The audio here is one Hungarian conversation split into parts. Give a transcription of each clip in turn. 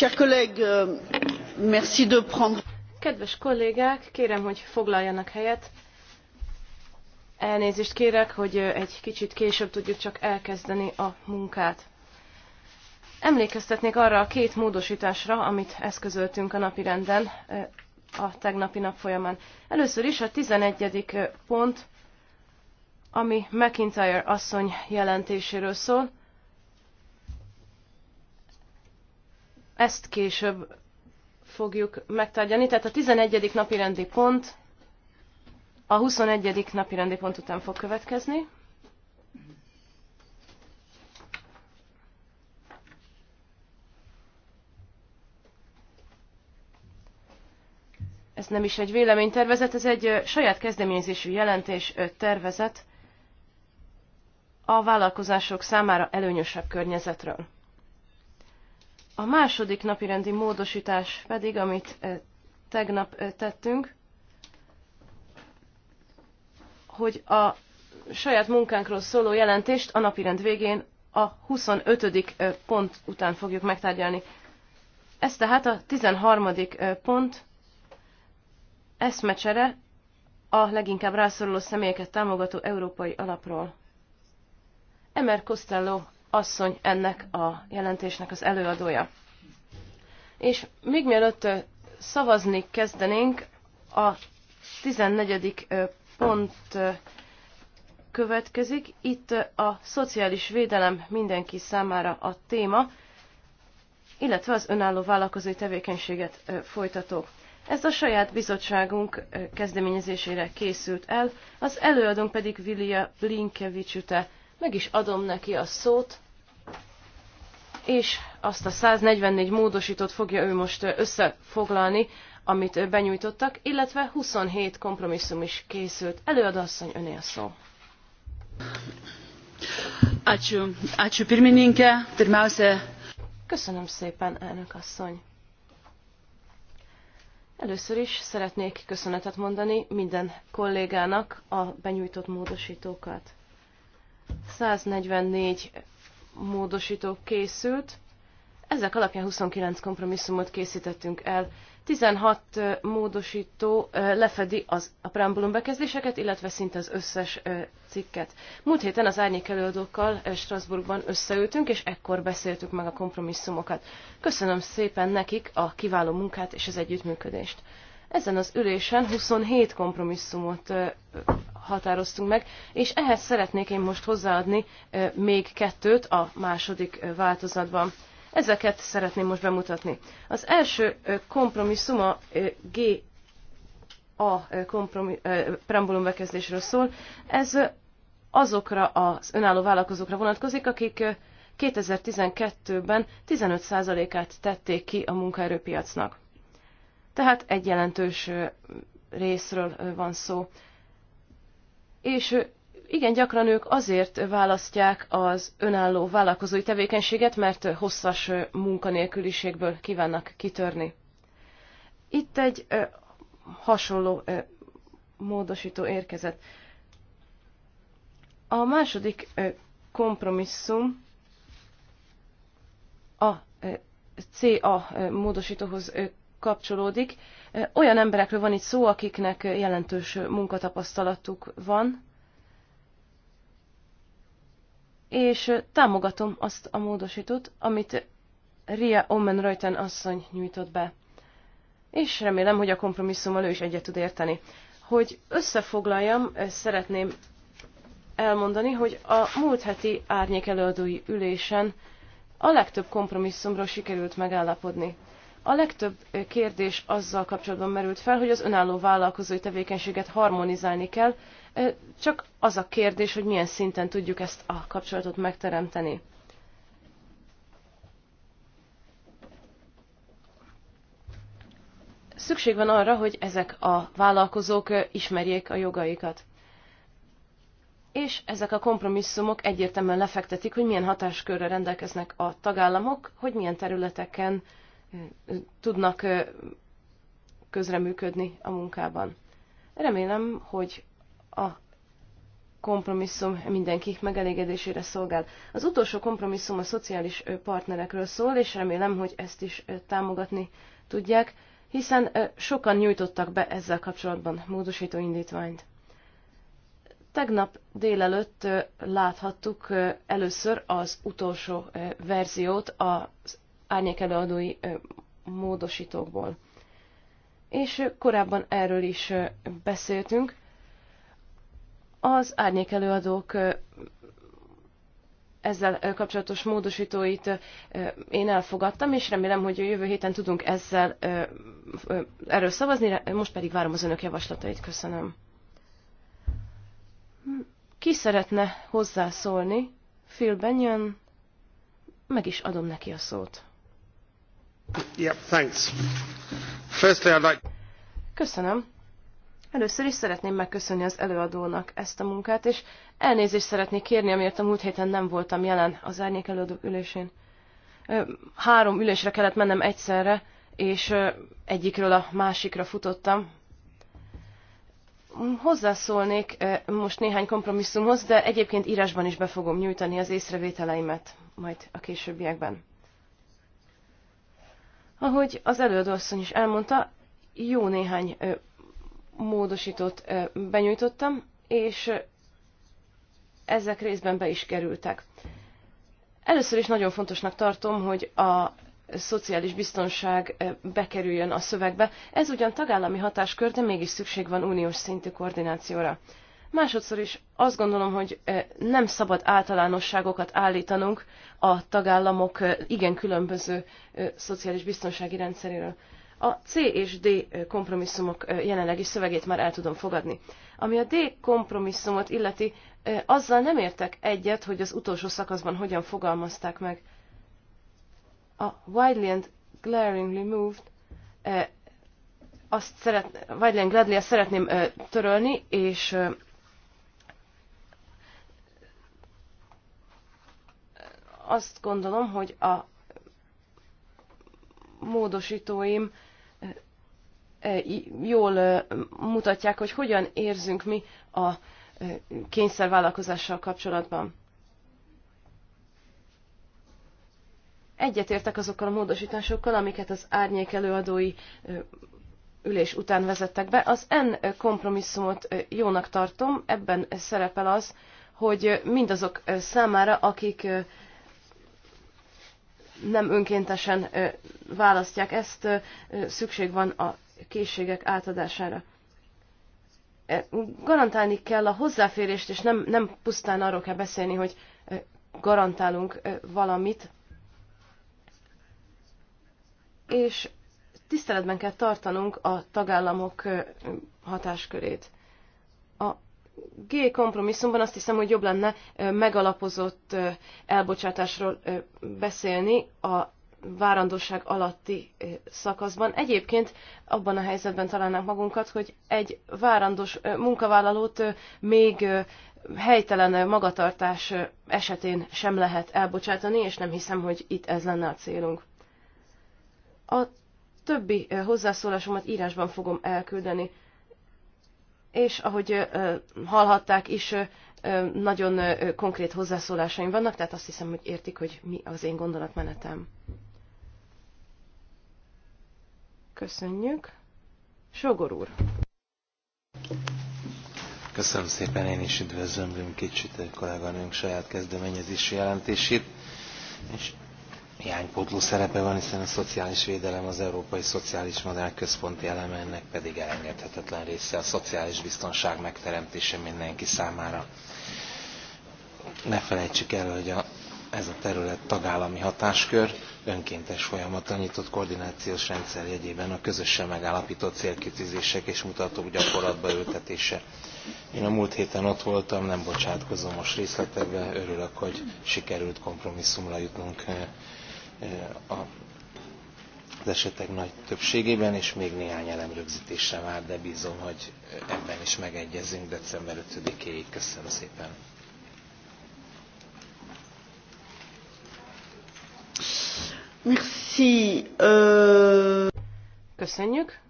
Euh, Kedves kollégák, kérem, hogy foglaljanak helyet. Elnézést kérek, hogy egy kicsit később tudjuk csak elkezdeni a munkát. Emlékeztetnék arra a két módosításra, amit eszközöltünk a napirenden a tegnapi nap folyamán. Először is a 11. pont, ami McIntyre asszony jelentéséről szól, Ezt később fogjuk megtárgyalni. Tehát a 11. napi rendi pont a 21. napi rendi pont után fog következni. ez nem is egy véleménytervezet, ez egy saját kezdeményezésű jelentés tervezet a vállalkozások számára előnyösebb környezetről. A második napirendi módosítás pedig, amit tegnap tettünk, hogy a saját munkánkról szóló jelentést a napirend végén a 25. pont után fogjuk megtárgyalni. Ez tehát a 13. pont eszmecsere a leginkább rászoruló személyeket támogató európai alapról. Emer Costello asszony ennek a jelentésnek az előadója. És még mielőtt szavazni kezdenénk, a 14. pont következik. Itt a szociális védelem mindenki számára a téma, illetve az önálló vállalkozói tevékenységet folytatók. Ez a saját bizottságunk kezdeményezésére készült el, az előadónk pedig Vilja Blinkevicsüte meg is adom neki a szót, és azt a 144 módosítót fogja ő most összefoglalni, amit benyújtottak, illetve 27 kompromisszum is készült. asszony, öné a szó. Ácsú, ácsú pirmininke, pirmiausia. Köszönöm szépen, elnök asszony. Először is szeretnék köszönetet mondani minden kollégának a benyújtott módosítókat. 144 módosító készült. Ezek alapján 29 kompromisszumot készítettünk el. 16 módosító lefedi az, a preambulum bekezdéseket, illetve szinte az összes cikket. Múlt héten az árnyék előadókkal Strasbourgban összeültünk, és ekkor beszéltük meg a kompromisszumokat. Köszönöm szépen nekik a kiváló munkát és az együttműködést. Ezen az ülésen 27 kompromisszumot határoztunk meg, és ehhez szeretnék én most hozzáadni még kettőt a második változatban. Ezeket szeretném most bemutatni. Az első kompromisszum a G a preambulum bekezdésről szól. Ez azokra az önálló vállalkozókra vonatkozik, akik 2012-ben 15%-át tették ki a munkaerőpiacnak. Tehát egy jelentős részről van szó és igen gyakran ők azért választják az önálló vállalkozói tevékenységet, mert hosszas munkanélküliségből kívánnak kitörni. Itt egy hasonló módosító érkezett. A második kompromisszum a CA módosítóhoz kapcsolódik. Olyan emberekről van itt szó, akiknek jelentős munkatapasztalatuk van, és támogatom azt a módosítót, amit Ria Omen Reuten asszony nyújtott be. És remélem, hogy a kompromisszummal ő is egyet tud érteni. Hogy összefoglaljam, szeretném elmondani, hogy a múlt heti árnyék előadói ülésen a legtöbb kompromisszumról sikerült megállapodni. A legtöbb kérdés azzal kapcsolatban merült fel, hogy az önálló vállalkozói tevékenységet harmonizálni kell, csak az a kérdés, hogy milyen szinten tudjuk ezt a kapcsolatot megteremteni. Szükség van arra, hogy ezek a vállalkozók ismerjék a jogaikat. És ezek a kompromisszumok egyértelműen lefektetik, hogy milyen hatáskörre rendelkeznek a tagállamok, hogy milyen területeken tudnak közreműködni a munkában. Remélem, hogy a kompromisszum mindenki megelégedésére szolgál. Az utolsó kompromisszum a szociális partnerekről szól, és remélem, hogy ezt is támogatni tudják, hiszen sokan nyújtottak be ezzel kapcsolatban módosító indítványt. Tegnap délelőtt láthattuk először az utolsó verziót az árnyékelőadói módosítókból. És korábban erről is beszéltünk. Az árnyékelőadók ezzel kapcsolatos módosítóit én elfogadtam, és remélem, hogy jövő héten tudunk ezzel erről szavazni, most pedig várom az önök javaslatait. Köszönöm. Ki szeretne hozzászólni? Phil Benyon? Meg is adom neki a szót. Köszönöm. Először is szeretném megköszönni az előadónak ezt a munkát, és elnézést szeretnék kérni, amiért a múlt héten nem voltam jelen az árnyék előadók ülésén. Három ülésre kellett mennem egyszerre, és egyikről a másikra futottam. Hozzászólnék most néhány kompromisszumhoz, de egyébként írásban is be fogom nyújtani az észrevételeimet majd a későbbiekben. Ahogy az előadóasszony is elmondta, jó néhány módosítót benyújtottam, és ezek részben be is kerültek. Először is nagyon fontosnak tartom, hogy a szociális biztonság bekerüljön a szövegbe. Ez ugyan tagállami hatáskör, de mégis szükség van uniós szintű koordinációra. Másodszor is azt gondolom, hogy nem szabad általánosságokat állítanunk a tagállamok igen különböző szociális biztonsági rendszeréről. A C és D kompromisszumok jelenlegi szövegét már el tudom fogadni. Ami a D kompromisszumot illeti, azzal nem értek egyet, hogy az utolsó szakaszban hogyan fogalmazták meg. A widely and glaringly moved azt szeret, Widely and gladly azt szeretném törölni, és azt gondolom, hogy a módosítóim eh, jól eh, mutatják, hogy hogyan érzünk mi a eh, kényszervállalkozással kapcsolatban. Egyetértek azokkal a módosításokkal, amiket az árnyék előadói ülés után vezettek be. Az N kompromisszumot jónak tartom, ebben szerepel az, hogy mindazok számára, akik nem önkéntesen választják ezt, szükség van a készségek átadására. Garantálni kell a hozzáférést, és nem, nem pusztán arról kell beszélni, hogy garantálunk valamit. És tiszteletben kell tartanunk a tagállamok hatáskörét. A G kompromisszumban azt hiszem, hogy jobb lenne megalapozott elbocsátásról beszélni a várandóság alatti szakaszban. Egyébként abban a helyzetben találnánk magunkat, hogy egy várandós munkavállalót még helytelen magatartás esetén sem lehet elbocsátani, és nem hiszem, hogy itt ez lenne a célunk. A többi hozzászólásomat írásban fogom elküldeni és ahogy hallhatták is, nagyon konkrét hozzászólásaim vannak, tehát azt hiszem, hogy értik, hogy mi az én gondolatmenetem. Köszönjük. Sogor úr. Köszönöm szépen, én is üdvözlöm kicsit a kolléganőnk saját kezdeményezési jelentését. És hiánypótló szerepe van, hiszen a szociális védelem az Európai Szociális Modell központi eleme, ennek pedig elengedhetetlen része a szociális biztonság megteremtése mindenki számára. Ne felejtsük el, hogy a, ez a terület tagállami hatáskör, önkéntes folyamat a nyitott koordinációs rendszer jegyében a közösen megállapított célkitűzések és mutatók gyakorlatba ültetése. Én a múlt héten ott voltam, nem bocsátkozom most részletekbe, örülök, hogy sikerült kompromisszumra jutnunk eh, az esetek nagy többségében, és még néhány elemrögzítésre már, de bízom, hogy ebben is megegyezünk december 5-éig. Köszönöm szépen! Merci. Köszönjük.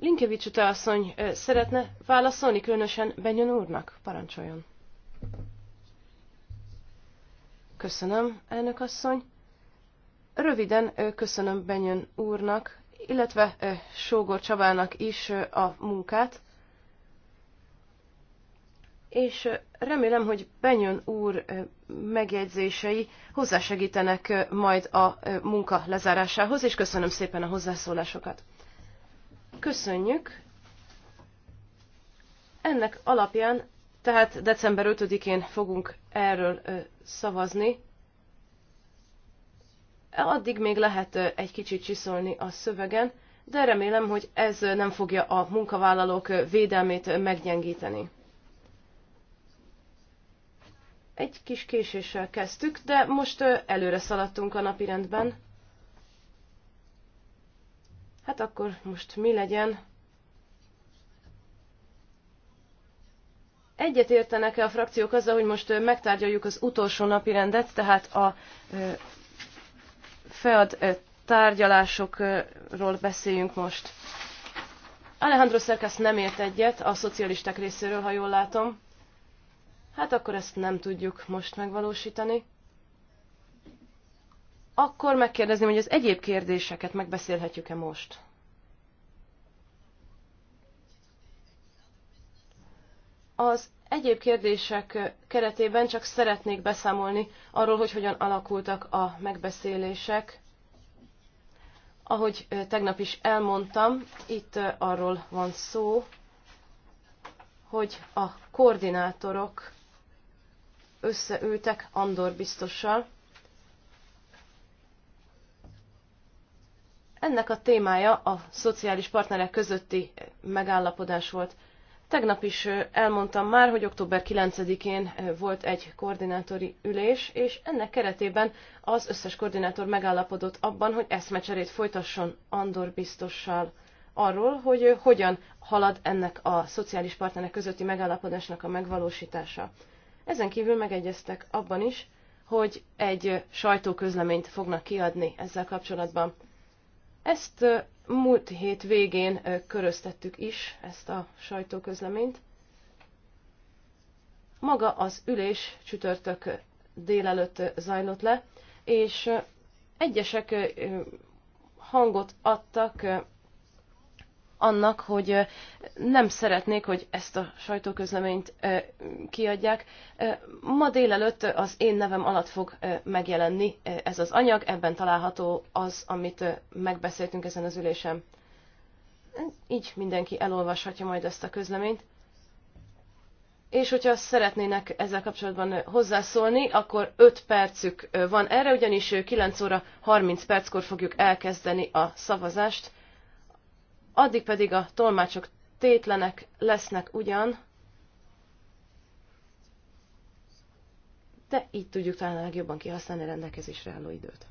Linkevics asszony szeretne válaszolni, különösen Benyon úrnak. Parancsoljon. Köszönöm, elnök asszony. Röviden köszönöm Benyön úrnak, illetve Sógor Csabának is a munkát, és remélem, hogy Benyön úr megjegyzései hozzásegítenek majd a munka lezárásához, és köszönöm szépen a hozzászólásokat. Köszönjük! Ennek alapján, tehát december 5-én fogunk erről szavazni, Addig még lehet egy kicsit csiszolni a szövegen, de remélem, hogy ez nem fogja a munkavállalók védelmét meggyengíteni. Egy kis késéssel kezdtük, de most előre szaladtunk a napirendben. Hát akkor most mi legyen? Egyet értenek-e a frakciók azzal, hogy most megtárgyaljuk az utolsó napi rendet, tehát a FEAD tárgyalásokról beszéljünk most. Alejandro Szerkesz nem ért egyet a szocialisták részéről, ha jól látom. Hát akkor ezt nem tudjuk most megvalósítani. Akkor megkérdezném, hogy az egyéb kérdéseket megbeszélhetjük-e most? Az Egyéb kérdések keretében csak szeretnék beszámolni arról, hogy hogyan alakultak a megbeszélések. Ahogy tegnap is elmondtam, itt arról van szó, hogy a koordinátorok összeültek Andor biztossal. Ennek a témája a szociális partnerek közötti megállapodás volt. Tegnap is elmondtam már, hogy október 9-én volt egy koordinátori ülés, és ennek keretében az összes koordinátor megállapodott abban, hogy eszmecserét folytasson Andor biztossal arról, hogy hogyan halad ennek a szociális partnerek közötti megállapodásnak a megvalósítása. Ezen kívül megegyeztek abban is, hogy egy sajtóközleményt fognak kiadni ezzel kapcsolatban. Ezt múlt hét végén köröztettük is, ezt a sajtóközleményt. Maga az ülés csütörtök délelőtt zajlott le, és egyesek hangot adtak annak, hogy nem szeretnék, hogy ezt a sajtóközleményt kiadják. Ma délelőtt az én nevem alatt fog megjelenni ez az anyag, ebben található az, amit megbeszéltünk ezen az ülésen. Így mindenki elolvashatja majd ezt a közleményt. És hogyha szeretnének ezzel kapcsolatban hozzászólni, akkor 5 percük van erre, ugyanis 9 óra 30 perckor fogjuk elkezdeni a szavazást addig pedig a tolmácsok tétlenek lesznek ugyan, de így tudjuk talán legjobban kihasználni a rendelkezésre álló időt.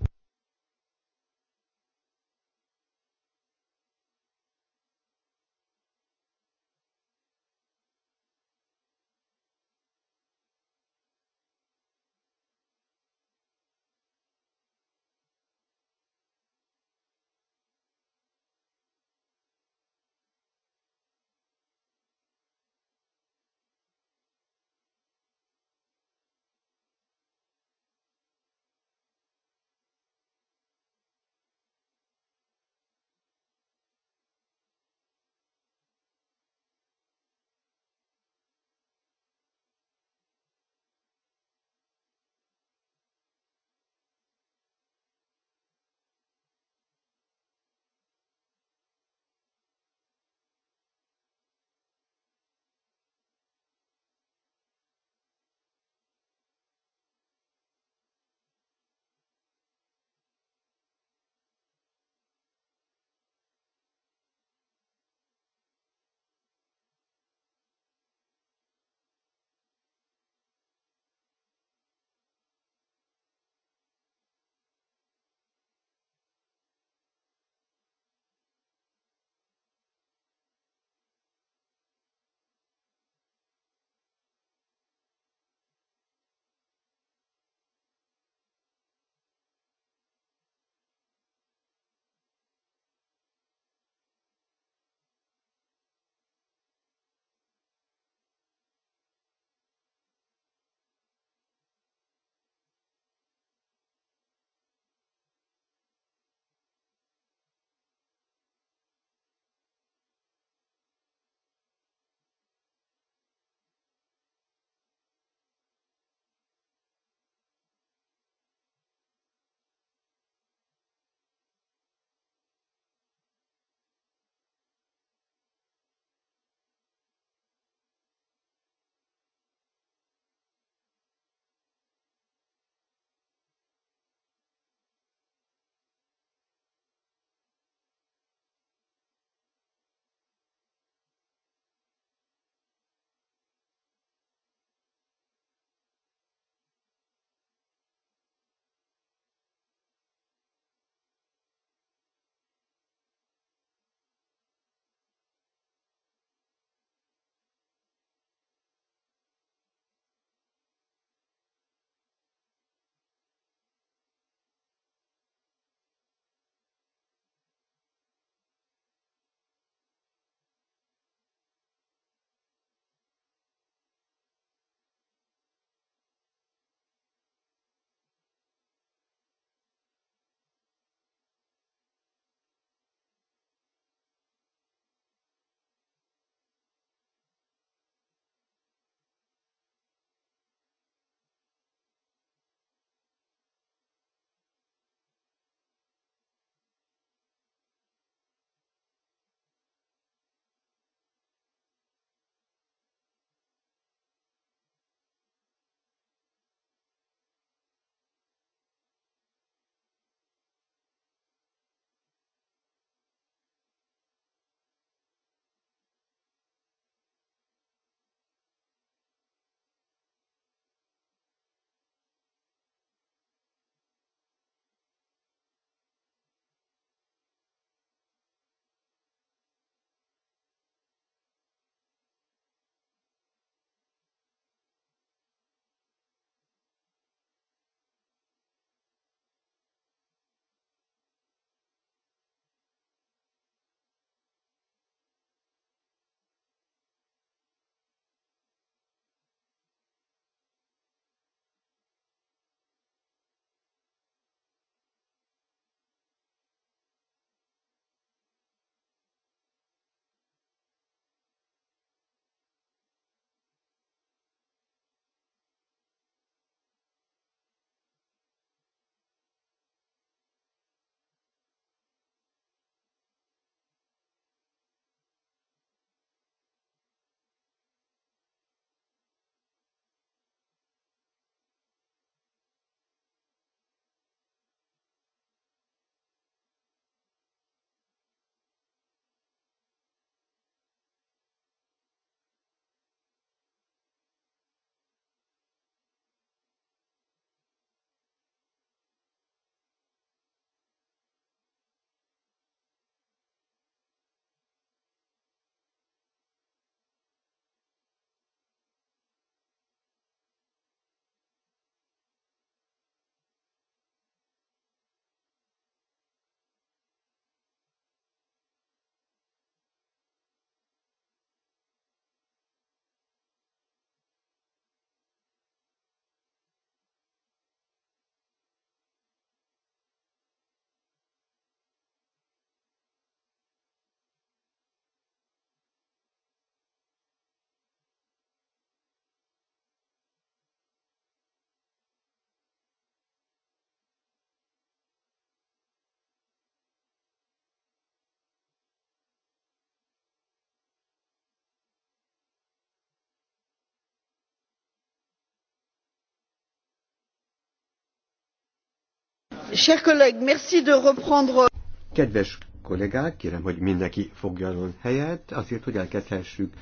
Kedves kollégák, kérem, hogy mindenki foglaljon helyet, azért, hogy elkezdhessük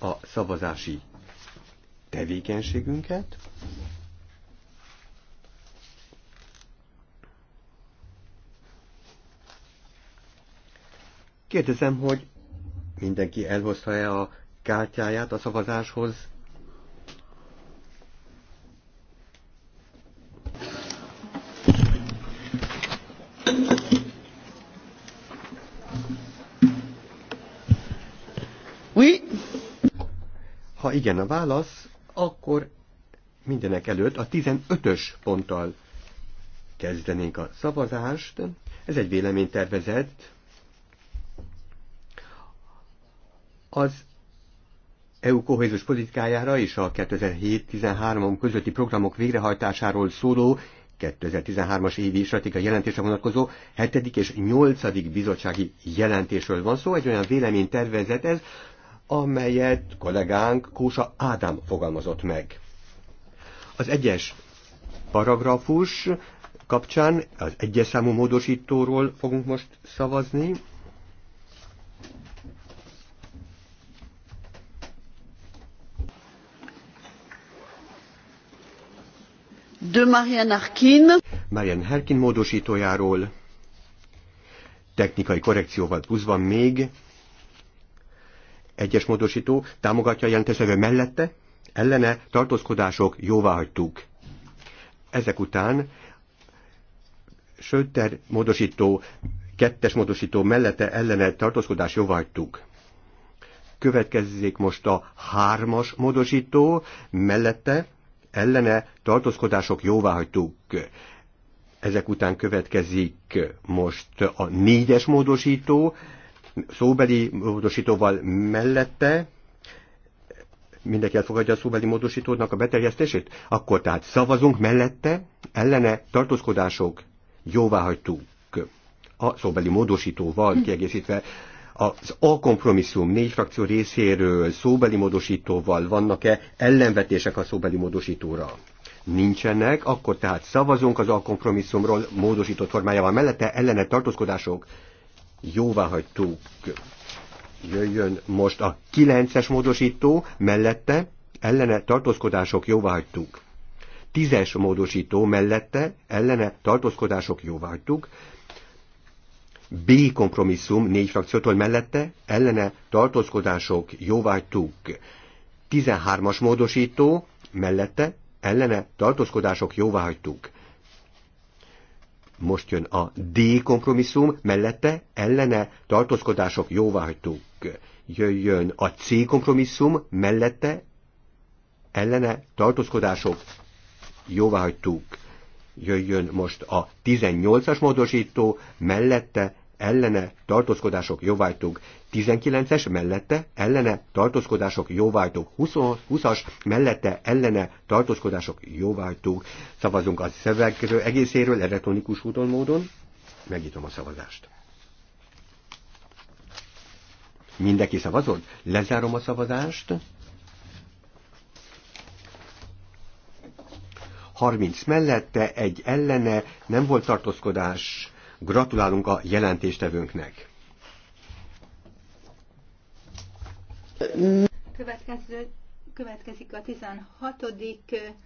a szavazási tevékenységünket. Kérdezem, hogy mindenki elhozta-e a kártyáját a szavazáshoz, igen a válasz, akkor mindenek előtt a 15-ös ponttal kezdenénk a szavazást. Ez egy véleménytervezet. Az EU kohézus politikájára és a 2007-13 közötti programok végrehajtásáról szóló 2013-as évi stratégiai jelentésre vonatkozó 7. és 8. bizottsági jelentésről van szó. Egy olyan véleménytervezet ez, amelyet kollégánk Kósa Ádám fogalmazott meg. Az egyes paragrafus kapcsán az egyes számú módosítóról fogunk most szavazni. De Marian Harkin. Marian Harkin módosítójáról technikai korrekcióval pluszban még egyes módosító támogatja a jelentésevő mellette, ellene tartózkodások jóvá hagytuk. Ezek után Söter módosító, kettes módosító mellette ellene tartózkodás jóvá hagytuk. Következzék most a hármas módosító, mellette ellene tartózkodások jóváhagytuk. Ezek után következik most a négyes módosító, szóbeli módosítóval mellette, mindenki elfogadja a szóbeli módosítónak a beterjesztését, akkor tehát szavazunk mellette, ellene tartózkodások jóváhagytuk a szóbeli módosítóval hm. kiegészítve. Az A kompromisszum négy frakció részéről szóbeli módosítóval vannak-e ellenvetések a szóbeli módosítóra? Nincsenek, akkor tehát szavazunk az A kompromisszumról módosított formájával mellette ellene tartózkodások jóvá hagytuk. Jöjjön most a kilences módosító, mellette ellene tartózkodások jóvá hagytuk. 10 módosító mellette ellene tartózkodások jóvá hagytuk. B kompromisszum négy frakciótól mellette ellene tartózkodások jóváhagytuk. 13-as módosító mellette ellene tartózkodások jóváhagytuk. Most jön a D kompromisszum, mellette ellene tartózkodások jóváhagytuk. Jöjjön a C kompromisszum, mellette ellene tartózkodások jóváhagytuk. Jöjjön most a 18-as módosító, mellette ellene tartózkodások jóváhagytuk. 19-es mellette ellene tartózkodások jóváltók. 20-as mellette ellene tartózkodások jóváltók. Szavazunk a szövegről egészéről elektronikus úton módon. Megnyitom a szavazást. Mindenki szavazott? Lezárom a szavazást. 30 mellette, egy ellene, nem volt tartózkodás. Gratulálunk a jelentéstevőnknek. Következő, következik a 16.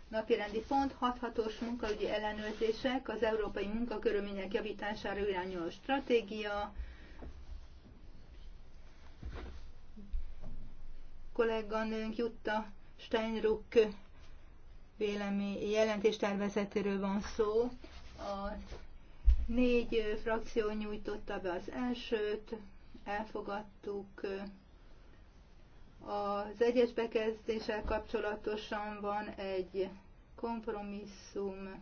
napirendi pont, 6-6-os munkaügyi ellenőrzések, az európai munkakörülmények javítására irányuló stratégia. Kolléganőnk Jutta Steinruck vélemény jelentéstervezetéről van szó. A négy frakció nyújtotta be az elsőt, elfogadtuk az egyes bekezdéssel kapcsolatosan van egy kompromisszum,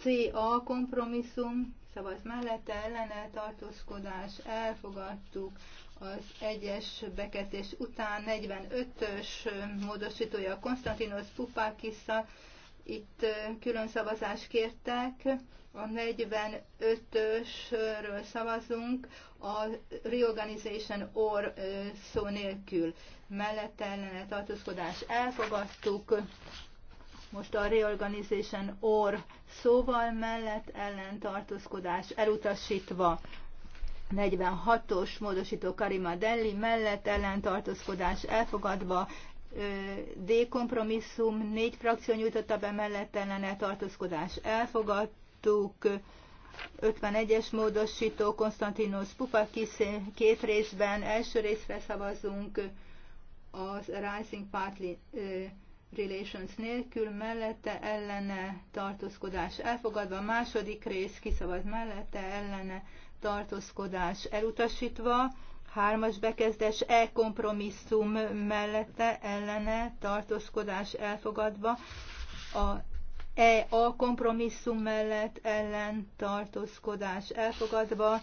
CA kompromisszum, szavaz mellette ellene tartózkodás, elfogadtuk az egyes bekezdés után 45-ös módosítója Konstantinos Pupákisza, itt külön szavazást kértek, a 45-ösről szavazunk, a reorganization or szó nélkül. Mellette ellene tartózkodás elfogadtuk, most a reorganization or szóval mellett ellen tartózkodás elutasítva. 46-os módosító Karima Delli mellett ellentartózkodás elfogadva, D kompromisszum, négy frakció nyújtotta be mellett ellene tartózkodás. Elfogadtuk 51-es módosító Konstantinos Pupakis két részben. Első részre szavazunk az Rising Party Relations nélkül, mellette ellene tartózkodás elfogadva, a második rész kiszavaz mellette ellene tartózkodás elutasítva, Hármas bekezdés E kompromisszum mellette ellene tartózkodás elfogadva. A E a kompromisszum mellett ellen tartózkodás elfogadva.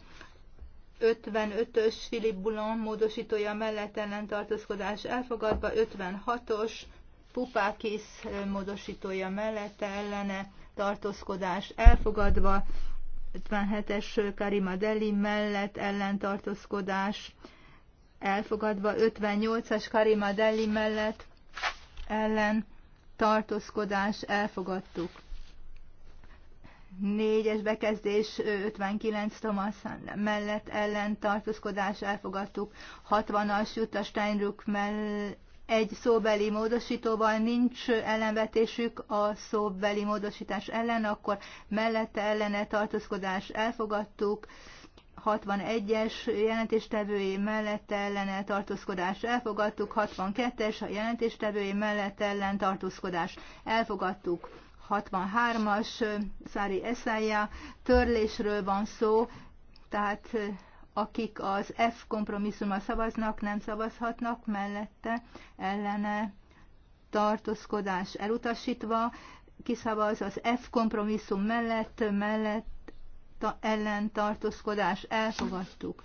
55-ös Philip Boulon módosítója mellett ellen tartózkodás elfogadva. 56-os Pupákis eh, módosítója mellette ellene tartózkodás elfogadva. 57-es Karima Deli mellett ellentartózkodás elfogadva, 58-as Karima Deli mellett ellen elfogadtuk. 4-es bekezdés 59 Thomas mellett ellen elfogadtuk, 60-as Jutta Steinruck mell egy szóbeli módosítóval nincs ellenvetésük a szóbeli módosítás ellen, akkor mellette ellene tartózkodás elfogadtuk, 61-es jelentéstevői mellette ellene tartózkodás elfogadtuk, 62-es a jelentéstevői mellette ellen tartózkodás elfogadtuk. 63-as Szári Eszája törlésről van szó, tehát akik az F kompromisszuma szavaznak, nem szavazhatnak, mellette ellene tartózkodás elutasítva, kiszavaz az F kompromisszum mellett, mellett ta, ellen tartózkodás elfogadtuk.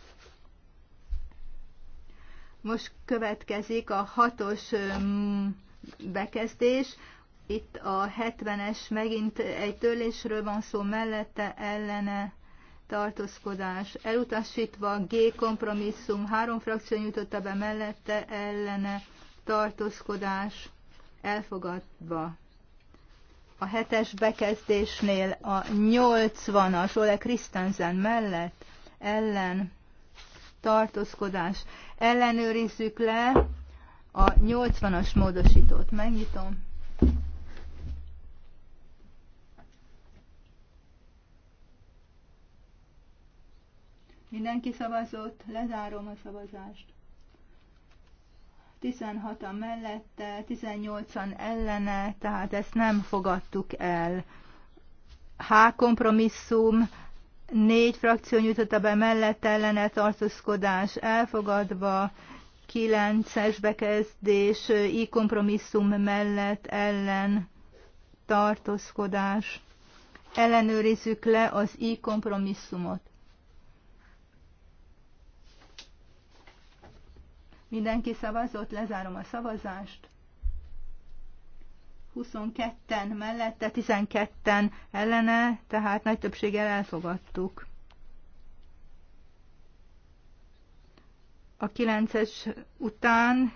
Most következik a hatos bekezdés. Itt a 70-es megint egy törlésről van szó mellette, ellene tartózkodás elutasítva, G kompromisszum, három frakció nyújtotta be mellette, ellene tartózkodás elfogadva. A hetes bekezdésnél a 80-as Ole Christensen mellett ellen tartózkodás. Ellenőrizzük le a 80-as módosítót. Megnyitom. Mindenki szavazott, lezárom a szavazást. 16-an mellette, 18-an ellene, tehát ezt nem fogadtuk el. H kompromisszum, négy frakció nyújtotta be mellette ellene tartózkodás elfogadva, 9-es bekezdés, I kompromisszum mellett ellen tartózkodás. Ellenőrizzük le az I kompromisszumot. Mindenki szavazott, lezárom a szavazást. 22-en mellette, 12-en ellene, tehát nagy többséggel elfogadtuk. A 9-es után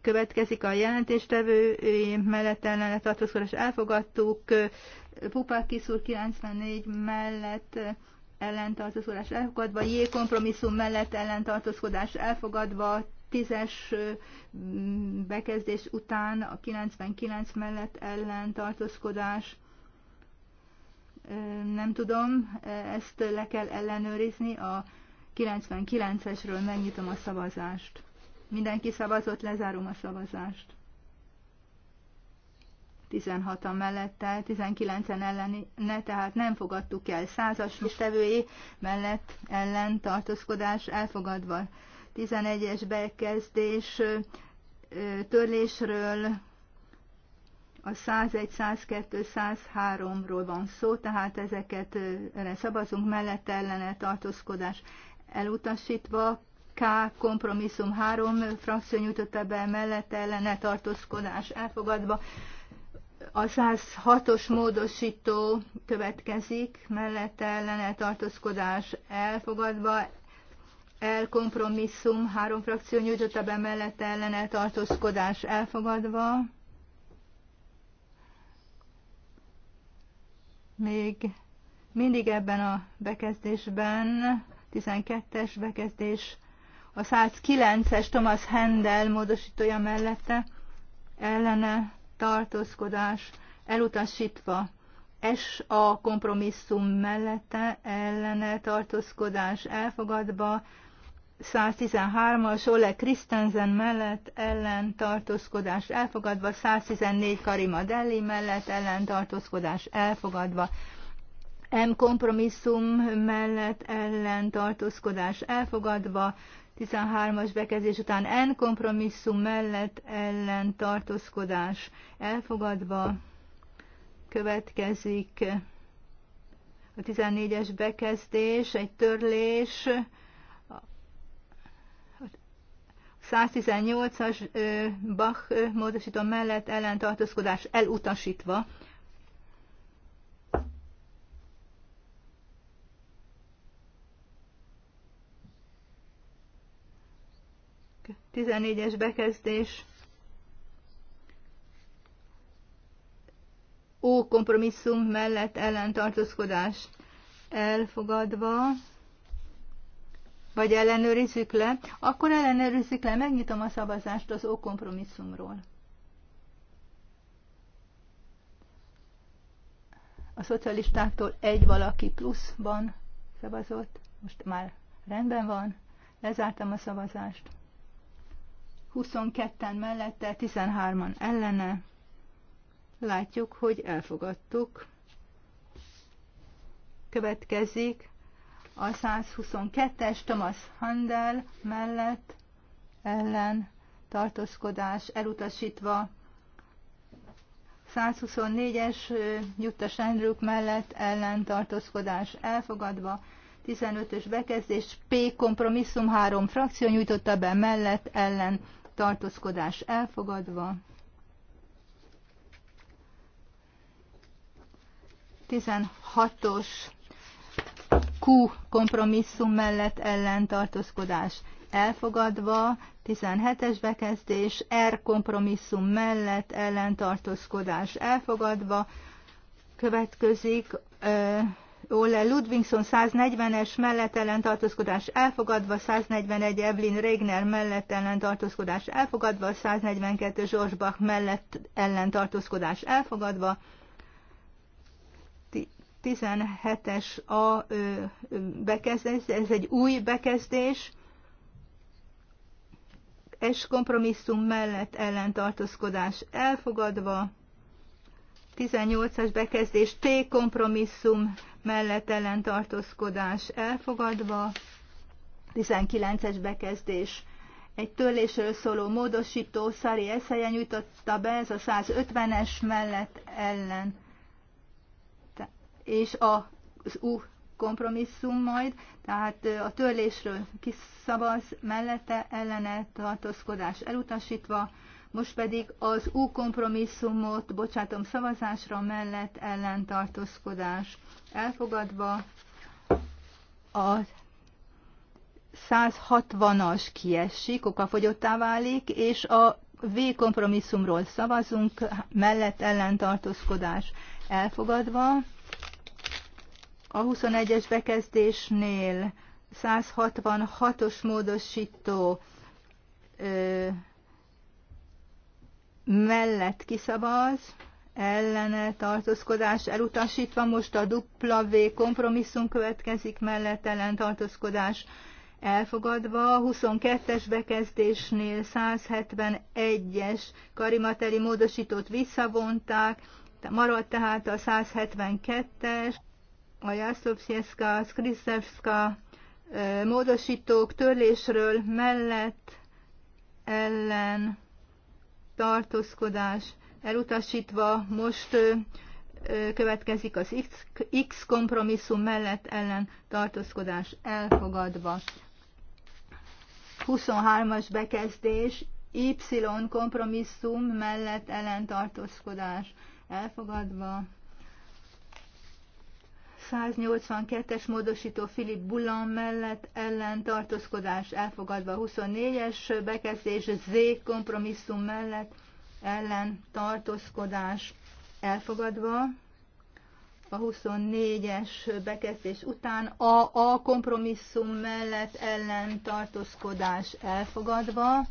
következik a jelentéstevő mellett ellene tartózkodás elfogadtuk, Pupák kiszúr 94 mellett ellentartózkodás elfogadva, J kompromisszum mellett ellentartózkodás elfogadva, 10-es bekezdés után a 99 mellett ellentartózkodás nem tudom, e, ezt le kell ellenőrizni, a 99-esről megnyitom a szavazást. Mindenki szavazott, lezárom a szavazást. 16-an mellette, 19-en ellene, tehát nem fogadtuk el. Százas tevői mellett ellen tartózkodás elfogadva. 11-es bekezdés törlésről a 101, 102, 103-ról van szó, tehát ezeket erre szavazunk mellette ellene tartózkodás elutasítva. K. kompromisszum 3 frakció nyújtotta be mellette ellene tartózkodás elfogadva. A 106-os módosító következik, mellette ellene tartózkodás elfogadva, elkompromisszum, három frakció nyújtotta be mellette ellene tartózkodás elfogadva. Még mindig ebben a bekezdésben, 12-es bekezdés, a 109-es Thomas Hendel módosítója mellette ellene tartózkodás elutasítva. S a kompromisszum mellette ellene tartózkodás elfogadva. 113-as Ole Christensen mellett ellen tartózkodás elfogadva, 114 Karima Delli mellett ellen tartózkodás elfogadva, M kompromisszum mellett ellen tartózkodás elfogadva, 13-as bekezdés után en kompromisszum mellett ellen tartózkodás elfogadva következik a 14-es bekezdés, egy törlés, 118-as Bach módosító mellett ellentartózkodás elutasítva, 14-es bekezdés, ó kompromisszum mellett ellentartózkodás elfogadva, vagy ellenőrizzük le, akkor ellenőrizzük le, megnyitom a szavazást az ó kompromisszumról. A szocialistáktól egy valaki pluszban szavazott, most már rendben van, lezártam a szavazást. 22-en mellette, 13-an ellene. Látjuk, hogy elfogadtuk. Következik a 122-es Thomas Handel mellett ellen tartózkodás elutasítva. 124-es Juttas Andrük mellett ellen tartózkodás elfogadva. 15-ös bekezdés P kompromisszum 3 frakció nyújtotta be mellett ellen tartózkodás elfogadva, 16-os Q kompromisszum mellett tartózkodás elfogadva, 17-es bekezdés R kompromisszum mellett tartózkodás elfogadva, következik Ole Ludvigson 140-es mellett tartózkodás elfogadva, 141 Evelyn Regner mellett tartózkodás elfogadva, 142 George Bach mellett tartózkodás elfogadva, 17-es a bekezdés, ez egy új bekezdés, és kompromisszum mellett ellentartózkodás elfogadva, 18-as bekezdés T kompromisszum mellett ellen tartózkodás elfogadva, 19-es bekezdés egy törlésről szóló módosító Szari eszeje nyújtotta be, ez a 150-es mellett ellen. És az U kompromisszum majd, tehát a törlésről kiszavaz mellette ellene tartózkodás elutasítva, most pedig az U kompromisszumot bocsátom szavazásra mellett ellentartózkodás elfogadva a 160-as kiesik, okafogyottá válik, és a V kompromisszumról szavazunk, mellett ellentartózkodás elfogadva. A 21-es bekezdésnél 166-os módosító mellett kiszavaz, ellene tartózkodás elutasítva, most a dupla V kompromisszum következik, mellett ellen tartózkodás elfogadva, 22-es bekezdésnél 171-es karimateri módosítót visszavonták, maradt tehát a 172-es, a Jászlopszieszka, a Skriszewska módosítók törlésről mellett ellen tartózkodás elutasítva, most következik az X, X kompromisszum mellett ellen tartózkodás elfogadva. 23-as bekezdés, Y kompromisszum mellett ellen tartózkodás elfogadva. 182-es módosító Philip Bullan mellett ellen tartózkodás elfogadva 24-es bekezdés Z kompromisszum mellett ellen tartózkodás elfogadva a 24-es bekezdés után a, a kompromisszum mellett ellen tartózkodás elfogadva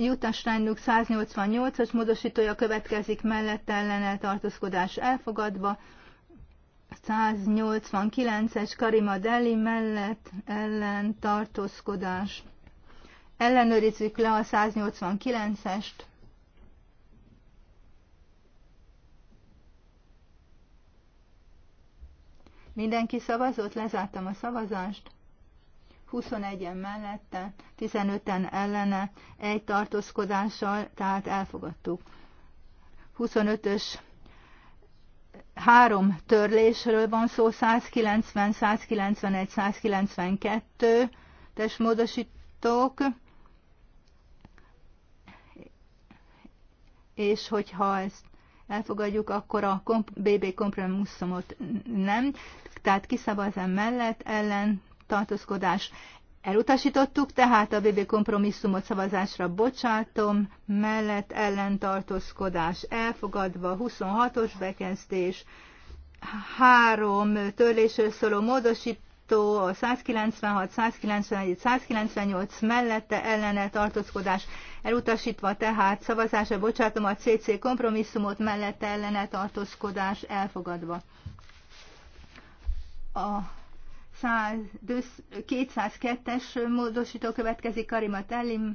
Jutta 188-as módosítója következik mellett ellene tartózkodás elfogadva, 189-es Karima Deli mellett ellen tartózkodás. Ellenőrizzük le a 189-est. Mindenki szavazott, lezártam a szavazást. 21-en mellette, 15-en ellene, egy tartózkodással, tehát elfogadtuk. 25-ös három törlésről van szó, 190, 191, 192 testmódosítók, és hogyha ezt elfogadjuk, akkor a BB kompromisszumot nem, tehát kiszavazem mellett, ellen tartózkodás elutasítottuk, tehát a BB kompromisszumot szavazásra bocsátom, mellett ellentartózkodás elfogadva, 26-os bekezdés, három törlésről szóló módosító, a 196, 191, 198 mellette ellene tartózkodás elutasítva, tehát szavazásra bocsátom a CC kompromisszumot mellette ellene tartózkodás elfogadva. A 202-es módosító következik Karima Tellim,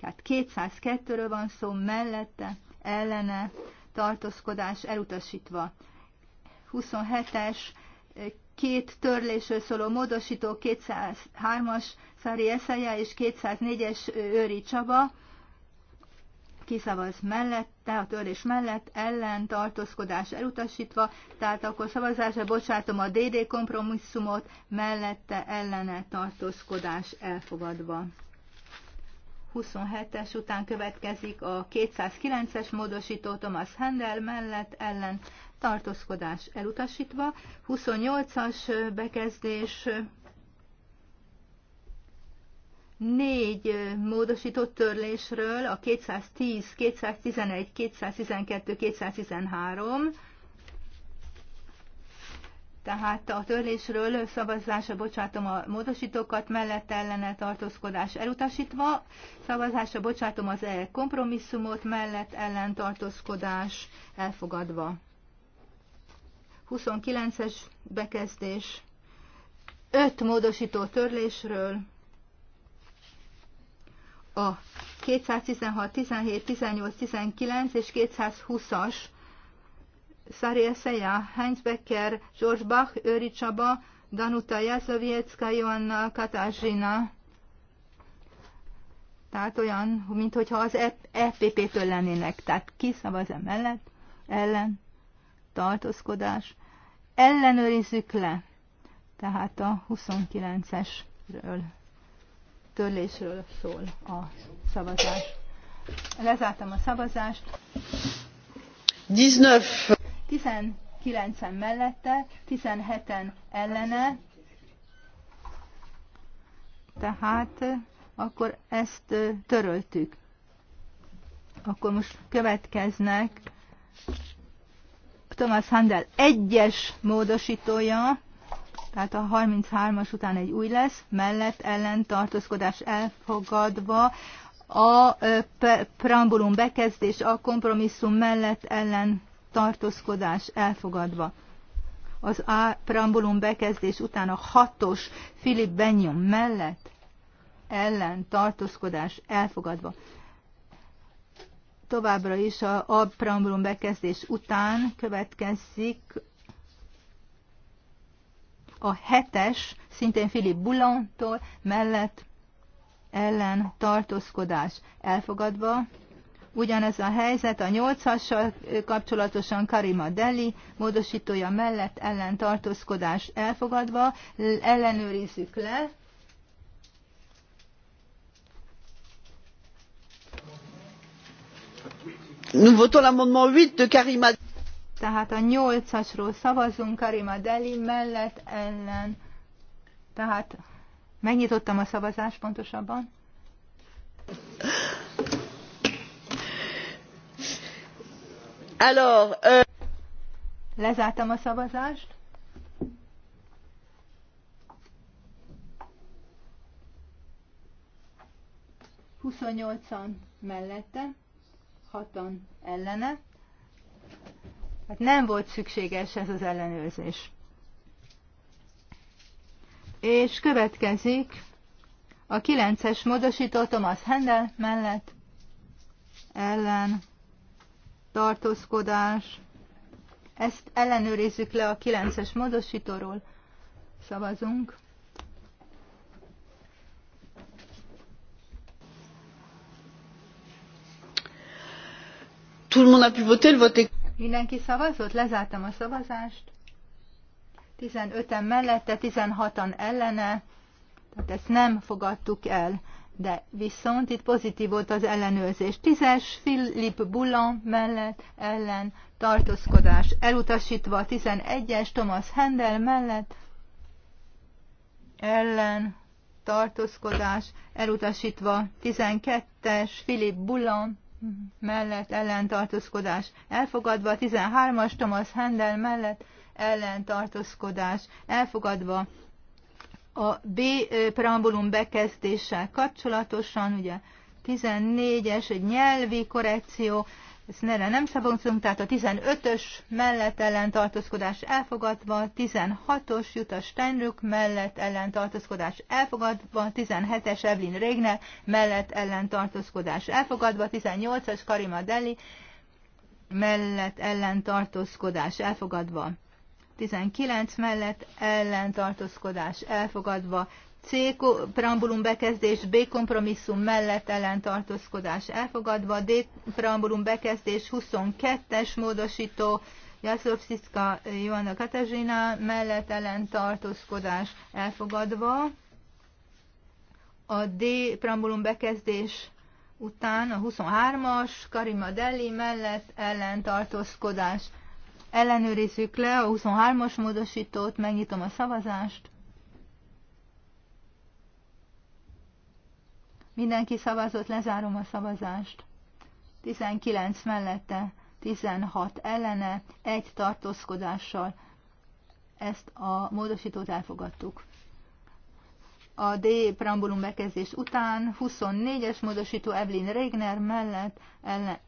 tehát 202-ről van szó mellette, ellene, tartózkodás elutasítva. 27-es, két törlésről szóló módosító, 203-as Szári Eszeje és 204-es Őri Csaba kiszavaz mellette, a törlés mellett, ellen, tartózkodás elutasítva, tehát akkor szavazásra bocsátom a DD kompromisszumot, mellette, ellene, tartózkodás elfogadva. 27-es után következik a 209-es módosító Thomas Handel mellett ellen tartózkodás elutasítva, 28-as bekezdés négy módosított törlésről, a 210, 211, 212, 213, tehát a törlésről szavazásra bocsátom a módosítókat, mellett ellene tartózkodás elutasítva, szavazásra bocsátom az e kompromisszumot, mellett ellen tartózkodás elfogadva. 29-es bekezdés, 5 módosító törlésről, a 216, 17, 18, 19 és 220-as Szariel Szeja, Heinz Becker, George Bach, Őri Csaba, Danuta Jazloviecka, Joanna Katarzyna. Tehát olyan, mintha az fpp e- e től lennének. Tehát ki szavaz emellett? Ellen? Tartózkodás? Ellenőrizzük le. Tehát a 29-esről törlésről szól a szavazás. Lezártam a szavazást. 19. 19-en mellette, 17-en ellene. Tehát akkor ezt töröltük. Akkor most következnek Thomas Handel egyes módosítója tehát a 33-as után egy új lesz, mellett ellen tartózkodás elfogadva, a preambulum bekezdés a kompromisszum mellett ellen tartózkodás elfogadva. Az A preambulum bekezdés után a hatos Philip Benyon mellett ellen tartózkodás elfogadva. Továbbra is a, a preambulum bekezdés után következik a hetes, szintén Philip Boulantól mellett ellen tartózkodás elfogadva. Ugyanez a helyzet a 8-assal kapcsolatosan Karima Deli módosítója mellett ellen tartózkodás elfogadva. Ellenőrizzük le. Nous votons l'amendement 8 de Karima tehát a nyolcasról szavazunk Karima Deli mellett ellen. Tehát megnyitottam a szavazást pontosabban. Alors, uh... Lezártam a szavazást. Huszonnyolcan mellette, hatan ellene. Hát nem volt szükséges ez az ellenőrzés. És következik a 9-es módosító Thomas Handel mellett ellen tartózkodás. Ezt ellenőrizzük le a 9-es módosítóról. Szavazunk. Tout le monde a pu voter, le vote est Mindenki szavazott? Lezártam a szavazást. 15-en mellette, 16-an ellene, tehát ezt nem fogadtuk el. De viszont itt pozitív volt az ellenőrzés. 10-es Philippe Boulan mellett ellen tartózkodás elutasítva, 11-es Thomas Hendel mellett ellen tartózkodás elutasítva, 12-es Philippe Boulan mellett ellentartózkodás elfogadva, 13-as Thomas Handel mellett ellentartózkodás elfogadva. A B preambulum bekezdéssel kapcsolatosan, ugye 14-es, egy nyelvi korrekció, ezt erre nem szavazunk, tehát a 15-ös mellett ellentartózkodás elfogadva, 16-os Jutta Steinrück mellett ellentartózkodás elfogadva, 17-es Evelyn Régne mellett ellentartózkodás elfogadva, 18-as Karima Deli mellett ellentartózkodás elfogadva. 19 mellett ellentartózkodás elfogadva, C preambulum bekezdés B kompromisszum mellett ellentartózkodás elfogadva, D preambulum bekezdés 22-es módosító Jaszlovsziszka Joanna Katarzyna mellett ellentartózkodás elfogadva. A D preambulum bekezdés után a 23-as Karima Delli mellett ellentartózkodás ellenőrizzük le a 23-as módosítót, megnyitom a szavazást. Mindenki szavazott, lezárom a szavazást. 19 mellette, 16 ellene, egy tartózkodással. Ezt a módosítót elfogadtuk. A D prambulum bekezdés után 24-es módosító Evelyn Regner mellett ellen.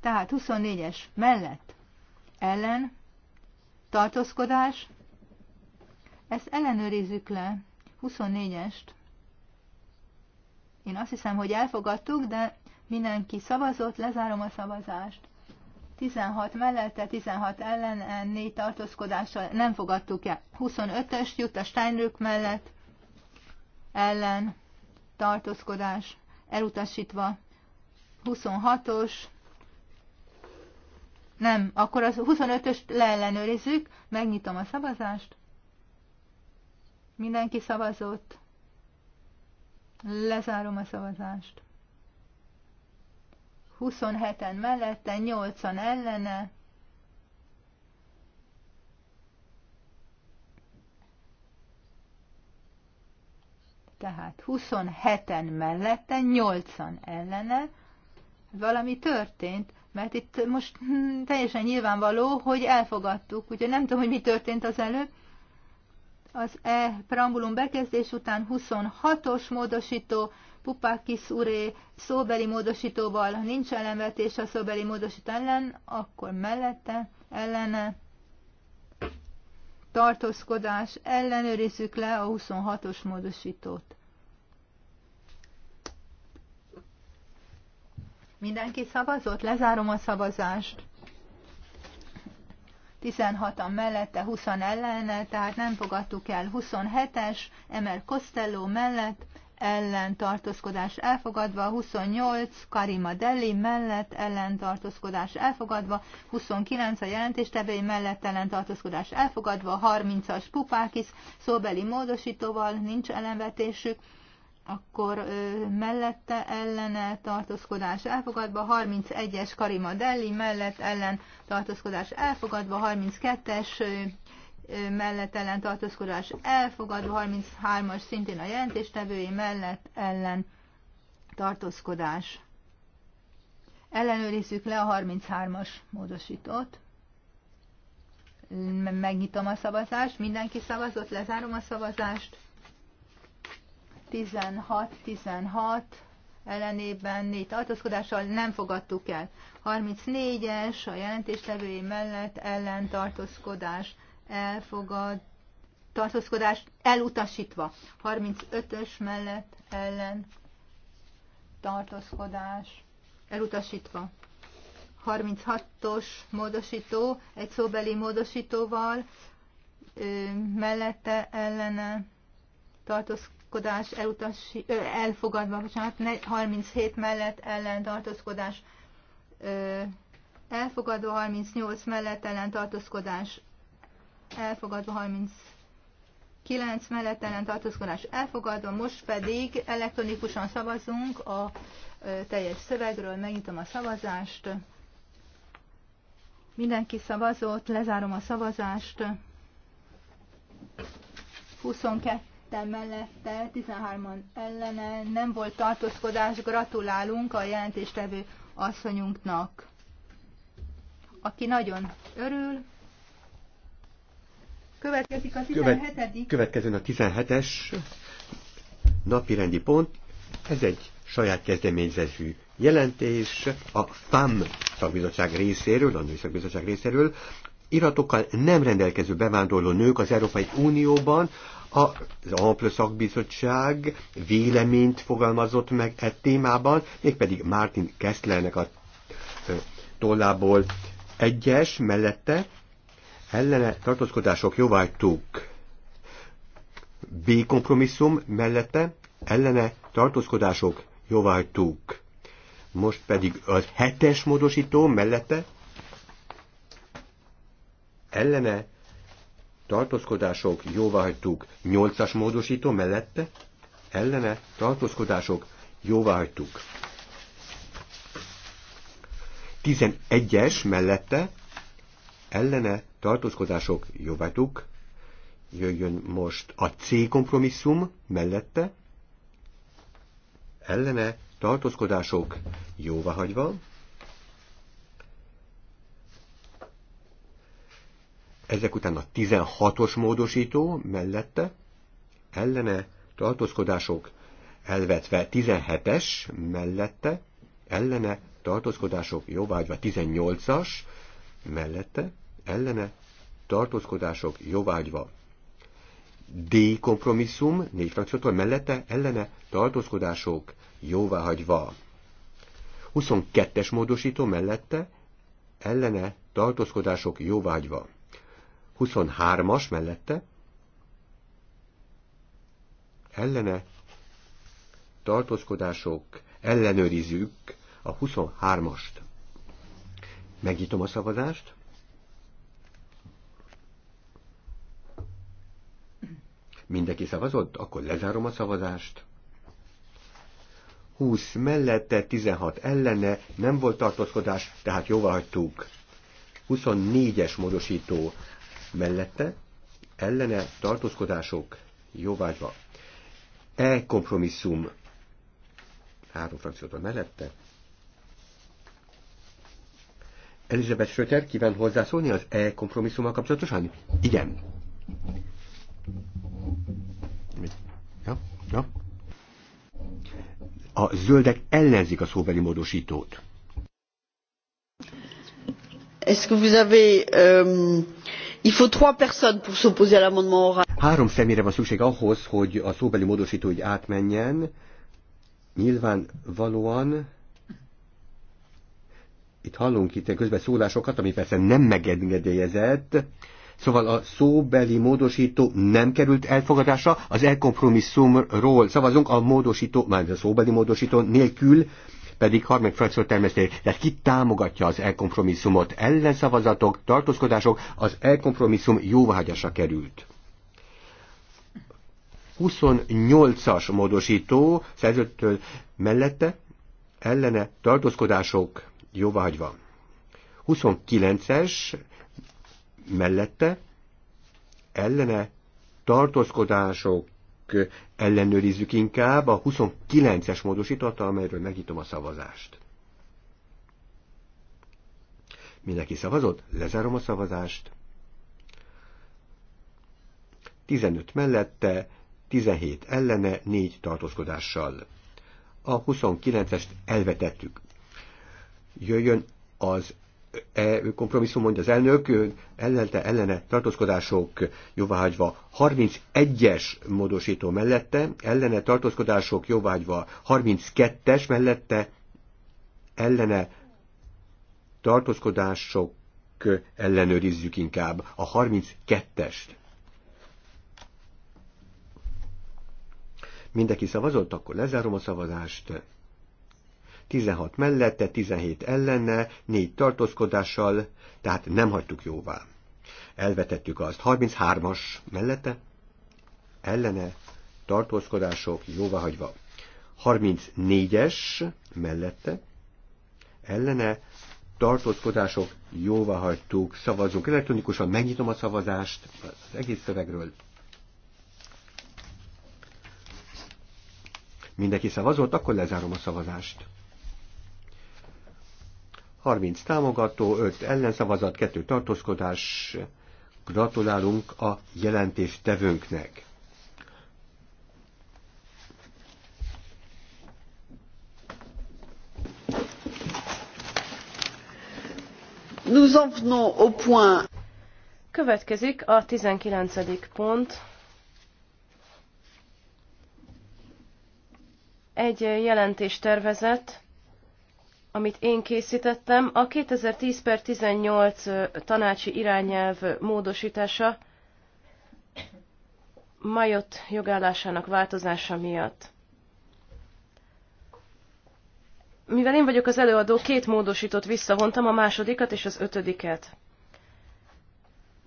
Tehát 24-es mellett ellen tartózkodás. Ezt ellenőrizzük le. 24-est. Én azt hiszem, hogy elfogadtuk, de mindenki szavazott, lezárom a szavazást. 16 mellette, 16 ellen, 4 tartózkodással nem fogadtuk el. 25-ös jut a Steinrück mellett, ellen, tartózkodás, elutasítva. 26-os, nem, akkor az 25-öst leellenőrizzük, megnyitom a szavazást. Mindenki szavazott. Lezárom a szavazást. 27-en mellette, 8-an ellene. Tehát 27-en mellette, 8-an ellene. Valami történt, mert itt most hm, teljesen nyilvánvaló, hogy elfogadtuk, ugye nem tudom, hogy mi történt az előbb. Az E preambulum bekezdés után 26-os módosító, Pupakis uré szóbeli módosítóval nincs ellenvetés a szóbeli módosító ellen, akkor mellette ellene tartózkodás, ellenőrizzük le a 26-os módosítót. Mindenki szavazott? Lezárom a szavazást. 16-an mellette, 20 ellene, tehát nem fogadtuk el 27-es, Emel Costello mellett, ellen tartózkodás elfogadva, 28 Karima Delli mellett ellen tartózkodás elfogadva, 29 a jelentéstevői mellett ellen tartózkodás elfogadva, 30-as Pupákis szóbeli módosítóval nincs ellenvetésük, akkor ö, mellette ellene tartózkodás elfogadva, 31-es Karima Delli mellett ellen tartózkodás elfogadva, 32-es mellett ellen tartózkodás elfogadva, 33-as szintén a jelentéstevői mellett ellen tartózkodás. Ellenőrizzük le a 33-as módosítót. Megnyitom a szavazást, mindenki szavazott, lezárom a szavazást. 16-16 ellenében négy tartózkodással nem fogadtuk el. 34-es a jelentéstevői mellett ellen tartózkodás elfogad, tartózkodás elutasítva. 35-ös mellett ellen tartózkodás elutasítva. 36-os módosító, egy szóbeli módosítóval, ö, mellette ellene tartózkodás tartózkodás elutasi, ö, elfogadva, bocsánat, 37 mellett ellen tartózkodás ö, elfogadva, 38 mellett ellen tartózkodás elfogadva, 39 mellett ellen tartózkodás elfogadva, most pedig elektronikusan szavazunk a ö, teljes szövegről, megnyitom a szavazást. Mindenki szavazott, lezárom a szavazást. 22 ketten mellette, 13-an ellene, nem volt tartózkodás, gratulálunk a jelentéstevő asszonyunknak, aki nagyon örül. Következik a 17. Követ, következően a 17-es napirendi pont. Ez egy saját kezdeményezésű jelentés a FAM szakbizottság részéről, a női szakbizottság részéről, iratokkal nem rendelkező bevándorló nők az Európai Unióban, az Ample Szakbizottság véleményt fogalmazott meg e témában, mégpedig Martin Kesslernek a tollából egyes mellette ellene tartózkodások jóvágytuk. B kompromisszum mellette ellene tartózkodások jóvágytuk. Most pedig az hetes módosító mellette ellene tartózkodások, jóváhagytuk 8-as módosító mellette, ellene tartózkodások, jóváhagytuk. 11-es mellette, ellene tartózkodások, jóváhagytuk. Jöjjön most a C kompromisszum mellette, ellene tartózkodások, jóváhagyva. Ezek után a 16-os módosító mellette ellene tartózkodások elvetve 17-es mellette ellene tartózkodások jóvágyva 18-as mellette ellene tartózkodások jóvágyva D kompromisszum, négy frakciótól mellette ellene tartózkodások jóváhagyva. 22-es módosító mellette ellene tartózkodások jóvágyva. 23-as mellette ellene tartózkodások ellenőrizzük a 23-ast. Megnyitom a szavazást. Mindenki szavazott? Akkor lezárom a szavazást. 20 mellette, 16 ellene, nem volt tartózkodás, tehát jóval hagytuk. 24-es módosító mellette ellene tartózkodások jóvágyva. E kompromisszum három a mellette. Elizabeth Schröter kíván hozzászólni az E kompromisszummal kapcsolatosan? Igen. Ja, ja. A zöldek ellenzik a szóbeli módosítót. Est-ce que vous avez euh, il faut trois personnes pour s'opposer à l'amendement oral. Három személyre van szükség ahhoz, hogy a szóbeli módosító így átmenjen. Nyilván valóan itt hallunk itt közben szólásokat, ami persze nem megengedélyezett, Szóval a szóbeli módosító nem került elfogadásra, az elkompromisszumról szavazunk, a módosító, már a szóbeli módosító nélkül pedig harmadik frakció termesztő. Tehát ki támogatja az elkompromisszumot? Ellenszavazatok, tartózkodások, az elkompromisszum jóváhagyásra került. 28-as módosító szerződtől mellette ellene tartózkodások jóváhagyva. 29-es mellette ellene tartózkodások ellenőrizzük inkább a 29-es módosítót, amelyről megnyitom a szavazást. Mindenki szavazott? Lezárom a szavazást. 15 mellette, 17 ellene, 4 tartózkodással. A 29-est elvetettük. Jöjjön az e kompromisszum mondja az elnök, ellente ellene tartózkodások jóváhagyva 31-es módosító mellette, ellene tartózkodások jóváhagyva 32-es mellette, ellene tartózkodások ellenőrizzük inkább a 32-est. Mindenki szavazott, akkor lezárom a szavazást. 16 mellette, 17 ellenne, 4 tartózkodással, tehát nem hagytuk jóvá. Elvetettük azt. 33-as mellette, ellene, tartózkodások jóváhagyva. 34-es mellette, ellene, tartózkodások hagytuk, szavazunk elektronikusan, megnyitom a szavazást az egész szövegről. Mindenki szavazott, akkor lezárom a szavazást. 30 támogató, 5 ellenszavazat, 2 tartózkodás. Gratulálunk a jelentéstevőnknek. Nous en venons au point. Következik a 19. pont. Egy jelentéstervezet amit én készítettem, a 2010 per 18 tanácsi irányelv módosítása Majott jogállásának változása miatt. Mivel én vagyok az előadó, két módosított visszavontam, a másodikat és az ötödiket.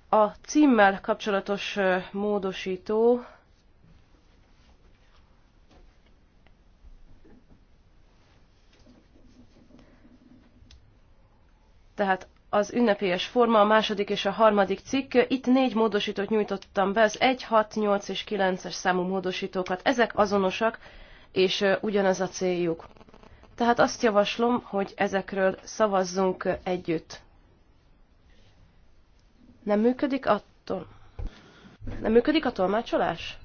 A címmel kapcsolatos módosító tehát az ünnepélyes forma, a második és a harmadik cikk. Itt négy módosítót nyújtottam be, az 1, 6, 8 és 9-es számú módosítókat. Ezek azonosak, és ugyanaz a céljuk. Tehát azt javaslom, hogy ezekről szavazzunk együtt. Nem működik attól? Nem működik a tolmácsolás?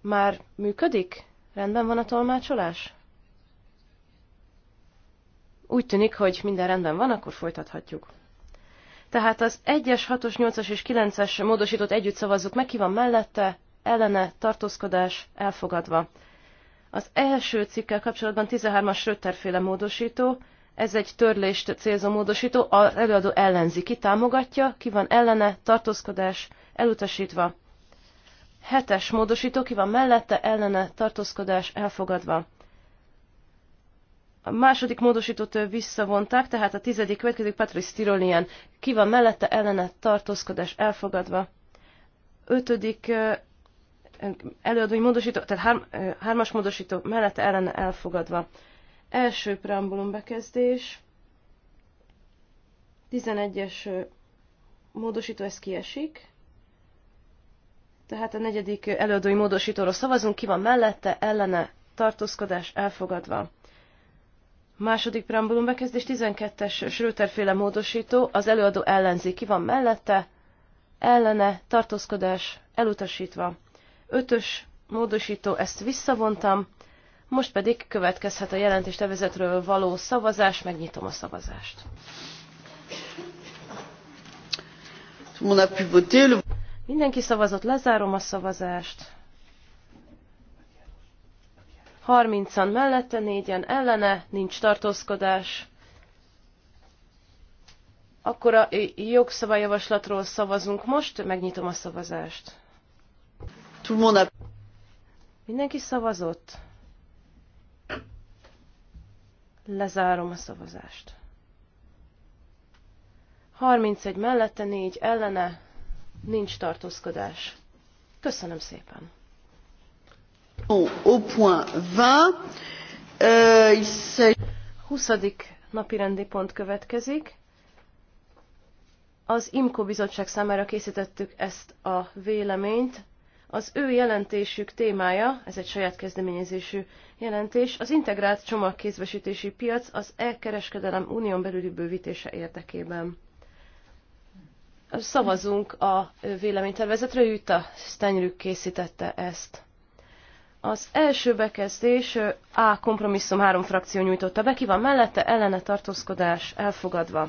Már működik? Rendben van a tolmácsolás? Úgy tűnik, hogy minden rendben van, akkor folytathatjuk. Tehát az 1-es, 6-os, 8-as és 9-es módosított együtt szavazzuk meg, ki van mellette, ellene, tartózkodás, elfogadva. Az első cikkel kapcsolatban 13-as Rötterféle módosító, ez egy törlést célzó módosító, az előadó ellenzi, ki támogatja, ki van ellene, tartózkodás, elutasítva. Hetes módosító, ki van mellette, ellene, tartózkodás, elfogadva. A második módosítót visszavonták, tehát a tizedik következik Patrice Tirolian. Ki van mellette ellene tartózkodás elfogadva? Ötödik előadói módosító, tehát hár, hármas módosító mellette ellene elfogadva. Első preambulum bekezdés. 11-es módosító, ez kiesik. Tehát a negyedik előadói módosítóról szavazunk, ki van mellette, ellene, tartózkodás elfogadva. Második preambulum bekezdés 12-es Schröter-féle módosító, az előadó ellenzi, ki van mellette, ellene, tartózkodás, elutasítva. Ötös módosító, ezt visszavontam, most pedig következhet a jelentéstevezetről való szavazás, megnyitom a szavazást. Mindenki szavazott, lezárom a szavazást. 30-an mellette, 4-en ellene, nincs tartózkodás. Akkor a jogszabályjavaslatról szavazunk most, megnyitom a szavazást. Mindenki szavazott? Lezárom a szavazást. 31 mellette, 4 ellene, nincs tartózkodás. Köszönöm szépen! Euh, huszadik napirendi 20. pont következik. Az IMKO bizottság számára készítettük ezt a véleményt. Az ő jelentésük témája, ez egy saját kezdeményezésű jelentés, az integrált csomagkézbesítési piac az e-kereskedelem unión belüli bővítése érdekében. Szavazunk a véleménytervezetre, Jutta Stenyrük készítette ezt. Az első bekezdés A kompromisszum három frakció nyújtotta be, ki van mellette, ellene tartózkodás elfogadva.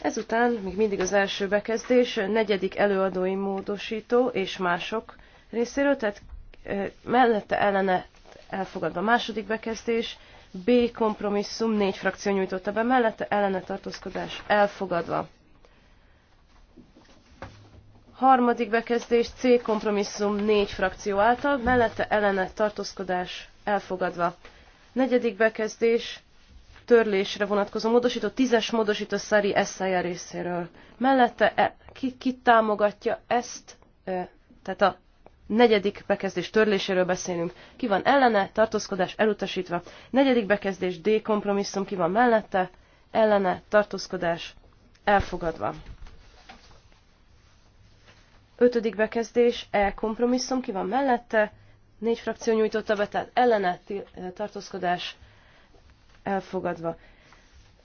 Ezután még mindig az első bekezdés, negyedik előadói módosító és mások részéről, tehát mellette ellene elfogadva. Második bekezdés, B kompromisszum négy frakció nyújtotta be, mellette ellene tartózkodás elfogadva. Harmadik bekezdés C kompromisszum négy frakció által, mellette ellene tartózkodás elfogadva. Negyedik bekezdés törlésre vonatkozó módosító, tízes módosító Szari Eszája részéről. Mellette e, ki, ki támogatja ezt, e, tehát a negyedik bekezdés törléséről beszélünk. Ki van ellene, tartózkodás elutasítva. Negyedik bekezdés D kompromisszum, ki van mellette, ellene, tartózkodás elfogadva. Ötödik bekezdés, E kompromisszum, ki van mellette, négy frakció nyújtotta be, tehát ellene tartózkodás elfogadva.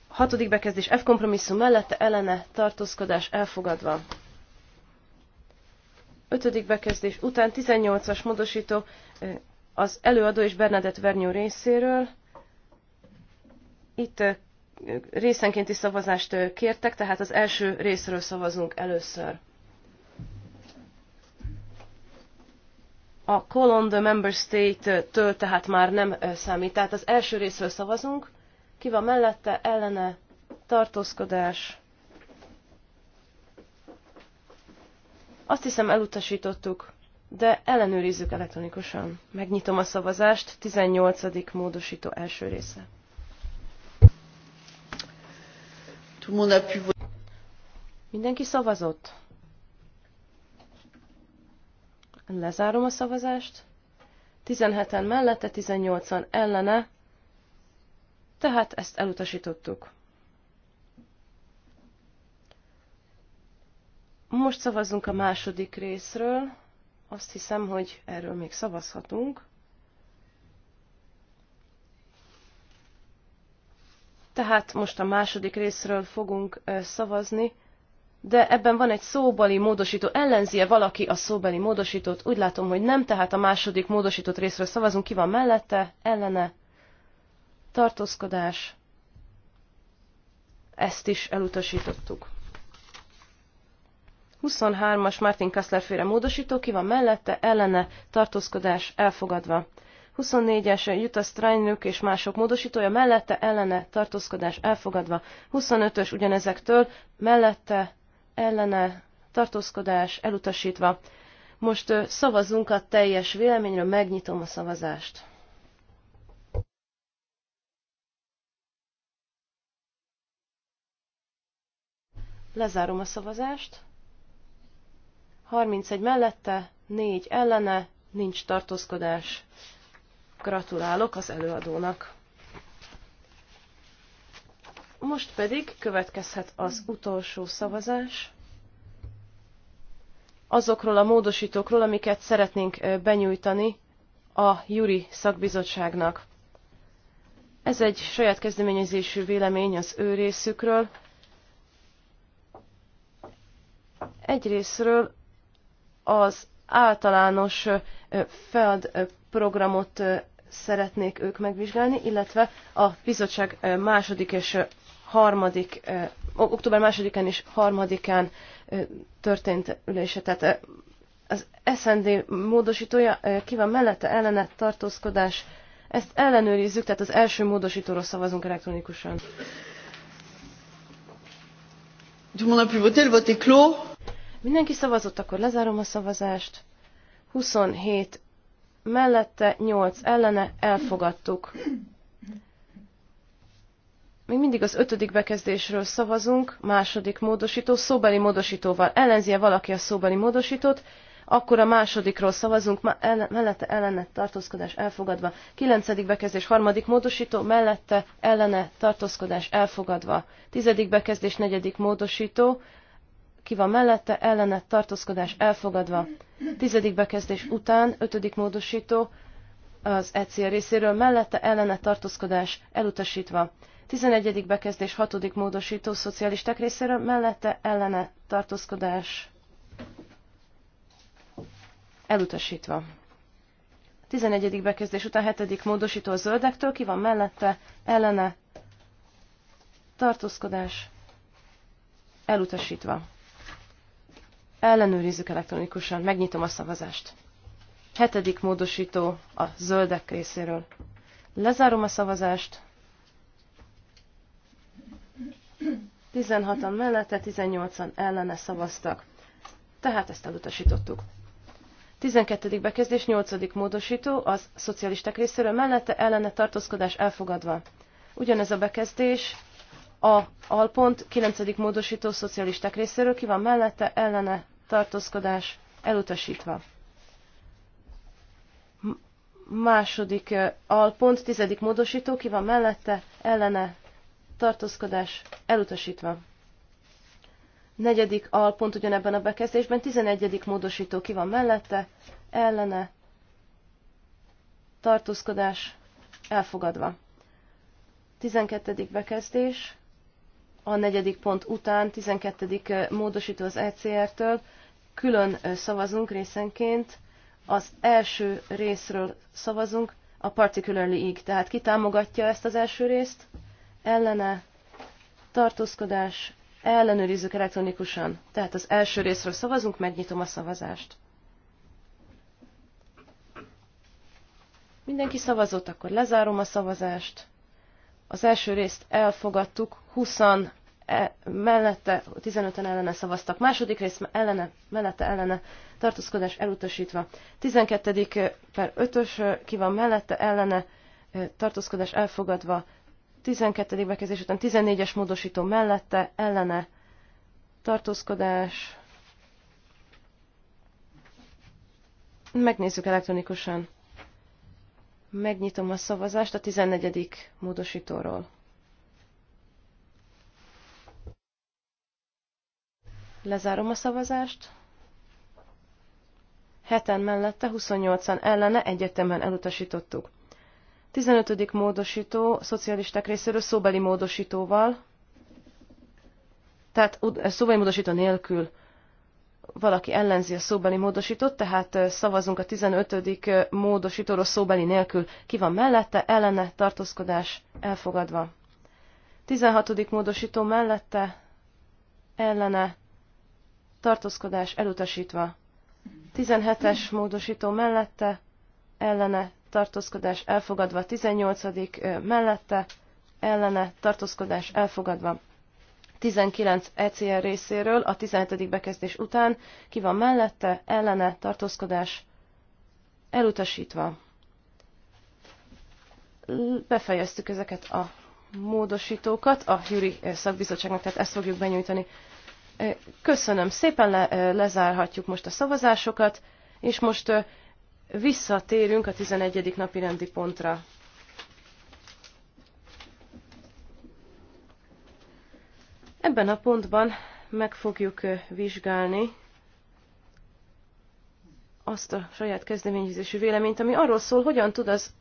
Hatodik bekezdés, F kompromisszum mellette, ellene tartózkodás elfogadva. Ötödik bekezdés után 18-as módosító az előadó és Bernadett Vernyó részéről. Itt részenkénti szavazást kértek, tehát az első részről szavazunk először. A call on the member state-től tehát már nem számít. Tehát az első részről szavazunk. Ki van mellette? Ellene? Tartózkodás? Azt hiszem elutasítottuk, de ellenőrizzük elektronikusan. Megnyitom a szavazást, 18. módosító első része. Mindenki szavazott? Lezárom a szavazást. 17-en mellette, 18-an ellene, tehát ezt elutasítottuk. Most szavazzunk a második részről. Azt hiszem, hogy erről még szavazhatunk. Tehát most a második részről fogunk szavazni de ebben van egy szóbeli módosító. Ellenzie valaki a szóbeli módosítót? Úgy látom, hogy nem, tehát a második módosított részről szavazunk. Ki van mellette? Ellene? Tartózkodás? Ezt is elutasítottuk. 23-as Martin Kassler féle módosító, ki van mellette, ellene, tartózkodás, elfogadva. 24-es Jutta Steinlück és mások módosítója mellette, ellene, tartózkodás, elfogadva. 25-ös ugyanezektől, mellette, ellene, tartózkodás elutasítva. Most szavazunk a teljes véleményről, megnyitom a szavazást. Lezárom a szavazást. 31 mellette, 4 ellene, nincs tartózkodás. Gratulálok az előadónak! Most pedig következhet az utolsó szavazás azokról a módosítókról, amiket szeretnénk benyújtani a Juri szakbizottságnak. Ez egy saját kezdeményezésű vélemény az ő részükről. Egyrésztről az általános FELD programot szeretnék ők megvizsgálni, illetve a bizottság második és harmadik, október másodikán és harmadikán történt ülése. Tehát az SND módosítója ki van mellette ellene tartózkodás. Ezt ellenőrizzük, tehát az első módosítóról szavazunk elektronikusan. Mindenki szavazott, akkor lezárom a szavazást. 27 mellette, 8 ellene, elfogadtuk. Még mindig az ötödik bekezdésről szavazunk, második módosító, szóbeli módosítóval. Ellenzie valaki a szóbeli módosítót, akkor a másodikról szavazunk, mellette ellene tartózkodás elfogadva. Kilencedik bekezdés, harmadik módosító, mellette ellene tartózkodás elfogadva. Tizedik bekezdés, negyedik módosító, ki van mellette, ellene tartózkodás elfogadva. Tizedik bekezdés után, ötödik módosító, az ECR részéről mellette ellene tartózkodás elutasítva. 11. bekezdés 6. módosító szocialisták részéről mellette ellene tartózkodás elutasítva. 11. bekezdés után 7. módosító a zöldektől, ki van mellette, ellene, tartózkodás, elutasítva. Ellenőrizzük elektronikusan, megnyitom a szavazást. Hetedik módosító a zöldek részéről. Lezárom a szavazást. 16-an mellette, 18-an ellene szavaztak. Tehát ezt elutasítottuk. 12. bekezdés, 8. módosító, az szocialisták részéről mellette ellene tartózkodás elfogadva. Ugyanez a bekezdés, a alpont, 9. módosító szocialisták részéről ki van mellette ellene tartózkodás elutasítva. második alpont, 10. módosító, ki van mellette, ellene tartózkodás elutasítva. Negyedik alpont ugyanebben a bekezdésben, 11. módosító ki van mellette, ellene, tartózkodás elfogadva. 12. bekezdés, a negyedik pont után, 12. Eh, módosító az ECR-től, külön eh, szavazunk részenként, az első részről szavazunk, a particularly ig, tehát ki támogatja ezt az első részt, ellene, tartózkodás, ellenőrizzük elektronikusan. Tehát az első részről szavazunk, megnyitom a szavazást. Mindenki szavazott, akkor lezárom a szavazást. Az első részt elfogadtuk, 20 e, mellette, 15-en ellene szavaztak. Második rész ellene, mellette ellene, tartózkodás elutasítva. 12. per 5-ös, ki van mellette, ellene, e, tartózkodás elfogadva. 12. bekezdés után 14-es módosító mellette, ellene, tartózkodás. Megnézzük elektronikusan. Megnyitom a szavazást a 14. módosítóról. Lezárom a szavazást. Heten mellette, 28-an ellene egyetemen elutasítottuk. 15. módosító szocialisták részéről szóbeli módosítóval, tehát eh, szóbeli módosító nélkül valaki ellenzi a szóbeli módosítót, tehát eh, szavazunk a 15. Eh, módosítóról szóbeli nélkül. Ki van mellette, ellene, tartózkodás, elfogadva. 16. módosító mellette, ellene, tartózkodás, elutasítva. 17-es módosító mellette, ellene, tartózkodás elfogadva, 18. mellette, ellene, tartózkodás elfogadva. 19 ECR részéről a 17. bekezdés után ki van mellette, ellene, tartózkodás elutasítva. Befejeztük ezeket a módosítókat a Júri szakbizottságnak, tehát ezt fogjuk benyújtani. Köszönöm szépen, le, lezárhatjuk most a szavazásokat, és most Visszatérünk a 11. napi rendi pontra. Ebben a pontban meg fogjuk vizsgálni azt a saját kezdeményezésű véleményt, ami arról szól, hogyan tud az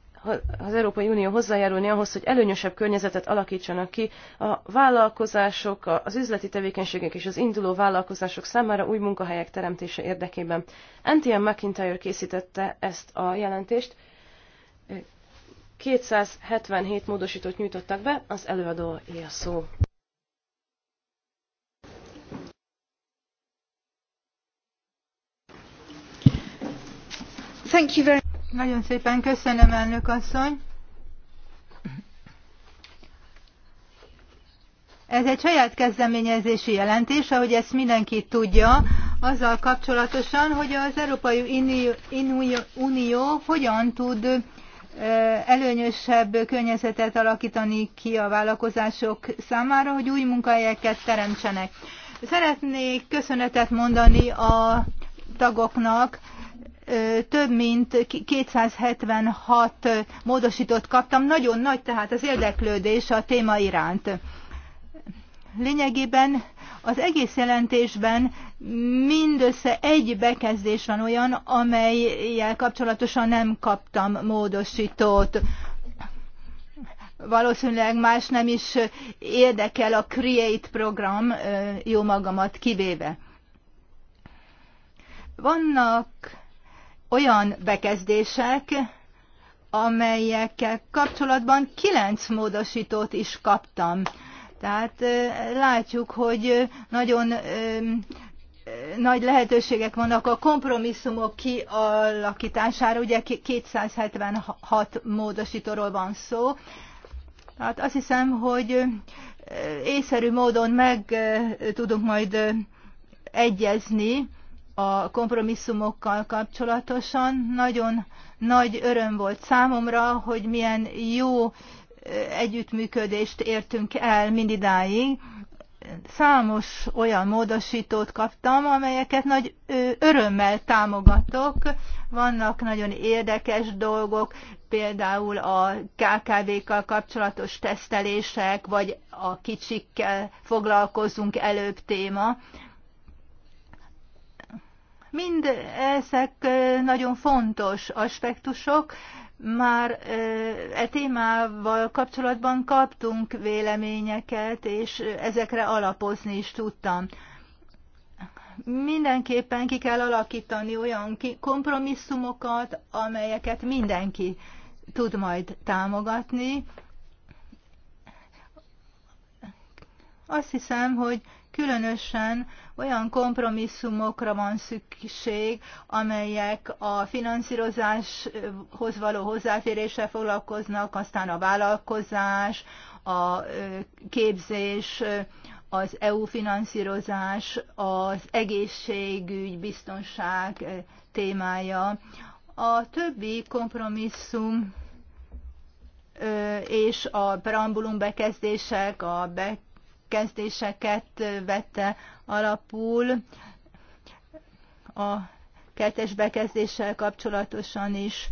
az Európai Unió hozzájárulni ahhoz, hogy előnyösebb környezetet alakítsanak ki a vállalkozások, az üzleti tevékenységek és az induló vállalkozások számára új munkahelyek teremtése érdekében. NTM McIntyre készítette ezt a jelentést. 277 módosítót nyújtottak be, az előadó él szó. Thank you very nagyon szépen köszönöm, elnök asszony. Ez egy saját kezdeményezési jelentés, ahogy ezt mindenki tudja, azzal kapcsolatosan, hogy az Európai Unió, Unió, hogyan tud előnyösebb környezetet alakítani ki a vállalkozások számára, hogy új munkahelyeket teremtsenek. Szeretnék köszönetet mondani a tagoknak, több mint 276 módosítót kaptam. Nagyon nagy tehát az érdeklődés a téma iránt. Lényegében az egész jelentésben mindössze egy bekezdés van olyan, amelyel kapcsolatosan nem kaptam módosítót valószínűleg más nem is érdekel a Create program, jó magamat kivéve. Vannak olyan bekezdések, amelyekkel kapcsolatban kilenc módosítót is kaptam. Tehát látjuk, hogy nagyon nagy lehetőségek vannak a kompromisszumok kialakítására, ugye 276 módosítóról van szó. Hát azt hiszem, hogy észszerű módon meg tudunk majd egyezni a kompromisszumokkal kapcsolatosan. Nagyon nagy öröm volt számomra, hogy milyen jó együttműködést értünk el mindidáig. Számos olyan módosítót kaptam, amelyeket nagy örömmel támogatok. Vannak nagyon érdekes dolgok, például a KKV-kkal kapcsolatos tesztelések, vagy a kicsikkel foglalkozunk előbb téma. Mind ezek nagyon fontos aspektusok, már e témával kapcsolatban kaptunk véleményeket, és ezekre alapozni is tudtam. Mindenképpen ki kell alakítani olyan kompromisszumokat, amelyeket mindenki tud majd támogatni. Azt hiszem, hogy Különösen olyan kompromisszumokra van szükség, amelyek a finanszírozáshoz való hozzáféréssel foglalkoznak, aztán a vállalkozás, a képzés, az EU finanszírozás, az egészségügy, biztonság témája. A többi kompromisszum és a preambulum bekezdések, a be kezdéseket vette alapul a kettes bekezdéssel kapcsolatosan is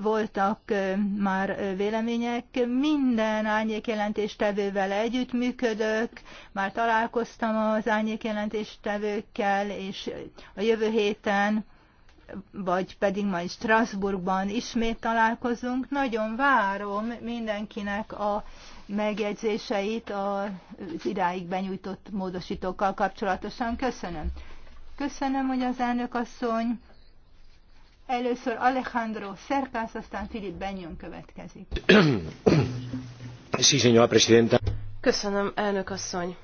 voltak már vélemények. Minden árnyékjelentéstevővel együttműködök, már találkoztam az árnyékjelentéstevőkkel, és a jövő héten, vagy pedig majd Strasbourgban ismét találkozunk. Nagyon várom mindenkinek a megjegyzéseit az idáig benyújtott módosítókkal kapcsolatosan. Köszönöm. Köszönöm, hogy az elnök asszony. Először Alejandro Szerkász, aztán Filip Benyon következik. Köszönöm, elnök asszony.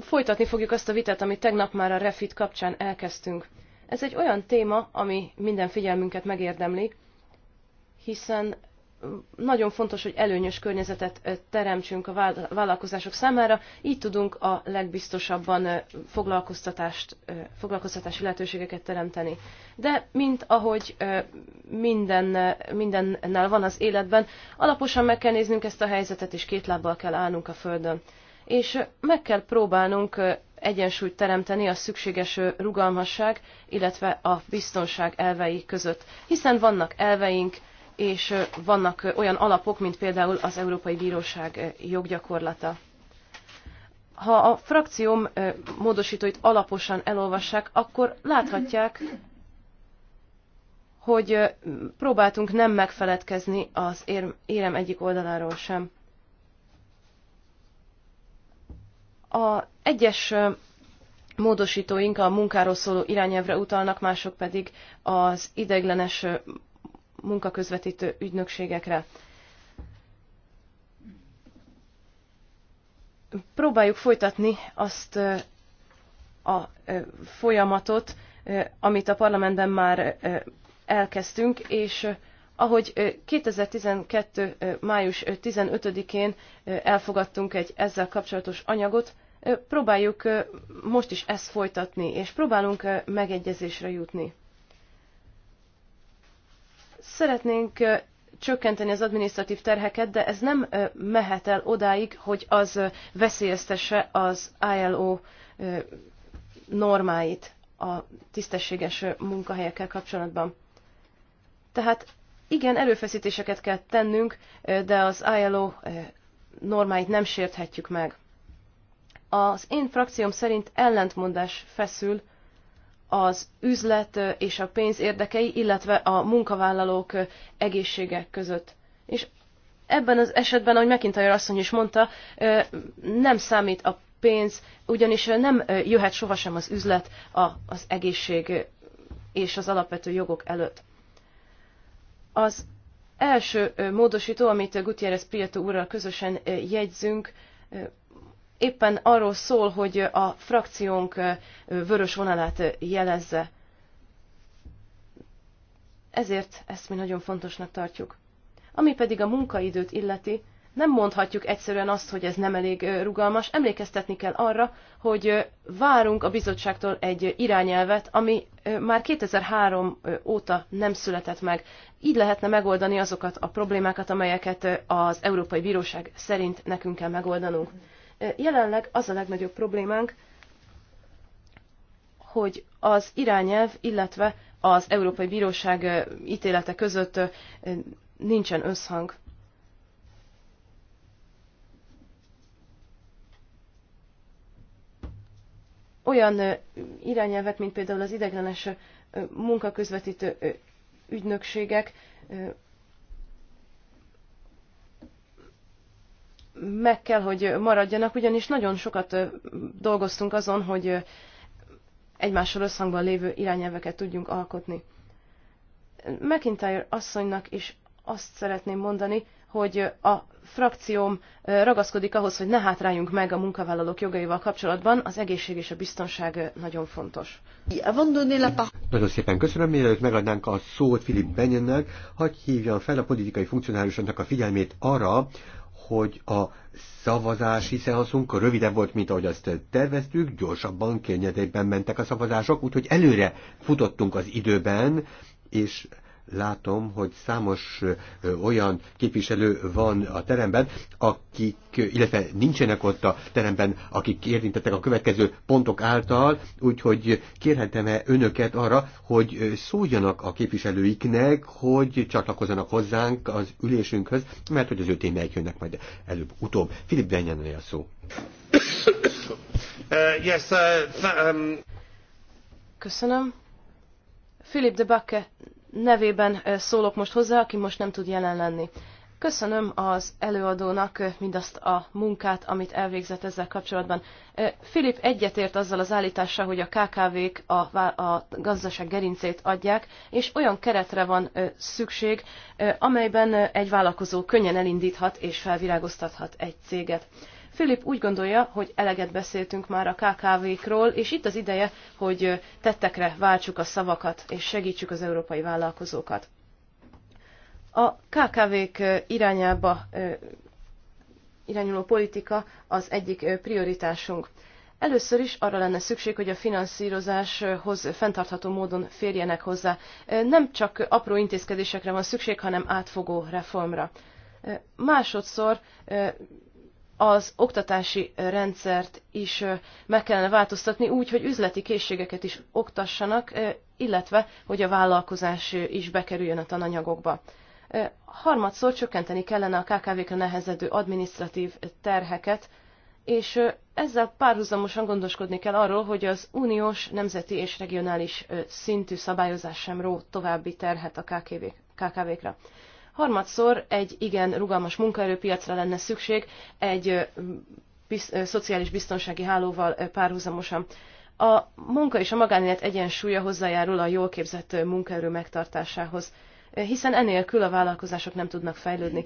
Folytatni fogjuk azt a vitát, amit tegnap már a Refit kapcsán elkezdtünk. Ez egy olyan téma, ami minden figyelmünket megérdemli, hiszen nagyon fontos, hogy előnyös környezetet teremtsünk a vállalkozások számára, így tudunk a legbiztosabban foglalkoztatást, foglalkoztatási lehetőségeket teremteni. De mint ahogy minden, mindennel van az életben, alaposan meg kell néznünk ezt a helyzetet, és két lábbal kell állnunk a földön. És meg kell próbálnunk egyensúlyt teremteni a szükséges rugalmasság, illetve a biztonság elvei között, hiszen vannak elveink, és vannak olyan alapok, mint például az Európai Bíróság joggyakorlata. Ha a frakcióm módosítóit alaposan elolvassák, akkor láthatják, hogy próbáltunk nem megfeledkezni az érem egyik oldaláról sem. A egyes módosítóink a munkáról szóló irányelvre utalnak, mások pedig az ideiglenes munkaközvetítő ügynökségekre. Próbáljuk folytatni azt a folyamatot, amit a parlamentben már elkezdtünk, és ahogy 2012. május 15-én elfogadtunk egy ezzel kapcsolatos anyagot, próbáljuk most is ezt folytatni, és próbálunk megegyezésre jutni. Szeretnénk csökkenteni az adminisztratív terheket, de ez nem mehet el odáig, hogy az veszélyeztesse az ILO normáit a tisztességes munkahelyekkel kapcsolatban. Tehát igen, erőfeszítéseket kell tennünk, de az ILO normáit nem sérthetjük meg. Az én frakcióm szerint ellentmondás feszül az üzlet és a pénz érdekei, illetve a munkavállalók egészségek között. És ebben az esetben, ahogy McIntyre asszony is mondta, nem számít a pénz, ugyanis nem jöhet sohasem az üzlet az egészség és az alapvető jogok előtt. Az első módosító, amit Gutiérrez Prieto úrral közösen jegyzünk, éppen arról szól, hogy a frakciónk vörös vonalát jelezze. Ezért ezt mi nagyon fontosnak tartjuk. Ami pedig a munkaidőt illeti, nem mondhatjuk egyszerűen azt, hogy ez nem elég rugalmas, emlékeztetni kell arra, hogy várunk a bizottságtól egy irányelvet, ami már 2003 óta nem született meg. Így lehetne megoldani azokat a problémákat, amelyeket az Európai Bíróság szerint nekünk kell megoldanunk. Jelenleg az a legnagyobb problémánk, hogy az irányelv, illetve az Európai Bíróság ítélete között nincsen összhang. Olyan irányelvek, mint például az ideglenes munkaközvetítő ügynökségek meg kell, hogy maradjanak, ugyanis nagyon sokat dolgoztunk azon, hogy egymással összhangban lévő irányelveket tudjunk alkotni. McIntyre asszonynak is azt szeretném mondani, hogy a frakcióm ragaszkodik ahhoz, hogy ne hátráljunk meg a munkavállalók jogaival kapcsolatban, az egészség és a biztonság nagyon fontos. Nagyon szépen köszönöm, mielőtt megadnánk a szót Filip Benyennek, hogy hívjam fel a politikai funkcionárusoknak a figyelmét arra, hogy a szavazási szehaszunk rövidebb volt, mint ahogy azt terveztük, gyorsabban, kényedében mentek a szavazások, úgyhogy előre futottunk az időben, és látom, hogy számos olyan képviselő van a teremben, akik, illetve nincsenek ott a teremben, akik érintettek a következő pontok által, úgyhogy kérhetem-e önöket arra, hogy szóljanak a képviselőiknek, hogy csatlakozzanak hozzánk az ülésünkhöz, mert hogy az ő témáik jönnek majd előbb-utóbb. Filip Benyen a szó. Uh, yes, uh, um... Köszönöm. Philip de Bakke, nevében szólok most hozzá, aki most nem tud jelen lenni. Köszönöm az előadónak mindazt a munkát, amit elvégzett ezzel kapcsolatban. Filip egyetért azzal az állítással, hogy a KKV-k a, a gazdaság gerincét adják, és olyan keretre van szükség, amelyben egy vállalkozó könnyen elindíthat és felvirágoztathat egy céget. Philip úgy gondolja, hogy eleget beszéltünk már a KKV-król, és itt az ideje, hogy tettekre váltsuk a szavakat, és segítsük az európai vállalkozókat. A KKV-k irányába irányuló politika az egyik prioritásunk. Először is arra lenne szükség, hogy a finanszírozáshoz fenntartható módon férjenek hozzá. Nem csak apró intézkedésekre van szükség, hanem átfogó reformra. Másodszor az oktatási rendszert is meg kellene változtatni úgy, hogy üzleti készségeket is oktassanak, illetve hogy a vállalkozás is bekerüljön a tananyagokba. Harmadszor csökkenteni kellene a KKV-kra nehezedő adminisztratív terheket, és ezzel párhuzamosan gondoskodni kell arról, hogy az uniós, nemzeti és regionális szintű szabályozás sem ró további terhet a KKV-kra harmadszor egy igen rugalmas munkaerőpiacra lenne szükség egy biz, szociális biztonsági hálóval párhuzamosan. A munka és a magánélet egyensúlya hozzájárul a jól képzett munkaerő megtartásához, hiszen enélkül a vállalkozások nem tudnak fejlődni.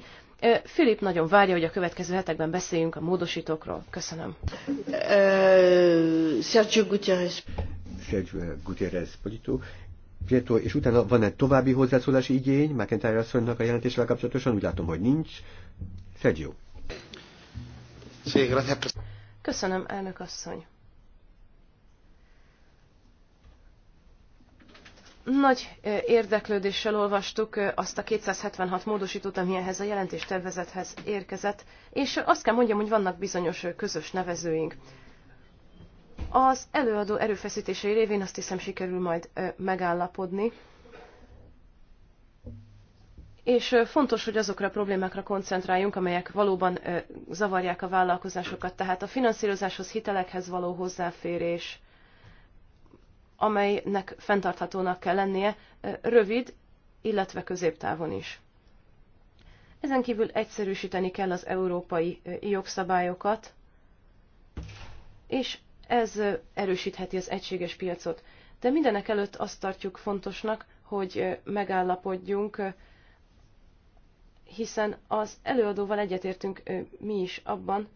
Filip nagyon várja, hogy a következő hetekben beszéljünk a módosítókról. Köszönöm. Sergio Gutierrez. Sergio Gutierrez politó. Prieto, és utána van egy további hozzászólási igény McIntyre asszonynak a jelentésével kapcsolatosan? Úgy látom, hogy nincs. Sergio. Köszönöm, elnök asszony. Nagy érdeklődéssel olvastuk azt a 276 módosítót, ami ehhez a jelentéstervezethez érkezett, és azt kell mondjam, hogy vannak bizonyos közös nevezőink. Az előadó erőfeszítései révén azt hiszem sikerül majd megállapodni. És fontos, hogy azokra a problémákra koncentráljunk, amelyek valóban zavarják a vállalkozásokat, tehát a finanszírozáshoz, hitelekhez való hozzáférés, amelynek fenntarthatónak kell lennie, rövid, illetve középtávon is. Ezen kívül egyszerűsíteni kell az európai jogszabályokat, és ez erősítheti az egységes piacot. De mindenek előtt azt tartjuk fontosnak, hogy megállapodjunk, hiszen az előadóval egyetértünk mi is abban,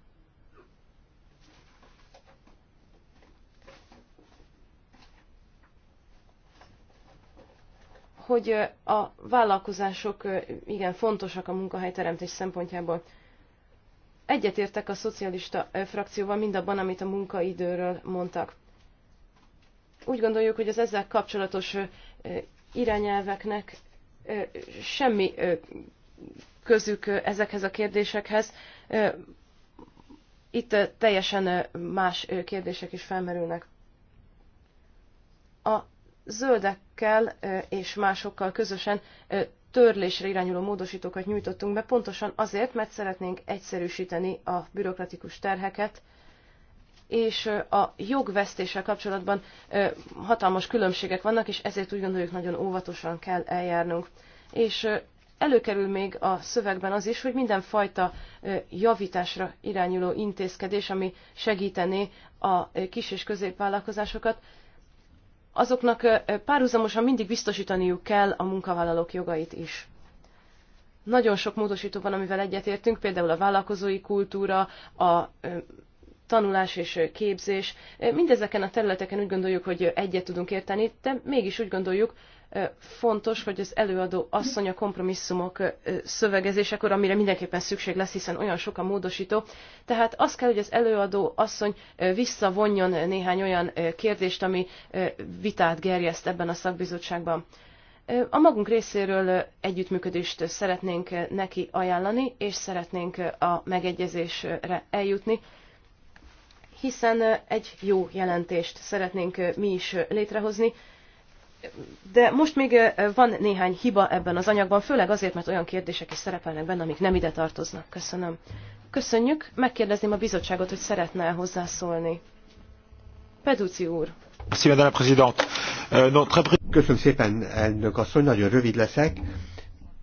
hogy a vállalkozások igen fontosak a munkahelyteremtés szempontjából. Egyetértek a szocialista frakcióval mindabban, amit a munkaidőről mondtak. Úgy gondoljuk, hogy az ezzel kapcsolatos irányelveknek semmi közük ezekhez a kérdésekhez. Itt teljesen más kérdések is felmerülnek. A zöldekkel és másokkal közösen törlésre irányuló módosítókat nyújtottunk be, pontosan azért, mert szeretnénk egyszerűsíteni a bürokratikus terheket, és a jogvesztéssel kapcsolatban hatalmas különbségek vannak, és ezért úgy gondoljuk, nagyon óvatosan kell eljárnunk. És előkerül még a szövegben az is, hogy mindenfajta javításra irányuló intézkedés, ami segítené a kis- és középvállalkozásokat, azoknak párhuzamosan mindig biztosítaniuk kell a munkavállalók jogait is. Nagyon sok módosító van, amivel egyetértünk, például a vállalkozói kultúra, a tanulás és képzés. Mindezeken a területeken úgy gondoljuk, hogy egyet tudunk érteni, de mégis úgy gondoljuk, fontos, hogy az előadó asszony a kompromisszumok szövegezésekor, amire mindenképpen szükség lesz, hiszen olyan sok a módosító. Tehát az kell, hogy az előadó asszony visszavonjon néhány olyan kérdést, ami vitát gerjeszt ebben a szakbizottságban. A magunk részéről együttműködést szeretnénk neki ajánlani, és szeretnénk a megegyezésre eljutni, hiszen egy jó jelentést szeretnénk mi is létrehozni, de most még van néhány hiba ebben az anyagban, főleg azért, mert olyan kérdések is szerepelnek benne, amik nem ide tartoznak. Köszönöm. Köszönjük. Megkérdezném a bizottságot, hogy szeretne -e hozzászólni. Peduci úr. Euh, Köszönöm szépen, elnök asszony, nagyon rövid leszek.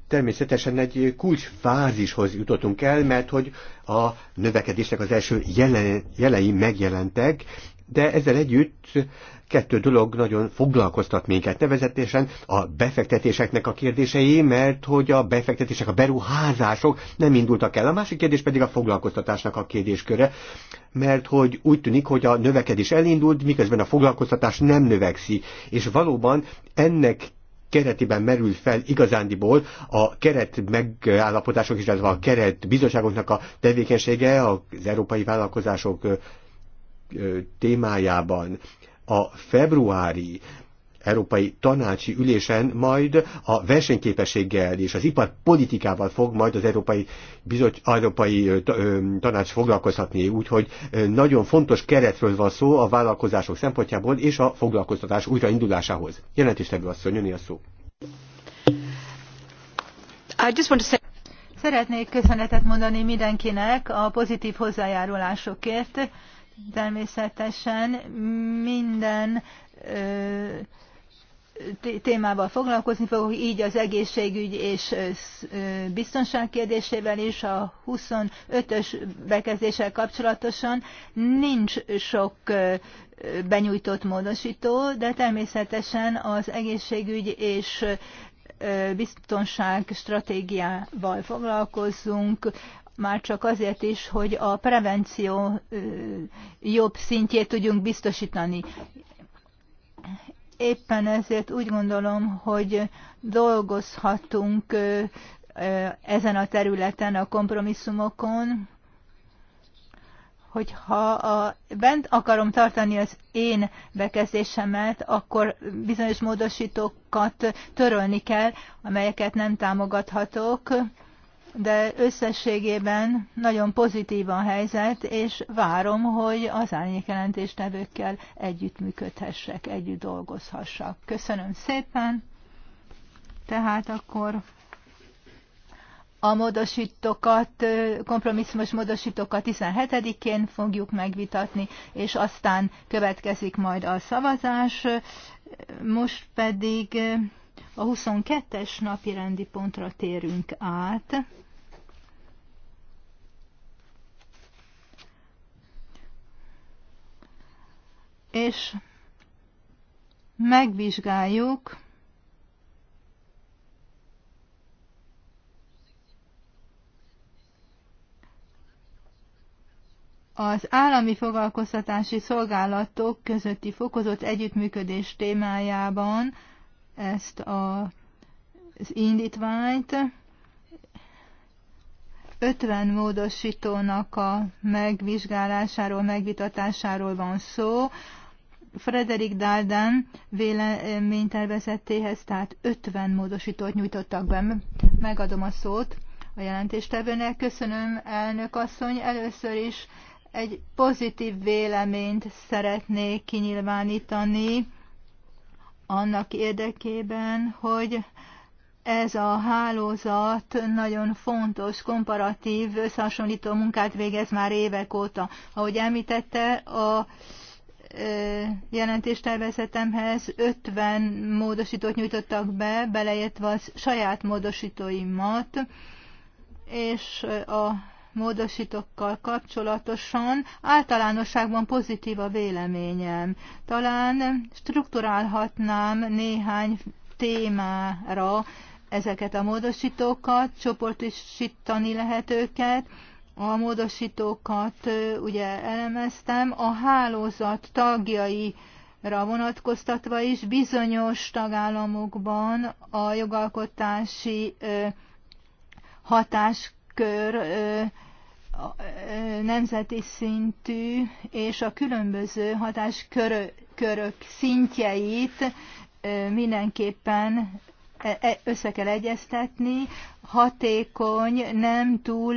Természetesen egy kulcsfázishoz jutottunk el, mert hogy a növekedésnek az első jelei megjelentek, de ezzel együtt kettő dolog nagyon foglalkoztat minket, nevezetesen a befektetéseknek a kérdései, mert hogy a befektetések, a beruházások nem indultak el. A másik kérdés pedig a foglalkoztatásnak a kérdésköre, mert hogy úgy tűnik, hogy a növekedés elindult, miközben a foglalkoztatás nem növekszik, és valóban ennek keretében merül fel igazándiból a keret megállapodások, illetve a keret bizottságoknak a tevékenysége, az európai vállalkozások témájában a februári Európai Tanácsi Ülésen majd a versenyképességgel és az iparpolitikával fog majd az Európai, Bizot, Európai Tanács foglalkozhatni, úgyhogy nagyon fontos keretről van szó a vállalkozások szempontjából és a foglalkoztatás újraindulásához. Jelentéstevő asszony, jönni a szó. Szeretnék köszönetet mondani mindenkinek a pozitív hozzájárulásokért természetesen minden témával foglalkozni fogok, így az egészségügy és biztonság kérdésével is a 25-ös bekezdéssel kapcsolatosan nincs sok benyújtott módosító, de természetesen az egészségügy és biztonság stratégiával foglalkozzunk, már csak azért is, hogy a prevenció jobb szintjét tudjunk biztosítani. Éppen ezért úgy gondolom, hogy dolgozhatunk ezen a területen a kompromisszumokon, hogyha a, bent akarom tartani az én bekezdésemet, akkor bizonyos módosítókat törölni kell, amelyeket nem támogathatok de összességében nagyon pozitív a helyzet, és várom, hogy az árnyékjelentéstevőkkel együttműködhessek, együtt dolgozhassak. Köszönöm szépen! Tehát akkor a módosítókat, kompromisszumos módosítókat 17-én fogjuk megvitatni, és aztán következik majd a szavazás. Most pedig a 22-es napi rendi pontra térünk át. és megvizsgáljuk az állami foglalkoztatási szolgálatok közötti fokozott együttműködés témájában ezt a, az indítványt 50 módosítónak a megvizsgálásáról, megvitatásáról van szó. Frederik Dalden véleménytervezetéhez, tehát 50 módosítót nyújtottak be. Megadom a szót a jelentéstevőnek. Köszönöm, elnök asszony. Először is egy pozitív véleményt szeretnék kinyilvánítani annak érdekében, hogy ez a hálózat nagyon fontos, komparatív, összehasonlító munkát végez már évek óta. Ahogy említette, a jelentéstervezetemhez 50 módosítót nyújtottak be, beleértve a saját módosítóimat, és a módosítókkal kapcsolatosan általánosságban pozitív a véleményem. Talán strukturálhatnám néhány témára ezeket a módosítókat, csoportosítani lehet őket, a módosítókat ugye elemeztem, a hálózat tagjai vonatkoztatva is bizonyos tagállamokban a jogalkotási hatáskör nemzeti szintű és a különböző hatáskörök szintjeit mindenképpen E, e, össze kell egyeztetni, hatékony, nem túl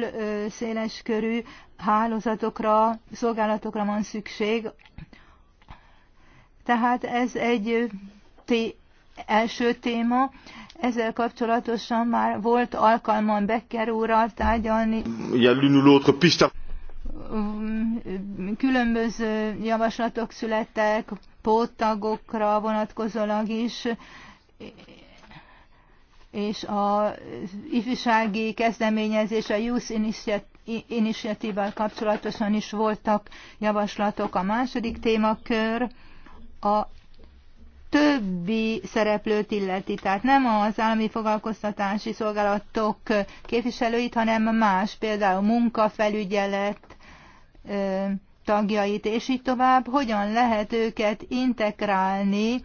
széleskörű hálózatokra, szolgálatokra van szükség. Tehát ez egy első téma. Ezzel kapcsolatosan már volt alkalmam Becker úrral tárgyalni. Mm, különböző javaslatok születtek, póttagokra vonatkozólag is és az ifjúsági kezdeményezés, a Youth initiative kapcsolatosan is voltak javaslatok. A második témakör a többi szereplőt illeti, tehát nem az állami foglalkoztatási szolgálatok képviselőit, hanem más, például munkafelügyelet tagjait, és így tovább, hogyan lehet őket integrálni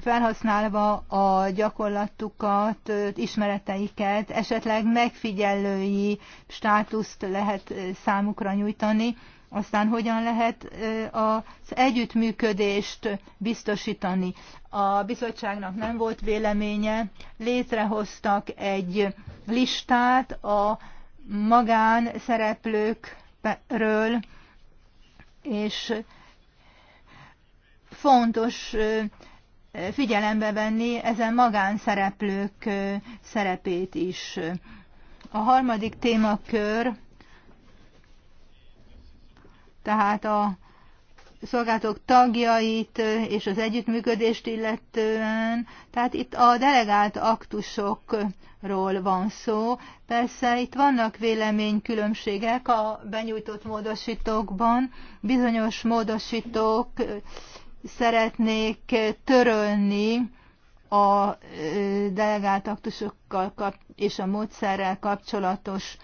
felhasználva a gyakorlatukat, ismereteiket, esetleg megfigyelői státuszt lehet számukra nyújtani, aztán hogyan lehet az együttműködést biztosítani. A bizottságnak nem volt véleménye, létrehoztak egy listát a magán szereplőkről, és fontos figyelembe venni ezen magánszereplők szerepét is. A harmadik témakör, tehát a szolgálatok tagjait és az együttműködést illetően, tehát itt a delegált aktusokról van szó. Persze itt vannak véleménykülönbségek a benyújtott módosítókban, bizonyos módosítók szeretnék törölni a delegált aktusokkal és a módszerrel kapcsolatos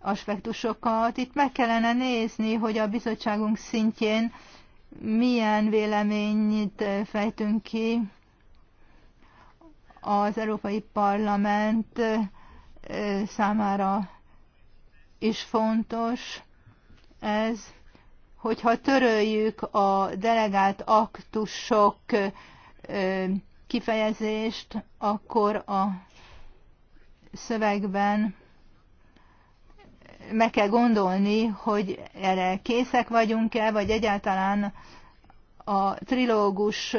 aspektusokat. Itt meg kellene nézni, hogy a bizottságunk szintjén milyen véleményt fejtünk ki az Európai Parlament számára is fontos ez hogyha töröljük a delegált aktusok kifejezést, akkor a szövegben meg kell gondolni, hogy erre készek vagyunk-e, vagy egyáltalán a trilógus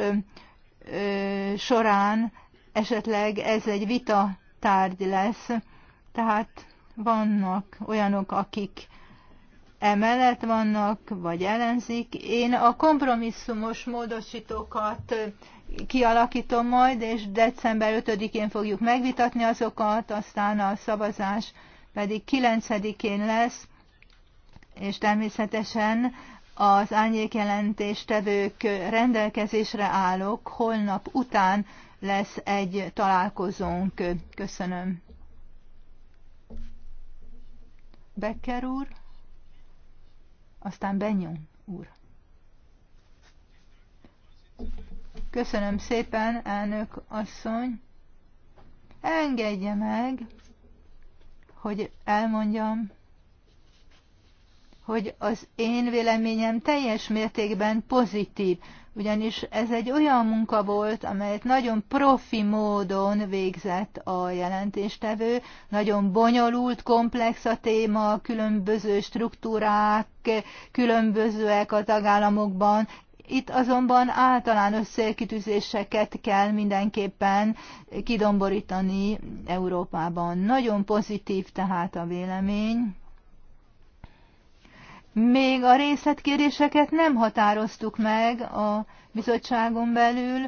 során esetleg ez egy vita tárgy lesz. Tehát vannak olyanok, akik emellett vannak, vagy ellenzik. Én a kompromisszumos módosítókat kialakítom majd, és december 5-én fogjuk megvitatni azokat, aztán a szavazás pedig 9-én lesz, és természetesen az árnyékjelentéstevők rendelkezésre állok. Holnap után lesz egy találkozónk. Köszönöm. Becker úr aztán Benyon úr. Köszönöm szépen, elnök asszony. Engedje meg, hogy elmondjam, hogy az én véleményem teljes mértékben pozitív ugyanis ez egy olyan munka volt, amelyet nagyon profi módon végzett a jelentéstevő, nagyon bonyolult, komplex a téma, különböző struktúrák, különbözőek a tagállamokban, itt azonban általános célkitűzéseket kell mindenképpen kidomborítani Európában. Nagyon pozitív tehát a vélemény. Még a részletkéréseket nem határoztuk meg a bizottságon belül,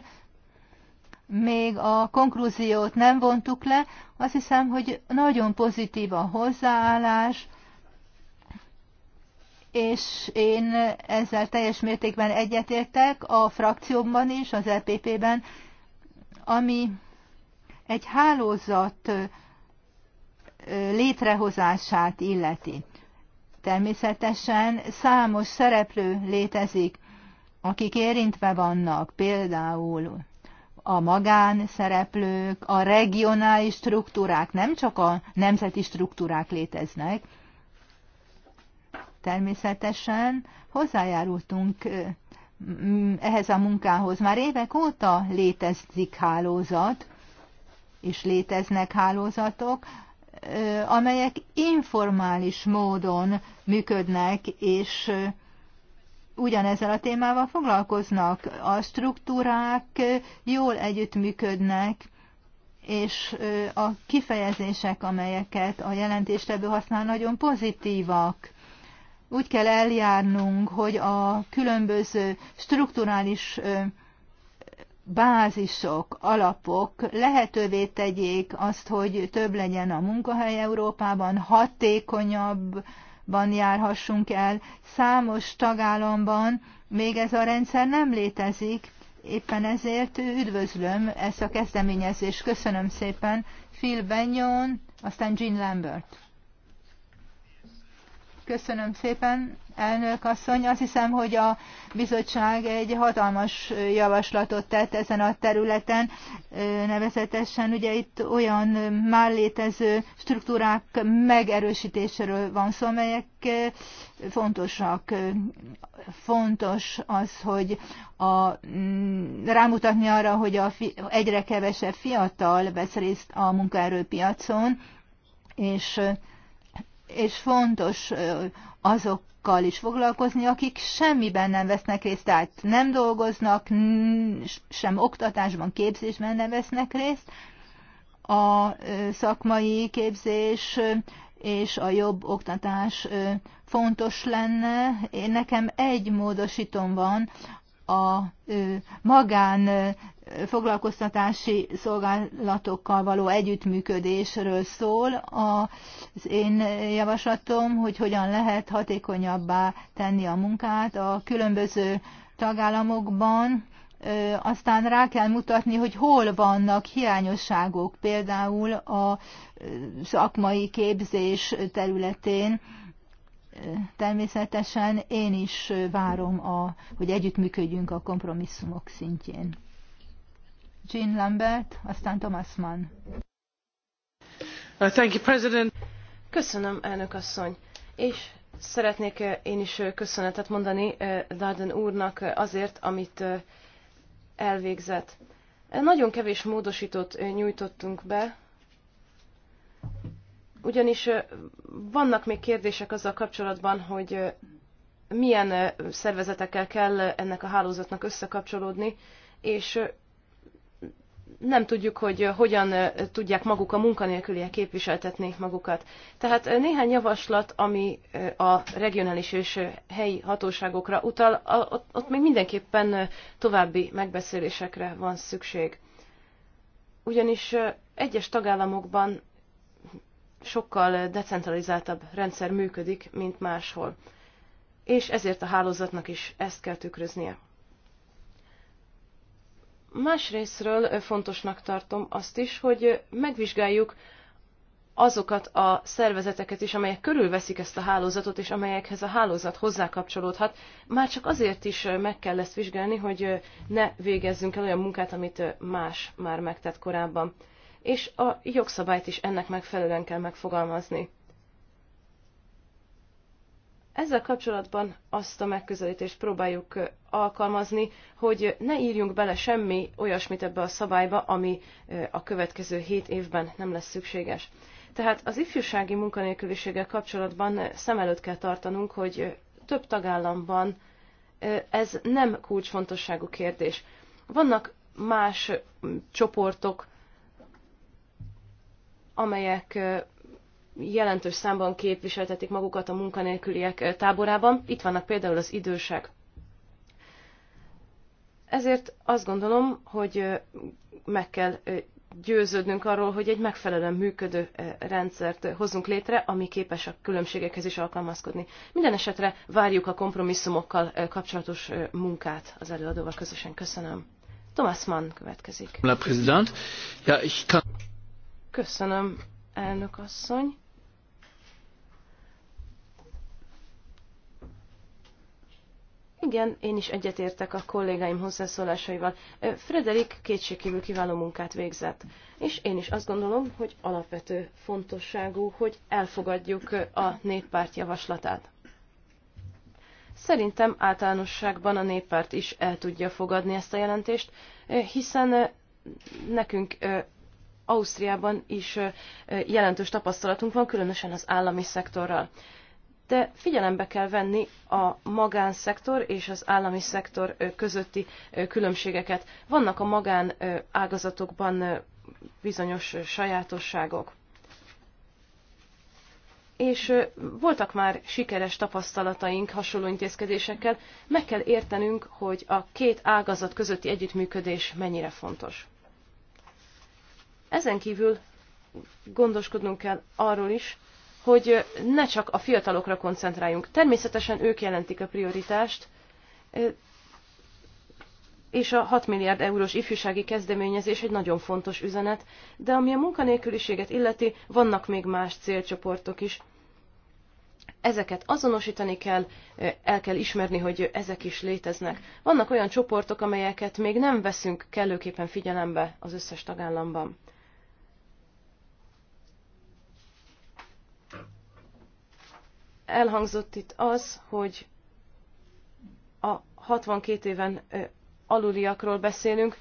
még a konklúziót nem vontuk le. Azt hiszem, hogy nagyon pozitív a hozzáállás, és én ezzel teljes mértékben egyetértek a frakciómban is, az EPP-ben, ami egy hálózat létrehozását illeti. Természetesen számos szereplő létezik, akik érintve vannak, például a magánszereplők, a regionális struktúrák, nem csak a nemzeti struktúrák léteznek. Természetesen hozzájárultunk ehhez a munkához. Már évek óta létezik hálózat, és léteznek hálózatok, amelyek informális módon működnek, és ugyanezzel a témával foglalkoznak. A struktúrák jól együttműködnek, és a kifejezések, amelyeket a jelentéstevő használ, nagyon pozitívak. Úgy kell eljárnunk, hogy a különböző strukturális bázisok, alapok lehetővé tegyék azt, hogy több legyen a munkahely Európában, hatékonyabban járhassunk el. Számos tagállamban még ez a rendszer nem létezik, éppen ezért üdvözlöm ezt a kezdeményezést. Köszönöm szépen Phil Benyon, aztán Jean Lambert. Köszönöm szépen, elnök asszony. Azt hiszem, hogy a bizottság egy hatalmas javaslatot tett ezen a területen, nevezetesen ugye itt olyan már létező struktúrák megerősítéséről van szó, amelyek fontosak. Fontos az, hogy a, mm, rámutatni arra, hogy a, egyre kevesebb fiatal vesz részt a munkaerőpiacon, és és fontos azokkal is foglalkozni, akik semmiben nem vesznek részt, tehát nem dolgoznak, sem oktatásban, képzésben nem vesznek részt. A szakmai képzés és a jobb oktatás fontos lenne. Én nekem egy módosítom van a magán foglalkoztatási szolgálatokkal való együttműködésről szól. Az én javaslatom, hogy hogyan lehet hatékonyabbá tenni a munkát a különböző tagállamokban, aztán rá kell mutatni, hogy hol vannak hiányosságok, például a szakmai képzés területén természetesen én is várom, a, hogy együttműködjünk a kompromisszumok szintjén. Jean Lambert, aztán Thomas Mann. Uh, thank you, President. Köszönöm, elnök asszony. És szeretnék uh, én is uh, köszönetet mondani Darden úrnak azért, amit elvégzett. Nagyon kevés módosítót nyújtottunk be, ugyanis vannak még kérdések azzal kapcsolatban, hogy milyen szervezetekkel kell ennek a hálózatnak összekapcsolódni, és nem tudjuk, hogy hogyan tudják maguk a munkanélküliek képviseltetni magukat. Tehát néhány javaslat, ami a regionális és helyi hatóságokra utal, ott még mindenképpen további megbeszélésekre van szükség. Ugyanis egyes tagállamokban sokkal decentralizáltabb rendszer működik, mint máshol. És ezért a hálózatnak is ezt kell tükröznie. Másrésztről fontosnak tartom azt is, hogy megvizsgáljuk azokat a szervezeteket is, amelyek körülveszik ezt a hálózatot, és amelyekhez a hálózat hozzákapcsolódhat. Már csak azért is meg kell ezt vizsgálni, hogy ne végezzünk el olyan munkát, amit más már megtett korábban és a jogszabályt is ennek megfelelően kell megfogalmazni. Ezzel kapcsolatban azt a megközelítést próbáljuk alkalmazni, hogy ne írjunk bele semmi olyasmit ebbe a szabályba, ami a következő hét évben nem lesz szükséges. Tehát az ifjúsági munkanélküliséggel kapcsolatban szem előtt kell tartanunk, hogy több tagállamban ez nem kulcsfontosságú kérdés. Vannak más csoportok, amelyek jelentős számban képviseltetik magukat a munkanélküliek táborában. Itt vannak például az idősek. Ezért azt gondolom, hogy meg kell győződnünk arról, hogy egy megfelelően működő rendszert hozzunk létre, ami képes a különbségekhez is alkalmazkodni. Minden esetre várjuk a kompromisszumokkal kapcsolatos munkát az előadóval közösen. Köszönöm. Thomas Mann következik. Köszönöm, elnök asszony. Igen, én is egyetértek a kollégáim hozzászólásaival. Frederik kétségkívül kiváló munkát végzett, és én is azt gondolom, hogy alapvető fontosságú, hogy elfogadjuk a néppárt javaslatát. Szerintem általánosságban a néppárt is el tudja fogadni ezt a jelentést, hiszen nekünk Ausztriában is jelentős tapasztalatunk van, különösen az állami szektorral. De figyelembe kell venni a magánszektor és az állami szektor közötti különbségeket. Vannak a magán ágazatokban bizonyos sajátosságok. És voltak már sikeres tapasztalataink hasonló intézkedésekkel, meg kell értenünk, hogy a két ágazat közötti együttműködés mennyire fontos. Ezen kívül gondoskodnunk kell arról is, hogy ne csak a fiatalokra koncentráljunk. Természetesen ők jelentik a prioritást, és a 6 milliárd eurós ifjúsági kezdeményezés egy nagyon fontos üzenet, de ami a munkanélküliséget illeti, vannak még más célcsoportok is. Ezeket azonosítani kell, el kell ismerni, hogy ezek is léteznek. Vannak olyan csoportok, amelyeket még nem veszünk kellőképpen figyelembe az összes tagállamban. elhangzott itt az, hogy a 62 éven aluliakról beszélünk,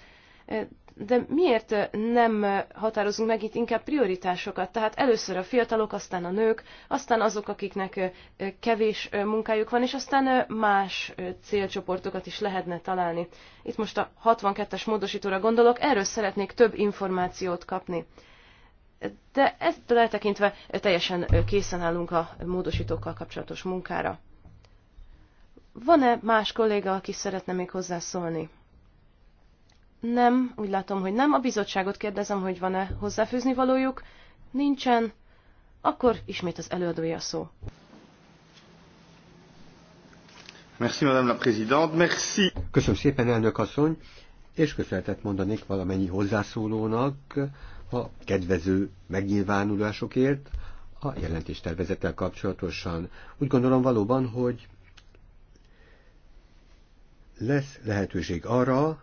de miért nem határozunk meg itt inkább prioritásokat? Tehát először a fiatalok, aztán a nők, aztán azok, akiknek kevés munkájuk van, és aztán más célcsoportokat is lehetne találni. Itt most a 62-es módosítóra gondolok, erről szeretnék több információt kapni. De ezt eltekintve teljesen készen állunk a módosítókkal kapcsolatos munkára. Van-e más kolléga, aki szeretne még hozzászólni? Nem, úgy látom, hogy nem. A bizottságot kérdezem, hogy van-e hozzáfűzni valójuk. Nincsen. Akkor ismét az előadója szó. Merci, Madame la Présidente. Merci. Köszönöm szépen, elnök asszony, és köszönetet mondanék valamennyi hozzászólónak, a kedvező megnyilvánulásokért a jelentéstervezettel kapcsolatosan. Úgy gondolom valóban, hogy lesz lehetőség arra,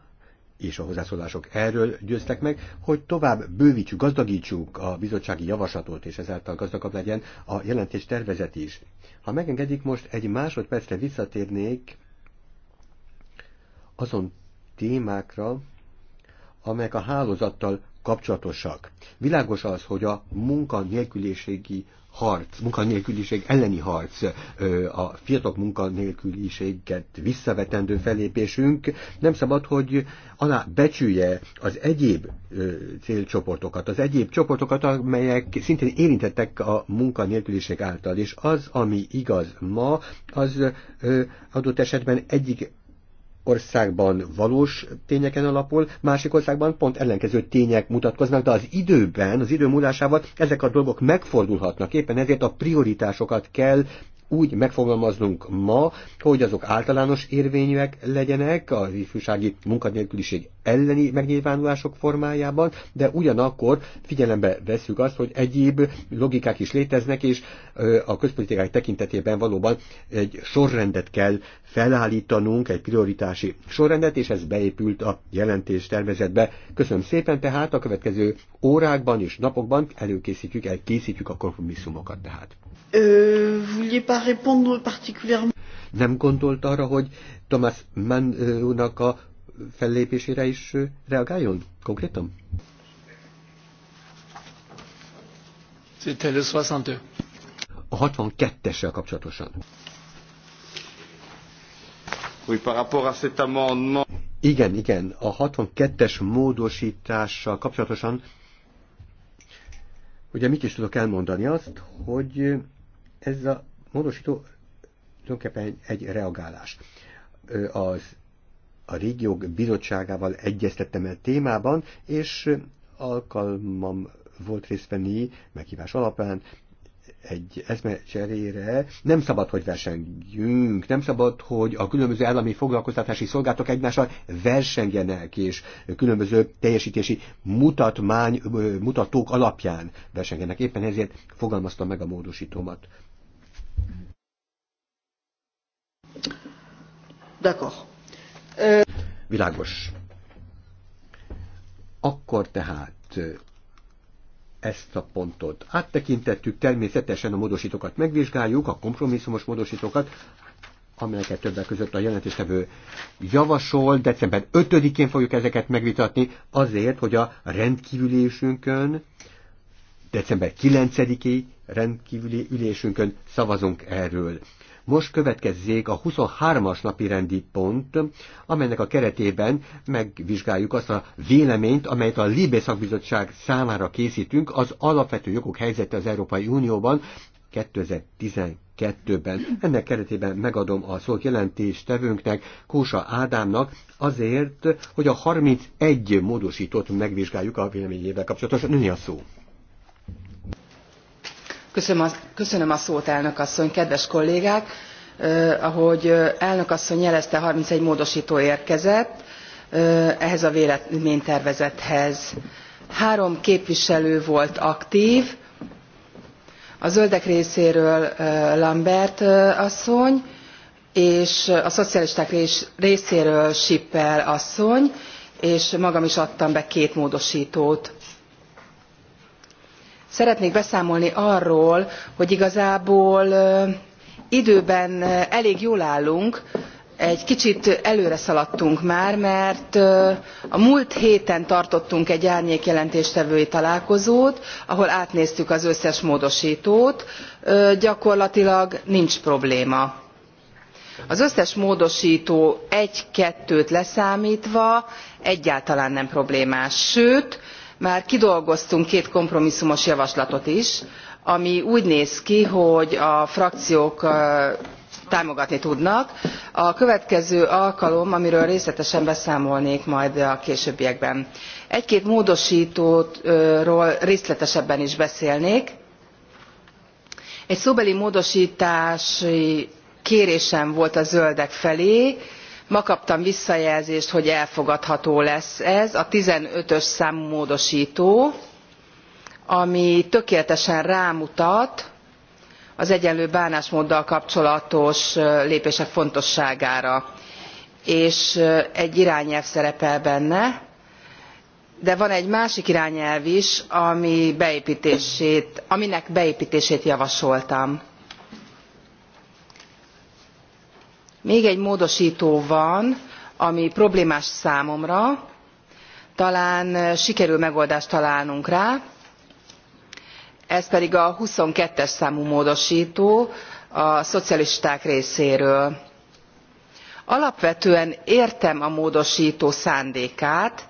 és a hozzászólások erről győztek meg, hogy tovább bővítsük, gazdagítsuk a bizottsági javaslatot, és ezáltal gazdagabb legyen a jelentés tervezet is. Ha megengedik, most egy másodpercre visszatérnék azon témákra, amelyek a hálózattal kapcsolatosak. Világos az, hogy a munkanélküliségi harc, munkanélküliség elleni harc, a fiatalok munkanélküliséget visszavetendő felépésünk nem szabad, hogy alá becsülje az egyéb célcsoportokat, az egyéb csoportokat, amelyek szintén érintettek a munkanélküliség által, és az, ami igaz ma, az adott esetben egyik országban valós tényeken alapul, másik országban pont ellenkező tények mutatkoznak, de az időben, az idő múlásával ezek a dolgok megfordulhatnak. Éppen ezért a prioritásokat kell úgy megfogalmaznunk ma, hogy azok általános érvényűek legyenek az ifjúsági munkanélküliség elleni megnyilvánulások formájában, de ugyanakkor figyelembe veszük azt, hogy egyéb logikák is léteznek, és a közpolitikák tekintetében valóban egy sorrendet kell felállítanunk, egy prioritási sorrendet, és ez beépült a jelentés tervezetbe. Köszönöm szépen, tehát a következő órákban és napokban előkészítjük, elkészítjük a kompromisszumokat tehát. Euh, Nem gondolt arra, hogy Thomas Mann úrnak a fellépésére is reagáljon konkrétan? A 62-essel kapcsolatosan. Igen, igen, a 62-es módosítással kapcsolatosan ugye mit is tudok elmondani azt, hogy ez a módosító tulajdonképpen egy, egy reagálás. Az, a régiók bizottságával egyeztettem el témában, és alkalmam volt részt venni meghívás alapján egy eszmecserére. Nem szabad, hogy versengjünk, nem szabad, hogy a különböző állami foglalkoztatási szolgáltatók egymással versengjenek és különböző teljesítési mutatmány, mutatók alapján versengjenek. Éppen ezért fogalmaztam meg a módosítómat. D'accord. Világos. Akkor tehát ezt a pontot áttekintettük, természetesen a módosítókat megvizsgáljuk, a kompromisszumos módosítókat, amelyeket többek között a jelentéstevő javasol. December 5-én fogjuk ezeket megvitatni azért, hogy a rendkívüli ülésünkön, december 9-i rendkívüli ülésünkön szavazunk erről. Most következzék a 23-as napi rendi pont, amelynek a keretében megvizsgáljuk azt a véleményt, amelyet a Libé szakbizottság számára készítünk az alapvető jogok helyzete az Európai Unióban 2012-ben. Ennek keretében megadom a szót jelentéstevőnknek, Kósa Ádámnak, azért, hogy a 31 módosítót megvizsgáljuk a véleményével kapcsolatosan. Nőni a szó elnök asszony kedves kollégák ahogy elnök asszony jelezte thirty one módostó érkezett ehhez a véleménytervezethez. három képviselő volt aktv a zöldek részéről lambert asszony és a szocialisták részéről sippel asszony és magam is adtam be két módostót szeretnék beszámolni arról hogy igazából időben elég jól állunk egy kicsit előre szaladtunk már mert a múlt héten tartottunk egy árnyék jelentéstevői találkozót ahol átnéztük az összes módostót gyakorlatilag nincs probléma. az összes módostó egy kettőt leszámtva egyáltalán nem problémás sőt már kidolgoztunk két kompromisszumos javaslatot is ami úgy néz ki hogy a frakciók támogatni tudnak. a következő alkalom amiről részletesen beszámolnék majd a későbbiekben. egy két módostóról részletesebben is beszélnék. egy szóbeli módostási kérésem volt a zöldek felé ma kaptam visszajelzést hogy elfogadható lesz ez a fifteen ös számú módostó ami tökéletesen rámutat az egyenlő bánásmóddal kapcsolatos lépések fontosságára és egy irányelv szerepel benne de van egy másik irányelv is ami beépítését, aminek beéptését javasoltam még egy módostó van ami problémás számomra talán sikerül megoldást találnunk rá ez pedig a twenty two es számú módostó a szocialisták részéről. alapvetően értem a módostó szándékát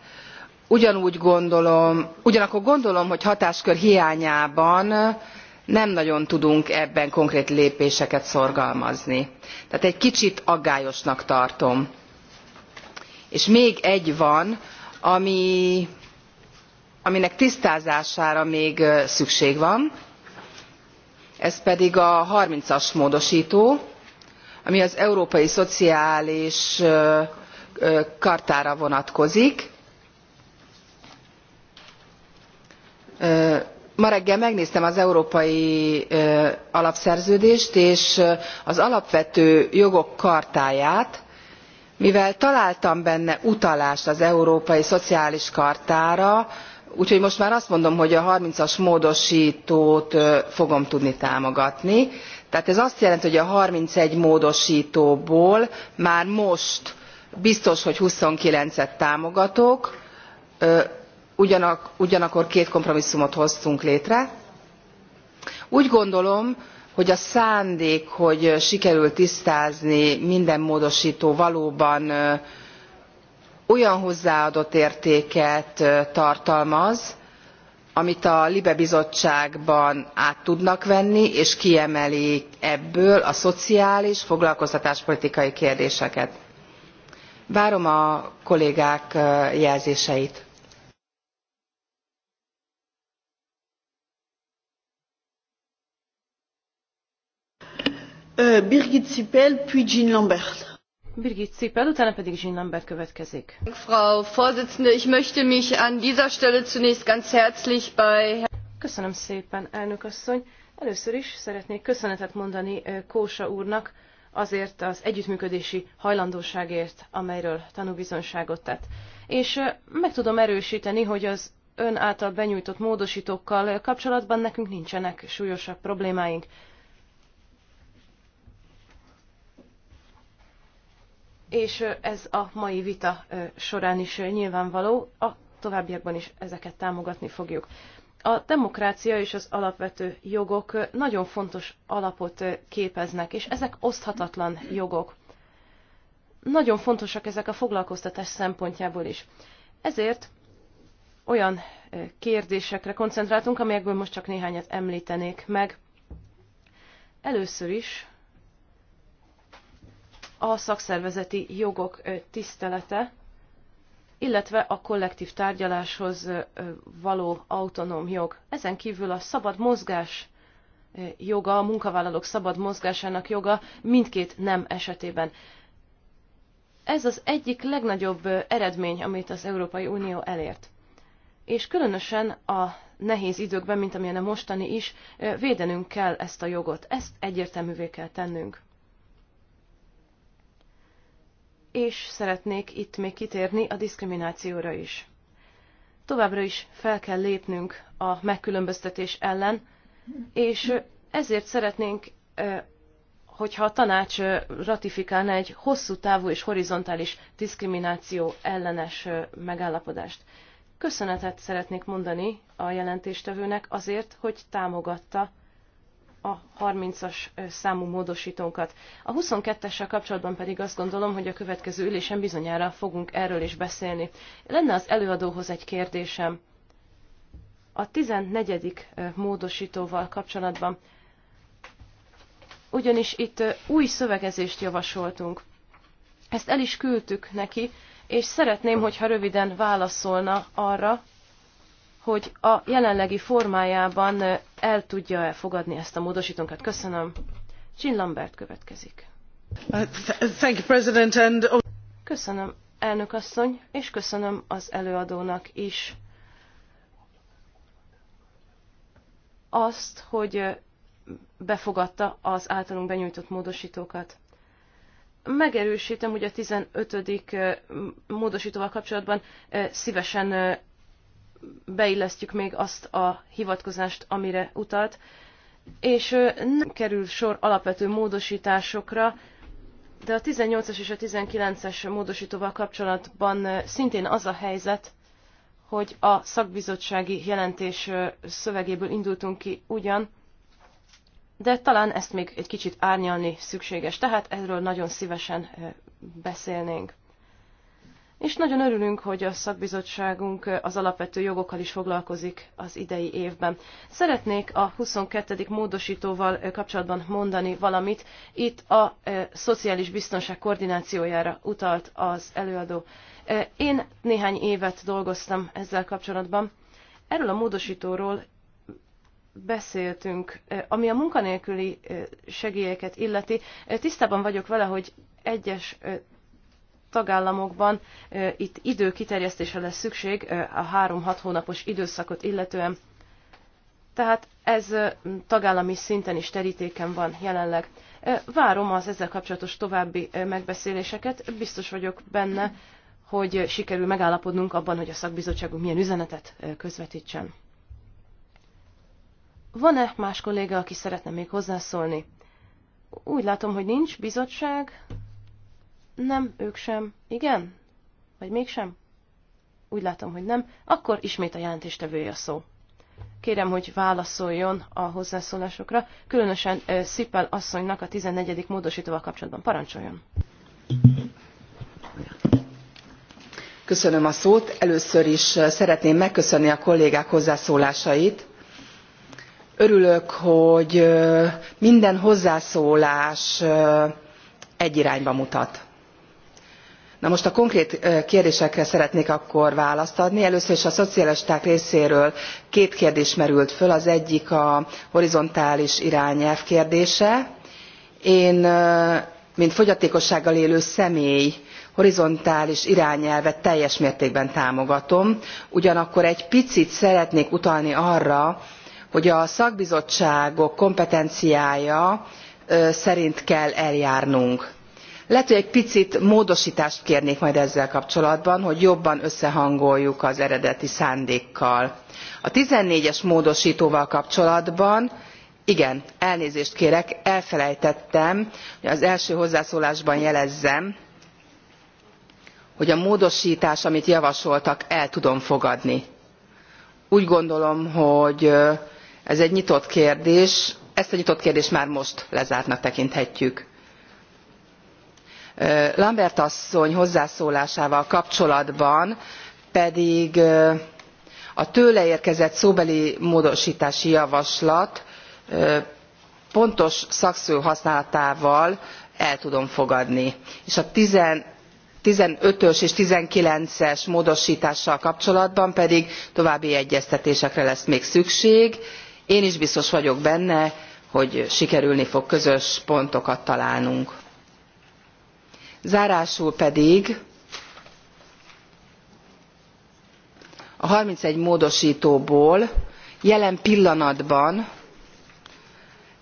ugyanúgy gondolom ugyanakkor gondolom hogy hatáskör hiányában nem nagyon tudunk ebben konkrét lépéseket szorgalmazni. tehát egy kicsit aggályosnak tartom. és még egy van ami, aminek tisztázására még szükség van ez pedig a thirty as módostó ami az európai szociális chartára vonatkozik ma reggel megnéztem az európai alapszerződést és az alapvető jogok chartáját mivel találtam benne utalást az európai szociális chartára úgyhogy most már azt mondom hogy a thirty as módostót fogom tudni támogatni tehát ez azt jelenti hogy a thirty one módostóból már most biztos hogy twenty nine et támogatok ugyanakkor két kompromisszumot hoztunk létre. Úgy gondolom, hogy a szándék, hogy sikerült tisztázni minden módostó valóban olyan hozzáadott értéket tartalmaz, amit a libe bizottságban át tudnak venni és kiemelik ebből a szociális foglalkoztatáspolitikai kérdéseket. várom a kollégák jelzéseit. Euh, Birgit Cipel, puis Jean Lambert. Birgit Cipel, utána pedig Jean Lambert következik. Frau Vorsitzende, ich möchte mich an dieser Stelle zunächst ganz herzlich bei... Köszönöm szépen, elnök asszony. Először is szeretnék köszönetet mondani Kósa úrnak azért az együttműködési hajlandóságért, amelyről tanúbizonságot tett. És meg tudom erősíteni, hogy az ön által benyújtott módosítókkal kapcsolatban nekünk nincsenek súlyosabb problémáink. és ez a mai vita során is nyilvánvaló, a továbbiakban is ezeket támogatni fogjuk. A demokrácia és az alapvető jogok nagyon fontos alapot képeznek, és ezek oszthatatlan jogok. Nagyon fontosak ezek a foglalkoztatás szempontjából is. Ezért olyan kérdésekre koncentráltunk, amelyekből most csak néhányat említenék meg. Először is a szakszervezeti jogok tisztelete, illetve a kollektív tárgyaláshoz való autonóm jog. Ezen kívül a szabad mozgás joga, a munkavállalók szabad mozgásának joga mindkét nem esetében. Ez az egyik legnagyobb eredmény, amit az Európai Unió elért. És különösen a nehéz időkben, mint amilyen a mostani is, védenünk kell ezt a jogot. Ezt egyértelművé kell tennünk. és szeretnék itt még kitérni a diszkriminációra is. Továbbra is fel kell lépnünk a megkülönböztetés ellen, és ezért szeretnénk, hogyha a tanács ratifikálna egy hosszú távú és horizontális diszkrimináció ellenes megállapodást. Köszönetet szeretnék mondani a jelentéstevőnek azért, hogy támogatta a 30-as számú módosítónkat. A 22-essel kapcsolatban pedig azt gondolom, hogy a következő ülésen bizonyára fogunk erről is beszélni. Lenne az előadóhoz egy kérdésem. A 14. módosítóval kapcsolatban ugyanis itt új szövegezést javasoltunk. Ezt el is küldtük neki, és szeretném, hogyha röviden válaszolna arra, hogy a jelenlegi formájában el tudja-e fogadni ezt a módosítónkat. Köszönöm. Jean Lambert következik. Uh, thank you, President, and... Köszönöm, elnök asszony, és köszönöm az előadónak is azt, hogy befogadta az általunk benyújtott módosítókat megerősítem, hogy a 15. módosítóval kapcsolatban szívesen beillesztjük még azt a hivatkozást, amire utalt, és nem kerül sor alapvető módosításokra, de a 18-as és a 19-es módosítóval kapcsolatban szintén az a helyzet, hogy a szakbizottsági jelentés szövegéből indultunk ki ugyan, de talán ezt még egy kicsit árnyalni szükséges, tehát erről nagyon szívesen beszélnénk és nagyon örülünk, hogy a szakbizottságunk az alapvető jogokkal is foglalkozik az idei évben. Szeretnék a 22. módosítóval kapcsolatban mondani valamit. Itt a szociális biztonság koordinációjára utalt az előadó. én néhány évet dolgoztam ezzel kapcsolatban. Erről a módosítóról beszéltünk, ami a munkanélküli segélyeket illeti. Tisztában vagyok vele, hogy egyes tagállamokban itt idő kiterjesztése lesz szükség a 3-6 hónapos időszakot illetően. Tehát ez tagállami szinten is terítéken van jelenleg. Várom az ezzel kapcsolatos további megbeszéléseket. Biztos vagyok benne, hogy sikerül megállapodnunk abban, hogy a szakbizottságunk milyen üzenetet közvetítsen. Van-e más kolléga, aki szeretne még hozzászólni? Úgy látom, hogy nincs bizottság. Nem, ők sem. Igen? Vagy mégsem? Úgy látom, hogy nem. Akkor ismét a jelentéstevője a szó. Kérem, hogy válaszoljon a hozzászólásokra, különösen uh, Szippel asszonynak a 14. módosítóval kapcsolatban. Parancsoljon! Köszönöm a szót. Először is szeretném megköszönni a kollégák hozzászólásait. Örülök, hogy minden hozzászólás egy irányba mutat na most a konkrét kérdésekre szeretnék akkor választ adni először is a szocialisták részéről két kérdés merült föl az egyik a horizontális irányelv kérdése én mint fogyatékossággal élő személy horizontális irányelvet teljes mértékben támogatom ugyanakkor egy picit szeretnék utalni arra hogy a szakbizottságok kompetenciája szerint kell eljárnunk lehet hogy egy picit módostást kérnék majd ezzel kapcsolatban hogy jobban összehangoljuk az eredeti szándékkal. a fourteen es módostóval kapcsolatban igen elnézést kérek elfelejtettem hogy az első hozzászólásban jelezzem hogy a módostást amit javasoltak el tudom fogadni. úgy gondolom hogy ez egy nyitott kérdés ezt a nyitott kérdést már most lezártnak tekinthetjük lambert asszony hozzászólásával kapcsolatban pedig a tőle érkezett szóbeli módostási javaslat pontos szakszó használatával el tudom fogadni és a fifteen ös és nineteen es módostással kapcsolatban pedig további egyeztetésekre lesz még szükség. én is biztos vagyok benne hogy sikerülni fog közös pontokat találnunk zárásul pedig a thirty one módostóból jelen pillanatban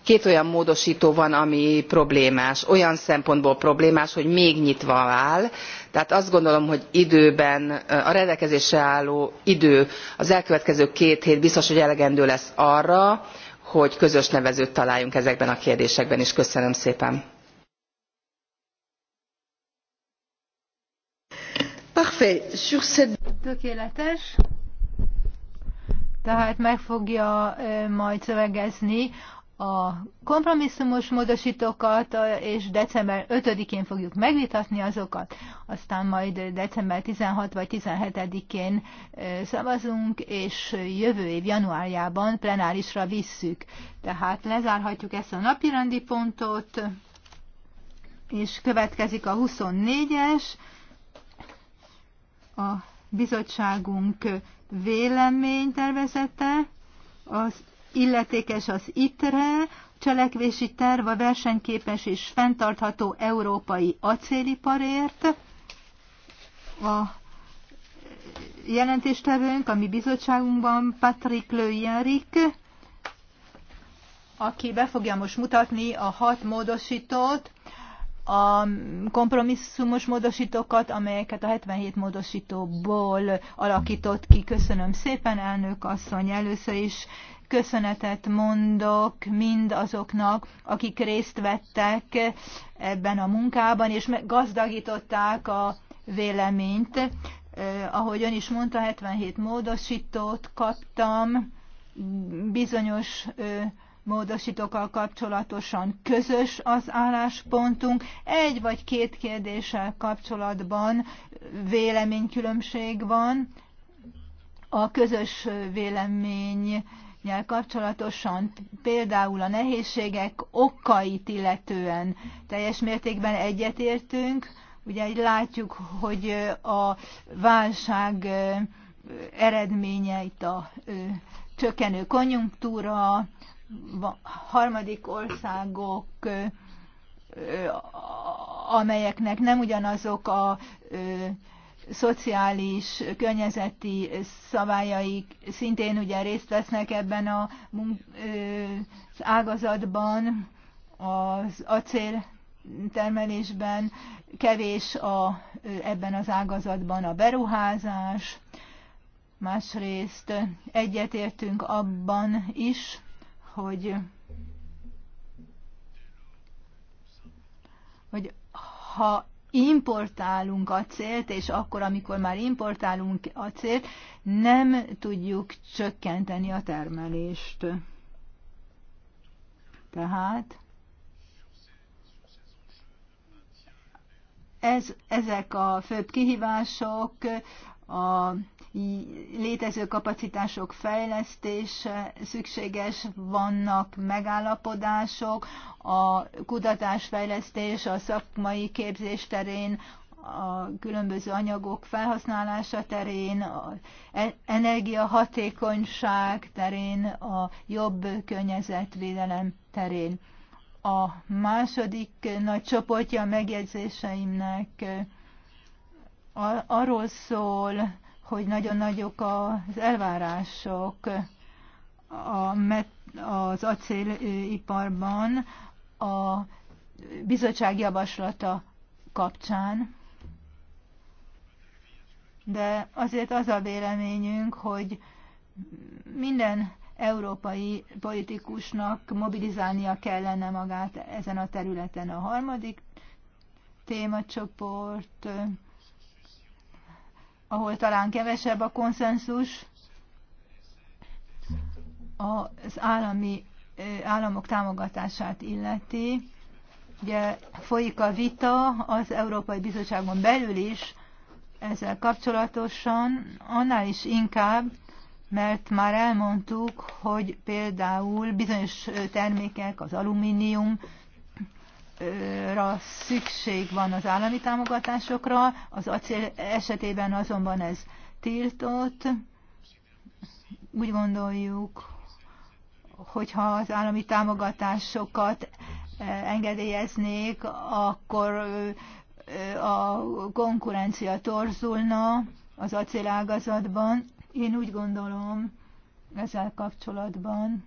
két olyan módostó van ami problémás olyan szempontból problémás hogy még nyitva áll tehát azt gondolom hogy időben a rendelkezésre álló idő az elkövetkező két hét biztos hogy elegendő lesz arra hogy közös nevezőt találjunk ezekben a kérdésekben is. köszönöm szépen! Parfait. Sur cette... Tökéletes. Tehát meg fogja majd szövegezni a kompromisszumos módosítókat, és december 5-én fogjuk megvitatni azokat, aztán majd december 16 vagy 17-én szavazunk, és jövő év januárjában plenárisra visszük. Tehát lezárhatjuk ezt a napirendi pontot, és következik a 24-es, a bizottságunk véleménytervezete, az illetékes az ITRE, cselekvési terv a versenyképes és fenntartható európai acéliparért, a jelentéstevőnk, mi bizottságunkban Patrick Löjjerik, aki be fogja most mutatni a hat módosítót, a kompromisszumos módosítókat, amelyeket a 77 módosítóból alakított ki. Köszönöm szépen, elnök asszony, először is köszönetet mondok mind azoknak, akik részt vettek ebben a munkában, és gazdagították a véleményt. Eh, ahogy ön is mondta, 77 módosítót kaptam, bizonyos eh, módosítókkal kapcsolatosan közös az álláspontunk. Egy vagy két kérdéssel kapcsolatban véleménykülönbség van. A közös vélemény kapcsolatosan, például a nehézségek okait illetően teljes mértékben egyetértünk, ugye így látjuk, hogy a válság eredménye itt a csökkenő konjunktúra, harmadik országok, amelyeknek nem ugyanazok a szociális, környezeti szabályaik szintén ugye részt vesznek ebben a, az ágazatban, az acél termelésben, kevés a, ebben az ágazatban a beruházás, másrészt egyetértünk abban is, hogy hogy ha importálunk a célt, és akkor, amikor már importálunk a célt, nem tudjuk csökkenteni a termelést. Tehát ez, ezek a főbb kihívások, a létező kapacitások fejlesztése szükséges, vannak megállapodások, a kutatásfejlesztés, a szakmai képzés terén, a különböző anyagok felhasználása terén, a e-, energiahatékonyság terén, a jobb környezetvédelem terén. A második nagy csoportja a megjegyzéseimnek arról szól, hogy nagyon nagyok az elvárások a met, az acéliparban a bizottság javaslata kapcsán, de azért az a véleményünk, hogy minden európai politikusnak mobilizálnia kellene magát ezen a területen. A harmadik témacsoport ahol talán kevesebb a konszenzus, az állami, államok támogatását illeti. Ugye folyik a vita az Európai Bizottságon belül is ezzel kapcsolatosan, annál is inkább, mert már elmondtuk, hogy például bizonyos termékek, az alumínium, ra szükség van az állami támogatásokra, az acél esetében azonban ez tiltott. Úgy gondoljuk, hogyha az állami támogatásokat engedélyeznék, akkor a konkurencia torzulna az acélágazatban. Én úgy gondolom ezzel kapcsolatban,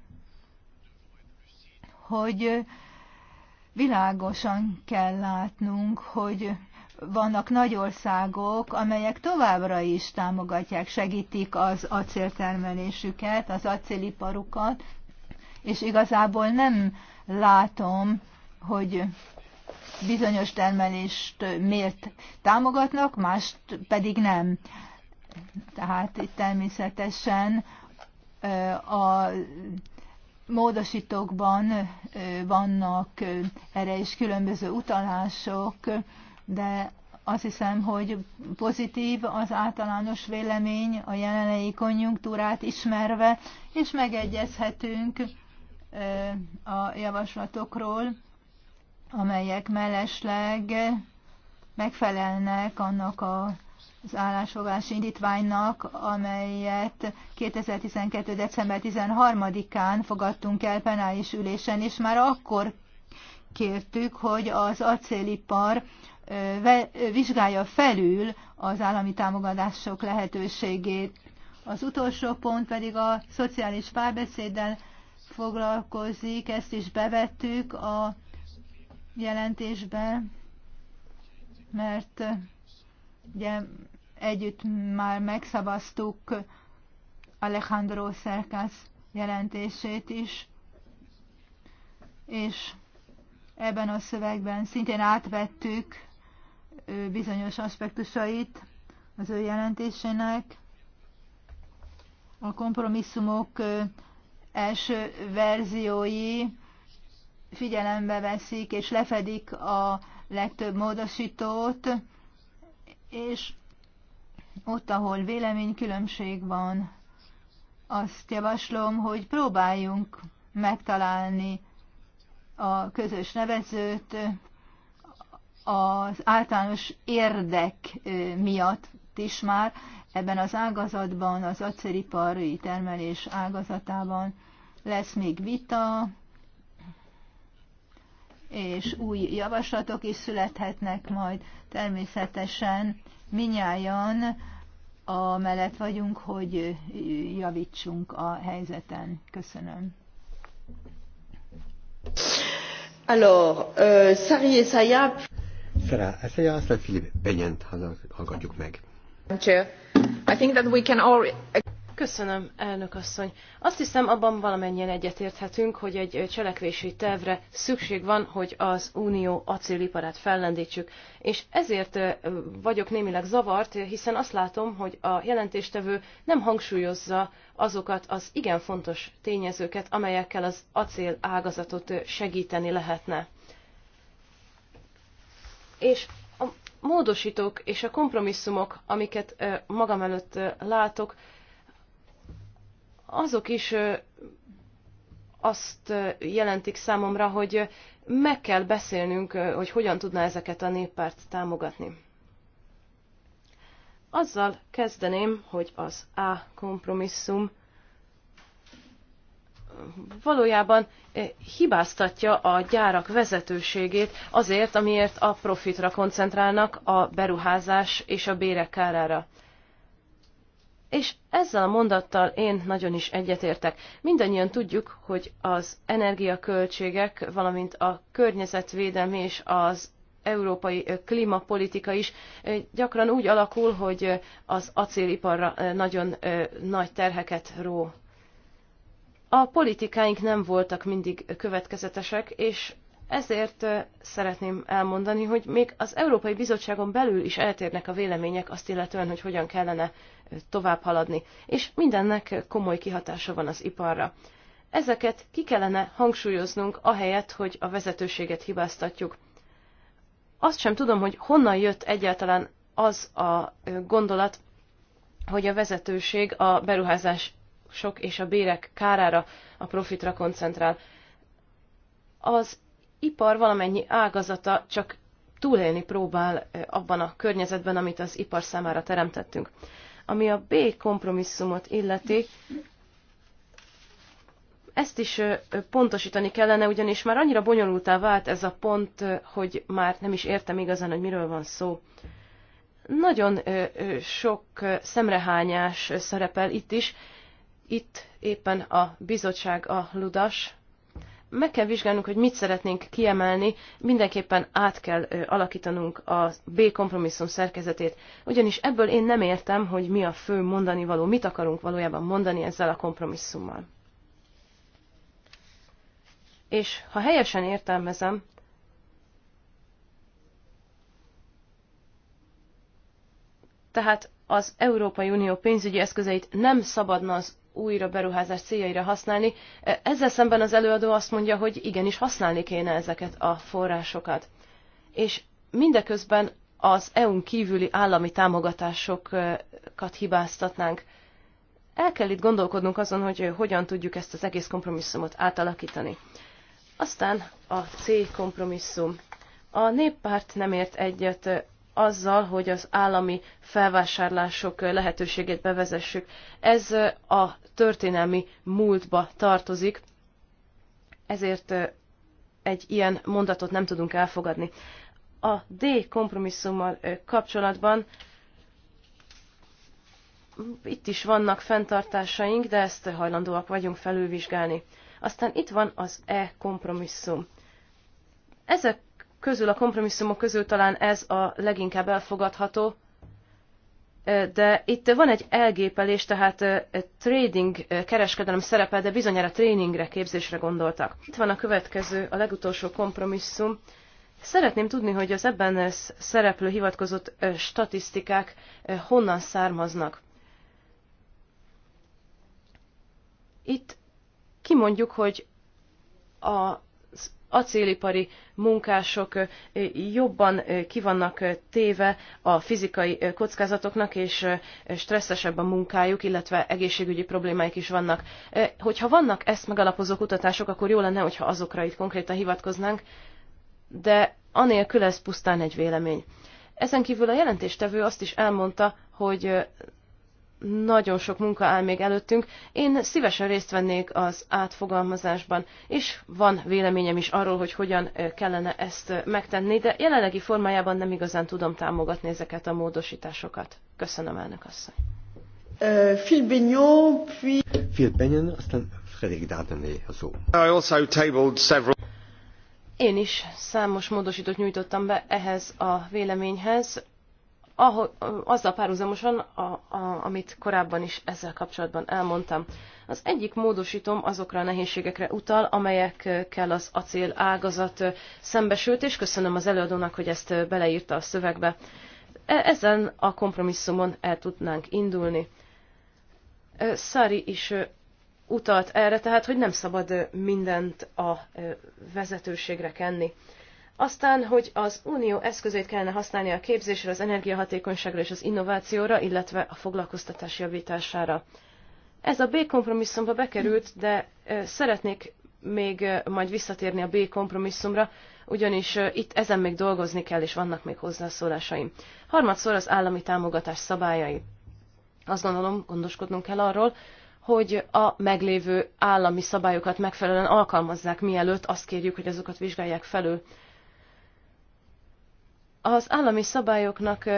hogy Világosan kell látnunk, hogy vannak nagy országok, amelyek továbbra is támogatják, segítik az acéltermelésüket, az acéliparukat, és igazából nem látom, hogy bizonyos termelést miért támogatnak, mást pedig nem. Tehát itt természetesen a módosítókban vannak erre is különböző utalások, de azt hiszem, hogy pozitív az általános vélemény a jelenlegi konjunktúrát ismerve, és megegyezhetünk a javaslatokról, amelyek mellesleg megfelelnek annak a az állásfoglási indítványnak, amelyet 2012. december 13-án fogadtunk el penális ülésen, és már akkor kértük, hogy az acélipar vizsgálja felül az állami támogatások lehetőségét. Az utolsó pont pedig a szociális párbeszéddel foglalkozik, ezt is bevettük a jelentésbe, mert ugye együtt már megszavaztuk Alejandro Szerkász jelentését is, és ebben a szövegben szintén átvettük bizonyos aspektusait az ő jelentésének. A kompromisszumok első verziói figyelembe veszik és lefedik a legtöbb módosítót, és ott, ahol véleménykülönbség van, azt javaslom, hogy próbáljunk megtalálni a közös nevezőt az általános érdek miatt is már ebben az ágazatban, az acéripari termelés ágazatában lesz még vita, és új javaslatok is születhetnek majd. Természetesen minnyáján amellett vagyunk, hogy javítsunk a helyzeten. Köszönöm. Alors, euh, Sari Essaya. Sara Essaya, aztán Filip Benyent hallgatjuk meg. I think that we can all... Köszönöm, elnök asszony. Azt hiszem, abban valamennyien egyetérthetünk, hogy egy cselekvési tervre szükség van, hogy az unió acéliparát fellendítsük. És ezért vagyok némileg zavart, hiszen azt látom, hogy a jelentéstevő nem hangsúlyozza azokat az igen fontos tényezőket, amelyekkel az acél ágazatot segíteni lehetne. És a módosítók és a kompromisszumok, amiket magam előtt látok, azok is azt jelentik számomra, hogy meg kell beszélnünk, hogy hogyan tudna ezeket a néppárt támogatni. Azzal kezdeném, hogy az A kompromisszum valójában hibáztatja a gyárak vezetőségét azért, amiért a profitra koncentrálnak a beruházás és a bérek kárára. És ezzel a mondattal én nagyon is egyetértek. Mindannyian tudjuk, hogy az energiaköltségek, valamint a környezetvédelmi és az európai klímapolitika is gyakran úgy alakul, hogy az acéliparra nagyon nagy terheket ró. A politikáink nem voltak mindig következetesek, és ezért szeretném elmondani, hogy még az Európai Bizottságon belül is eltérnek a vélemények azt illetően, hogy hogyan kellene tovább haladni, és mindennek komoly kihatása van az iparra. Ezeket ki kellene hangsúlyoznunk, ahelyett, hogy a vezetőséget hibáztatjuk. Azt sem tudom, hogy honnan jött egyáltalán az a gondolat, hogy a vezetőség a beruházások és a bérek kárára, a profitra koncentrál. Az ipar valamennyi ágazata csak túlélni próbál abban a környezetben, amit az ipar számára teremtettünk. Ami a B kompromisszumot illeti, ezt is pontosítani kellene, ugyanis már annyira bonyolultá vált ez a pont, hogy már nem is értem igazán, hogy miről van szó. Nagyon sok szemrehányás szerepel itt is. Itt éppen a bizottság, a Ludas, meg kell vizsgálnunk, hogy mit szeretnénk kiemelni, mindenképpen át kell alakítanunk a B kompromisszum szerkezetét, ugyanis ebből én nem értem, hogy mi a fő mondani való, mit akarunk valójában mondani ezzel a kompromisszummal. És ha helyesen értelmezem, tehát az Európai Unió pénzügyi eszközeit nem szabadna az újra beruházás céljaira használni. E, ezzel szemben az előadó azt mondja, hogy igenis használni kéne ezeket a forrásokat. És mindeközben az EU-n kívüli állami támogatásokat hibáztatnánk. El kell itt gondolkodnunk azon, hogy hogyan tudjuk ezt az egész kompromisszumot átalakítani. Aztán a C kompromisszum. A néppárt nem ért egyet azzal, hogy az állami felvásárlások lehetőségét bevezessük. Ez a történelmi múltba tartozik, ezért egy ilyen mondatot nem tudunk elfogadni. A D kompromisszummal kapcsolatban itt is vannak fenntartásaink, de ezt hajlandóak vagyunk felülvizsgálni. Aztán itt van az E kompromisszum. Ezek közül, a kompromisszumok közül talán ez a leginkább elfogadható, de itt van egy elgépelés, tehát trading, kereskedelem szerepel, de bizonyára tréningre, képzésre gondoltak. Itt van a következő, a legutolsó kompromisszum. Szeretném tudni, hogy az ebben szereplő hivatkozott statisztikák honnan származnak. Itt kimondjuk, hogy a acélipari munkások jobban kivannak téve a fizikai kockázatoknak, és stresszesebb a munkájuk, illetve egészségügyi problémáik is vannak. Hogyha vannak ezt megalapozó kutatások, akkor jó lenne, hogyha azokra itt konkrétan hivatkoznánk, de anélkül ez pusztán egy vélemény. Ezen kívül a jelentéstevő azt is elmondta, hogy nagyon sok munka áll még előttünk. Én szívesen részt vennék az átfogalmazásban, és van véleményem is arról, hogy hogyan kellene ezt megtenni, de jelenlegi formájában nem igazán tudom támogatni ezeket a módosításokat. Köszönöm, elnök asszony. Phil Benyon, aztán a szó. I also tabled several... Én is számos módosítót nyújtottam be ehhez a véleményhez azzal párhuzamosan, a, a, amit korábban is ezzel kapcsolatban elmondtam. Az egyik módosítom azokra a nehézségekre utal, amelyekkel az acél ágazat szembesült, és köszönöm az előadónak, hogy ezt beleírta a szövegbe. E, ezen a kompromisszumon el tudnánk indulni. E, Szári is e, utalt erre, tehát hogy nem szabad mindent a vezetőségre kenni. Aztán, hogy az unió eszközét kellene használni a képzésre, az energiahatékonyságra és az innovációra, illetve a foglalkoztatás javítására. Ez a B kompromisszumba bekerült, de szeretnék még majd visszatérni a B kompromisszumra, ugyanis itt ezen még dolgozni kell, és vannak még hozzászólásaim. Harmadszor az állami támogatás szabályai. Azt gondolom, gondoskodnunk kell arról, hogy a meglévő állami szabályokat megfelelően alkalmazzák, mielőtt azt kérjük, hogy azokat vizsgálják felül. Az állami szabályoknak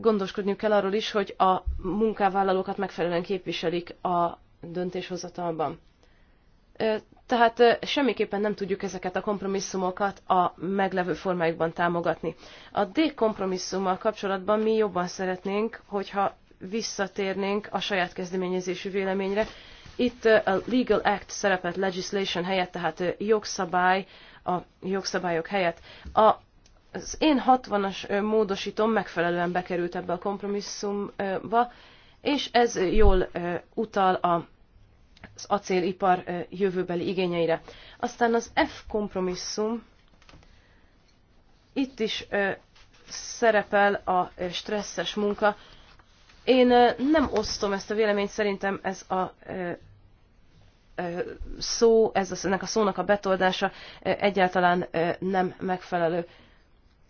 gondoskodniuk kell arról is, hogy a munkavállalókat megfelelően képviselik a döntéshozatalban. Tehát semmiképpen nem tudjuk ezeket a kompromisszumokat a meglevő formájukban támogatni. A D-kompromisszummal kapcsolatban mi jobban szeretnénk, hogyha visszatérnénk a saját kezdeményezésű véleményre. Itt a Legal Act szerepet legislation helyett, tehát jogszabály, a jogszabályok helyett. A az én 60-as módosítom megfelelően bekerült ebbe a kompromisszumba, és ez jól utal a az acélipar jövőbeli igényeire. Aztán az F kompromisszum, itt is szerepel a stresszes munka. Én nem osztom ezt a véleményt, szerintem ez a szó, ez a, ennek a szónak a betoldása egyáltalán nem megfelelő.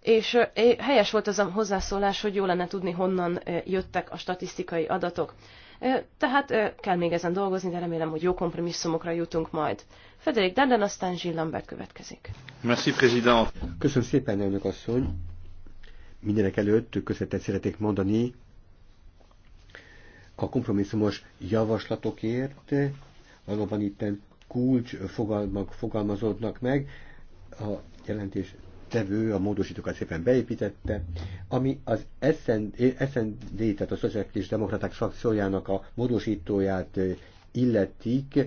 És helyes volt az a hozzászólás, hogy jó lenne tudni, honnan jöttek a statisztikai adatok. Tehát kell még ezen dolgozni, de remélem, hogy jó kompromisszumokra jutunk majd. Federik Darden, aztán Gilles Lambert következik. Merci, président. Köszönöm szépen, elnök asszony. Mindenek előtt köszönetet szeretnék mondani a kompromisszumos javaslatokért. Valóban itten kulcs fogalmak fogalmazódnak meg a jelentés tevő a módosítókat szépen beépítette, ami az SND, SND tehát a Szociális Demokraták frakciójának a módosítóját illetik,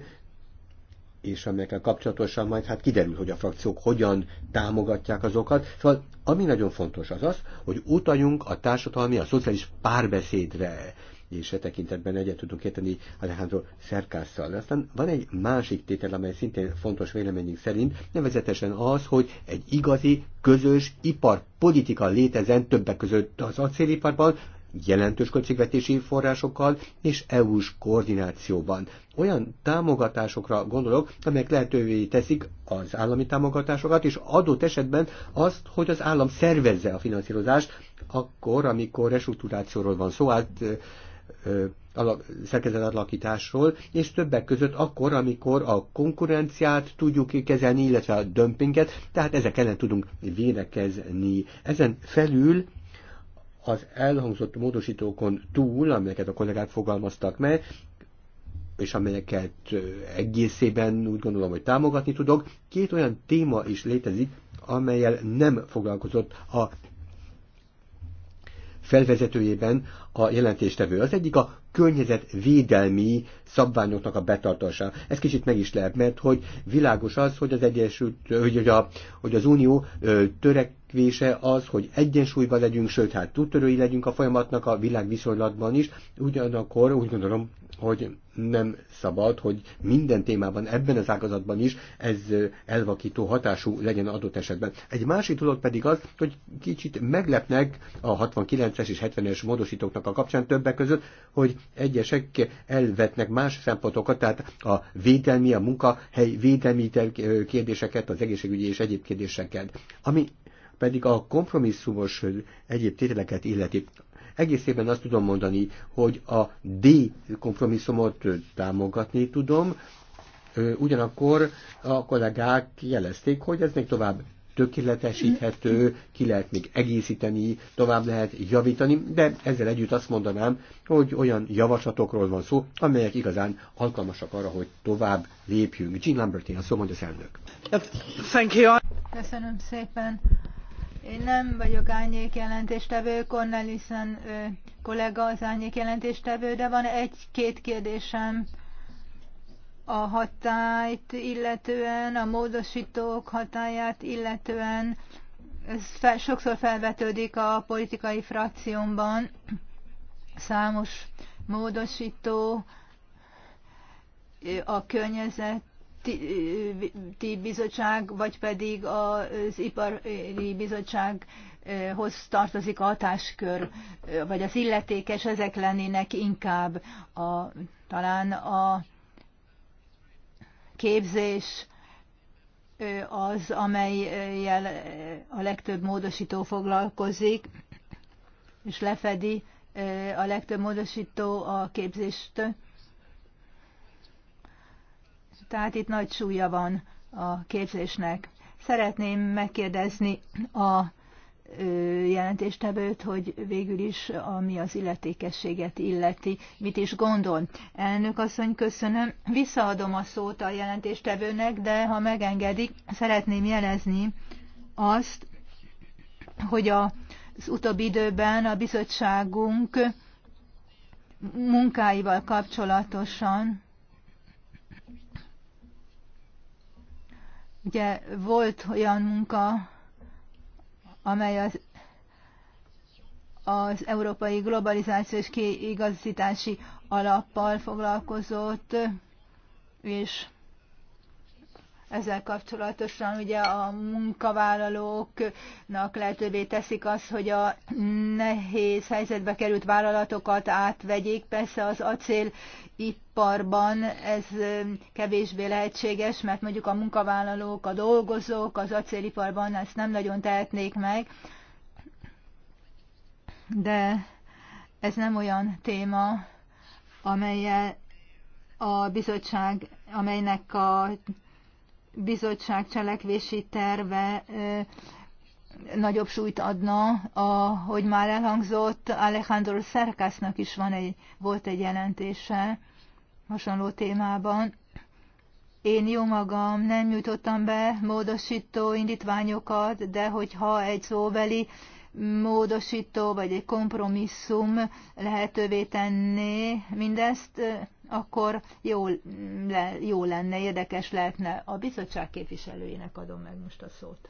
és amelyekkel kapcsolatosan majd hát kiderül, hogy a frakciók hogyan támogatják azokat. Szóval ami nagyon fontos az az, hogy utaljunk a társadalmi, a szociális párbeszédre és e tekintetben egyet tudunk érteni Alejandro Szerkásszal. Aztán van egy másik tétel, amely szintén fontos véleményünk szerint, nevezetesen az, hogy egy igazi, közös iparpolitika létezen többek között az acéliparban, jelentős költségvetési forrásokkal és EU-s koordinációban. Olyan támogatásokra gondolok, amelyek lehetővé teszik az állami támogatásokat, és adott esetben azt, hogy az állam szervezze a finanszírozást, akkor, amikor restruktúrációról van szó, át alakításról, és többek között akkor, amikor a konkurenciát tudjuk kezelni, illetve a dömpinget, tehát ezek ellen tudunk védekezni. Ezen felül az elhangzott módosítókon túl, amelyeket a kollégák fogalmaztak meg, és amelyeket egészében úgy gondolom, hogy támogatni tudok, két olyan téma is létezik, amelyel nem foglalkozott a felvezetőjében a jelentéstevő. Az egyik a környezetvédelmi szabványoknak a betartása. Ez kicsit meg is lehet, mert hogy világos az, hogy az Egyesült, hogy, a, hogy az Unió ö, törekvése az, hogy egyensúlyban legyünk, sőt, hát túttörői legyünk a folyamatnak a világviszonylatban is. Ugyanakkor úgy gondolom, hogy nem szabad, hogy minden témában, ebben az ágazatban is ez elvakító hatású legyen adott esetben. Egy másik dolog pedig az, hogy kicsit meglepnek a 69-es és 70-es módosítóknak a kapcsán többek között, hogy egyesek elvetnek más szempontokat, tehát a védelmi, a munkahely védelmi kérdéseket, az egészségügyi és egyéb kérdéseket, ami pedig a kompromisszumos egyéb tételeket illeti. Egészében azt tudom mondani, hogy a D kompromisszumot támogatni tudom, ugyanakkor a kollégák jelezték, hogy ez még tovább tökéletesíthető, ki lehet még egészíteni, tovább lehet javítani, de ezzel együtt azt mondanám, hogy olyan javaslatokról van szó, amelyek igazán alkalmasak arra, hogy tovább lépjünk. Jean Lambertin, a szó mondja az elnök. Köszönöm szépen. Én nem vagyok árnyék jelentéstevő, ö, kollega az árnyék jelentéstevő, de van egy-két kérdésem a hatályt illetően, a módosítók hatáját illetően. Ez fel, sokszor felvetődik a politikai frakciómban számos módosító a környezet ti bizottság, vagy pedig az ipari bizottsághoz tartozik a hatáskör, vagy az illetékes, ezek lennének inkább a, talán a képzés az, amelyel a legtöbb módosító foglalkozik, és lefedi a legtöbb módosító a képzést. Tehát itt nagy súlya van a képzésnek. Szeretném megkérdezni a jelentéstevőt, hogy végül is, ami az illetékességet illeti, mit is gondol. Elnök asszony, köszönöm. Visszaadom a szót a jelentéstevőnek, de ha megengedik, szeretném jelezni azt, hogy az utóbbi időben a bizottságunk munkáival kapcsolatosan Ugye volt olyan munka, amely az, az Európai Globalizációs Kiigazítási Alappal foglalkozott, és ezzel kapcsolatosan ugye a munkavállalóknak lehetővé teszik azt, hogy a nehéz helyzetbe került vállalatokat átvegyék. Persze az acéliparban ez kevésbé lehetséges, mert mondjuk a munkavállalók, a dolgozók az acéliparban ezt nem nagyon tehetnék meg. De ez nem olyan téma, amelyel a bizottság, amelynek a bizottság cselekvési terve nagyobb súlyt adna, ahogy már elhangzott, Alejandro Szerkásznak is van egy, volt egy jelentése hasonló témában. Én jó magam nem nyújtottam be módosító indítványokat, de hogyha egy szóbeli módosító vagy egy kompromisszum lehetővé tenné mindezt, akkor jó, le, jó lenne, érdekes lehetne. A bizottság képviselőjének adom meg most a szót.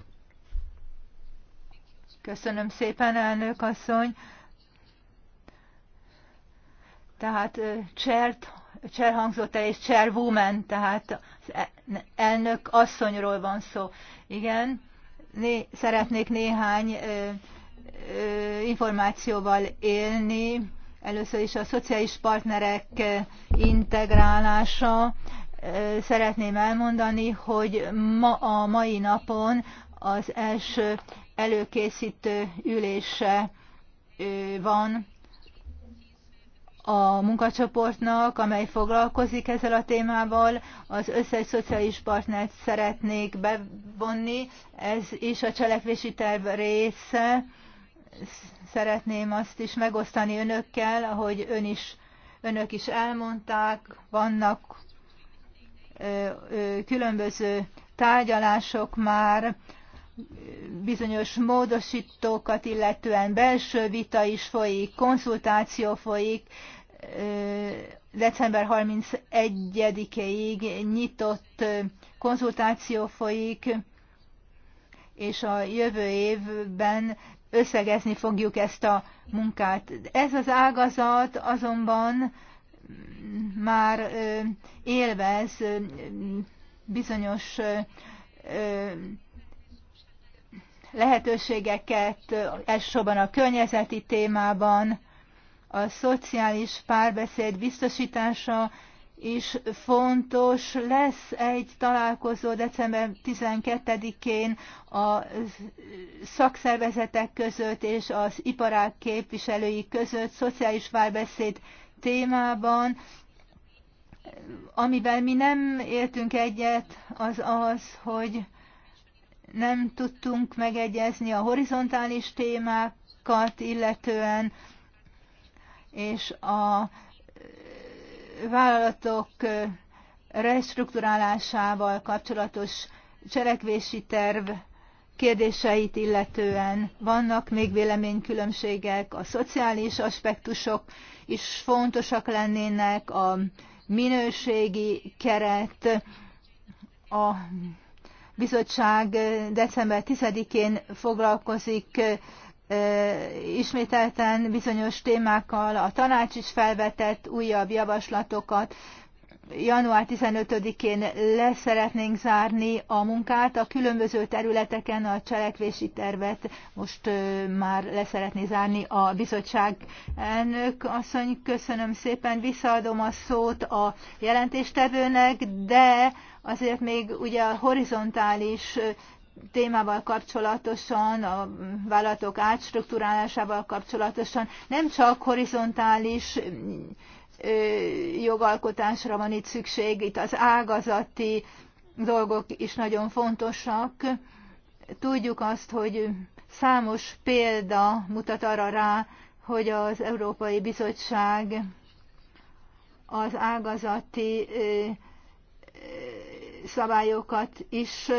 Köszönöm szépen, elnök asszony. Tehát csert, cser hangzott el, és cser woman, tehát e-, elnök asszonyról van szó. Igen, né, szeretnék néhány ö, ö, információval élni Először is a szociális partnerek eh, integrálása. Eh, szeretném elmondani, hogy ma a mai napon az első előkészítő ülése eh, van a munkacsoportnak, amely foglalkozik ezzel a témával. Az összes szociális partnert szeretnék bevonni, ez is a cselekvési terv része szeretném azt is megosztani önökkel, ahogy ön is, önök is elmondták, vannak különböző tárgyalások már, bizonyos módosítókat illetően belső vita is folyik, konzultáció folyik, december 31-ig nyitott konzultáció folyik, és a jövő évben összegezni fogjuk ezt a munkát. Ez az ágazat azonban már élvez bizonyos lehetőségeket, elsősorban a környezeti témában, a szociális párbeszéd biztosítása is fontos. Lesz egy találkozó december 12-én a szakszervezetek között és az iparák képviselői között szociális párbeszéd témában. Amivel mi nem értünk egyet, az az, hogy nem tudtunk megegyezni a horizontális témákat illetően, és a vállalatok restrukturálásával kapcsolatos cselekvési terv kérdéseit illetően vannak még véleménykülönbségek, a szociális aspektusok is fontosak lennének, a minőségi keret, a bizottság december 10-én foglalkozik ismételten bizonyos témákkal, a tanács is felvetett újabb javaslatokat. Január 15-én leszeretnénk zárni a munkát, a különböző területeken a cselekvési tervet most már leszeretné zárni a bizottság elnök asszony. Köszönöm szépen, visszaadom a szót a jelentéstevőnek, de azért még ugye a horizontális témával kapcsolatosan, a vállalatok átstruktúrálásával kapcsolatosan nem csak horizontális jogalkotásra van itt szükség, itt az ágazati dolgok is nagyon fontosak. Tudjuk azt, hogy számos példa mutat arra rá, hogy az Európai Bizottság az ágazati szabályokat is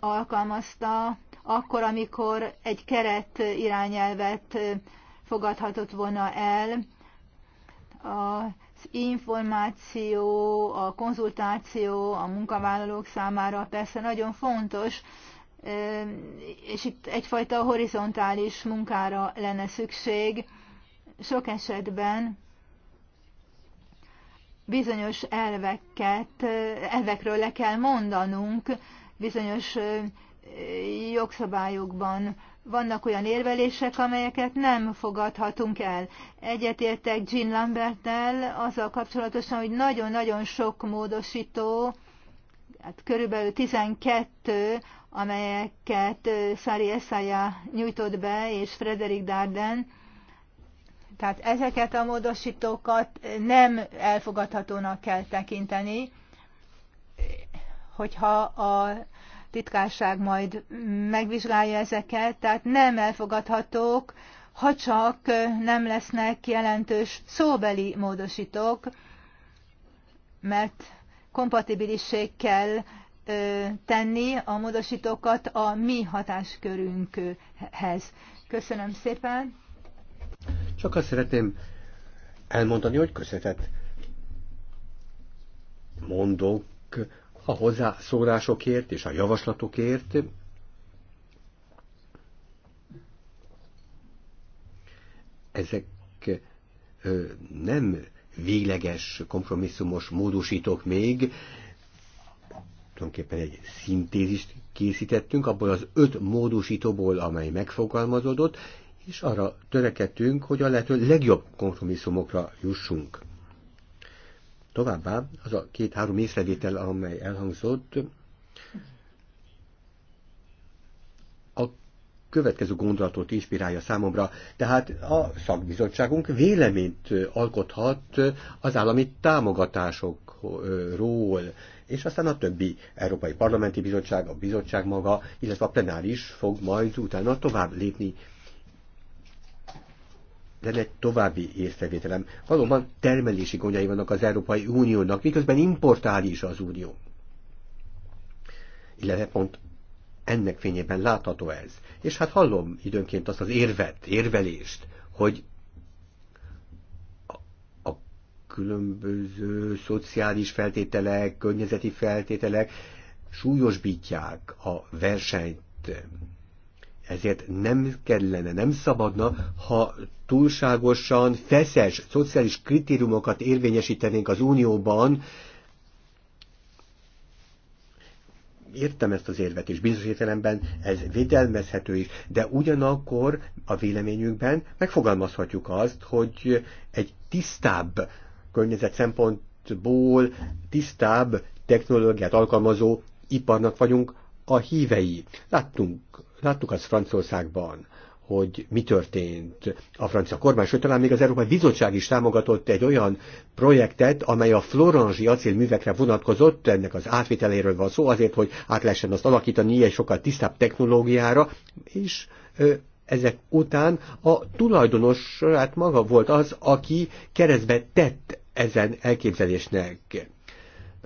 alkalmazta akkor, amikor egy keret irányelvet fogadhatott volna el. Az információ, a konzultáció a munkavállalók számára persze nagyon fontos, és itt egyfajta horizontális munkára lenne szükség. Sok esetben bizonyos elveket, elvekről le kell mondanunk, bizonyos jogszabályokban vannak olyan érvelések, amelyeket nem fogadhatunk el. Egyetértek Jean az azzal kapcsolatosan, hogy nagyon-nagyon sok módosító, hát körülbelül 12, amelyeket Szári Eszája nyújtott be, és Frederik Darden, tehát ezeket a módosítókat nem elfogadhatónak kell tekinteni hogyha a titkárság majd megvizsgálja ezeket, tehát nem elfogadhatók, ha csak nem lesznek jelentős szóbeli módosítók, mert kompatibilisség kell tenni a módosítókat a mi hatáskörünkhez. Köszönöm szépen! Csak azt szeretném elmondani, hogy köszönetet mondok a hozzászólásokért és a javaslatokért. Ezek nem végleges, kompromisszumos módosítók még, tulajdonképpen egy szintézist készítettünk abból az öt módosítóból, amely megfogalmazódott, és arra törekedtünk, hogy a lehető legjobb kompromisszumokra jussunk. Továbbá az a két-három észrevétel, amely elhangzott, a következő gondolatot inspirálja számomra. Tehát a szakbizottságunk véleményt alkothat az állami támogatásokról, és aztán a többi Európai Parlamenti Bizottság, a bizottság maga, illetve a plenáris fog majd utána tovább lépni lenne egy további észrevételem. Valóban termelési gondjai vannak az Európai Uniónak, miközben importál is az Unió. Illetve pont ennek fényében látható ez. És hát hallom időnként azt az érvet, érvelést, hogy a különböző szociális feltételek, környezeti feltételek súlyosbítják a versenyt ezért nem kellene, nem szabadna, ha túlságosan feszes szociális kritériumokat érvényesítenénk az Unióban, értem ezt az érvet, és bizonyos értelemben ez védelmezhető is, de ugyanakkor a véleményünkben megfogalmazhatjuk azt, hogy egy tisztább környezet szempontból tisztább technológiát alkalmazó iparnak vagyunk a hívei. Láttunk, láttuk azt Franciaországban, hogy mi történt a francia kormány, sőt talán még az Európai Bizottság is támogatott egy olyan projektet, amely a florangi acélművekre vonatkozott, ennek az átvételéről van szó, azért, hogy át lehessen azt alakítani ilyen sokkal tisztább technológiára, és ö, ezek után a tulajdonos, hát maga volt az, aki keresztbe tett ezen elképzelésnek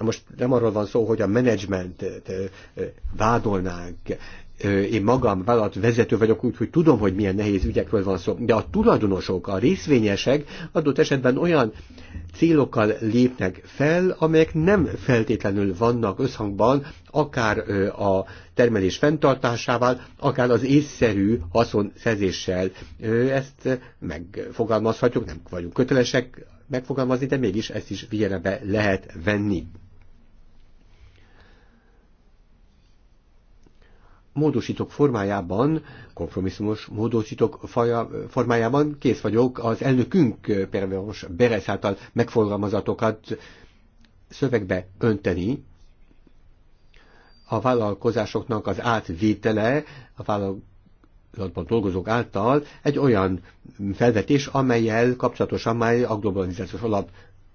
Na most nem arról van szó, hogy a menedzsmentet eh, eh, vádolnánk, eh, én magam vállalat vezető vagyok, úgyhogy tudom, hogy milyen nehéz ügyekről van szó, de a tulajdonosok, a részvényesek adott esetben olyan célokkal lépnek fel, amelyek nem feltétlenül vannak összhangban akár a termelés fenntartásával, akár az észszerű haszonszerzéssel. Ezt megfogalmazhatjuk, nem vagyunk kötelesek megfogalmazni, de mégis ezt is figyelembe lehet venni. módosítok formájában, kompromisszumos módosítok faja, formájában kész vagyok az elnökünk Pervos Beres által megfogalmazatokat szövegbe önteni, a vállalkozásoknak az átvétele, a vállalatban dolgozók által egy olyan felvetés, amelyel kapcsolatosan már a globalizációs alap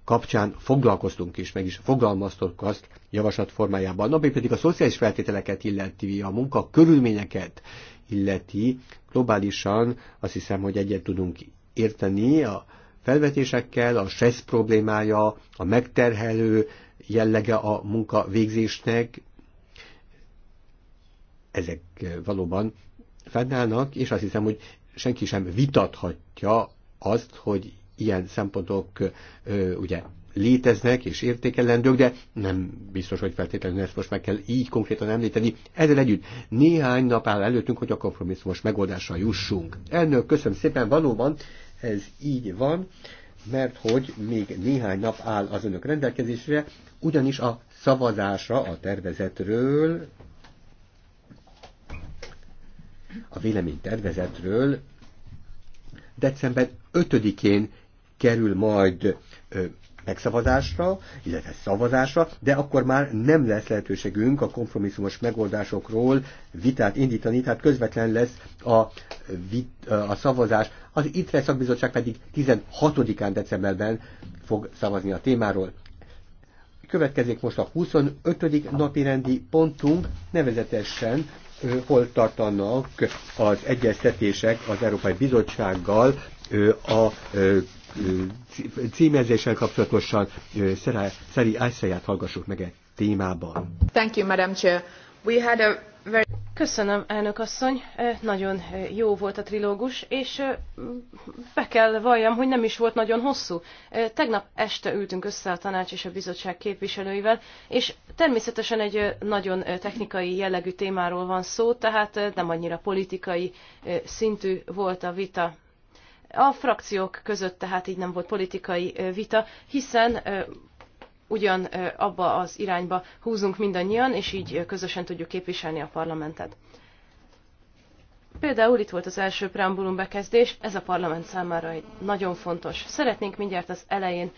kapcsán foglalkoztunk is, meg is fogalmaztunk azt javaslat formájában. Napi pedig a szociális feltételeket illeti, a munka körülményeket illeti, globálisan azt hiszem, hogy egyet tudunk érteni a felvetésekkel, a stressz problémája, a megterhelő jellege a munka végzésnek, ezek valóban fennállnak, és azt hiszem, hogy senki sem vitathatja azt, hogy ilyen szempontok ugye léteznek és értékelendők, de nem biztos, hogy feltétlenül ezt most meg kell így konkrétan említeni. Ezzel együtt néhány nap áll előttünk, hogy a kompromisszumos megoldásra jussunk. Elnök, köszönöm szépen, valóban ez így van, mert hogy még néhány nap áll az önök rendelkezésre, ugyanis a szavazásra a tervezetről, a véleménytervezetről december 5-én kerül majd megszavazásra, illetve szavazásra, de akkor már nem lesz lehetőségünk a kompromisszumos megoldásokról vitát indítani, tehát közvetlen lesz a, vit, a szavazás. Az ITRE szakbizottság pedig 16-án decemberben fog szavazni a témáról. Következik most a 25. napi rendi pontunk, nevezetesen hol tartanak az egyeztetések az Európai Bizottsággal a címezéssel kapcsolatosan Szeri Ájszáját hallgassuk meg egy témában. Thank you, Madam Chair. We had a very... Köszönöm, elnök asszony. Nagyon jó volt a trilógus, és be kell valljam, hogy nem is volt nagyon hosszú. Tegnap este ültünk össze a tanács és a bizottság képviselőivel, és természetesen egy nagyon technikai jellegű témáról van szó, tehát nem annyira politikai szintű volt a vita, a frakciók között tehát így nem volt politikai vita, hiszen ugyan abba az irányba húzunk mindannyian, és így közösen tudjuk képviselni a parlamentet. Például itt volt az első preambulum bekezdés, ez a parlament számára egy nagyon fontos. Szeretnénk mindjárt az elején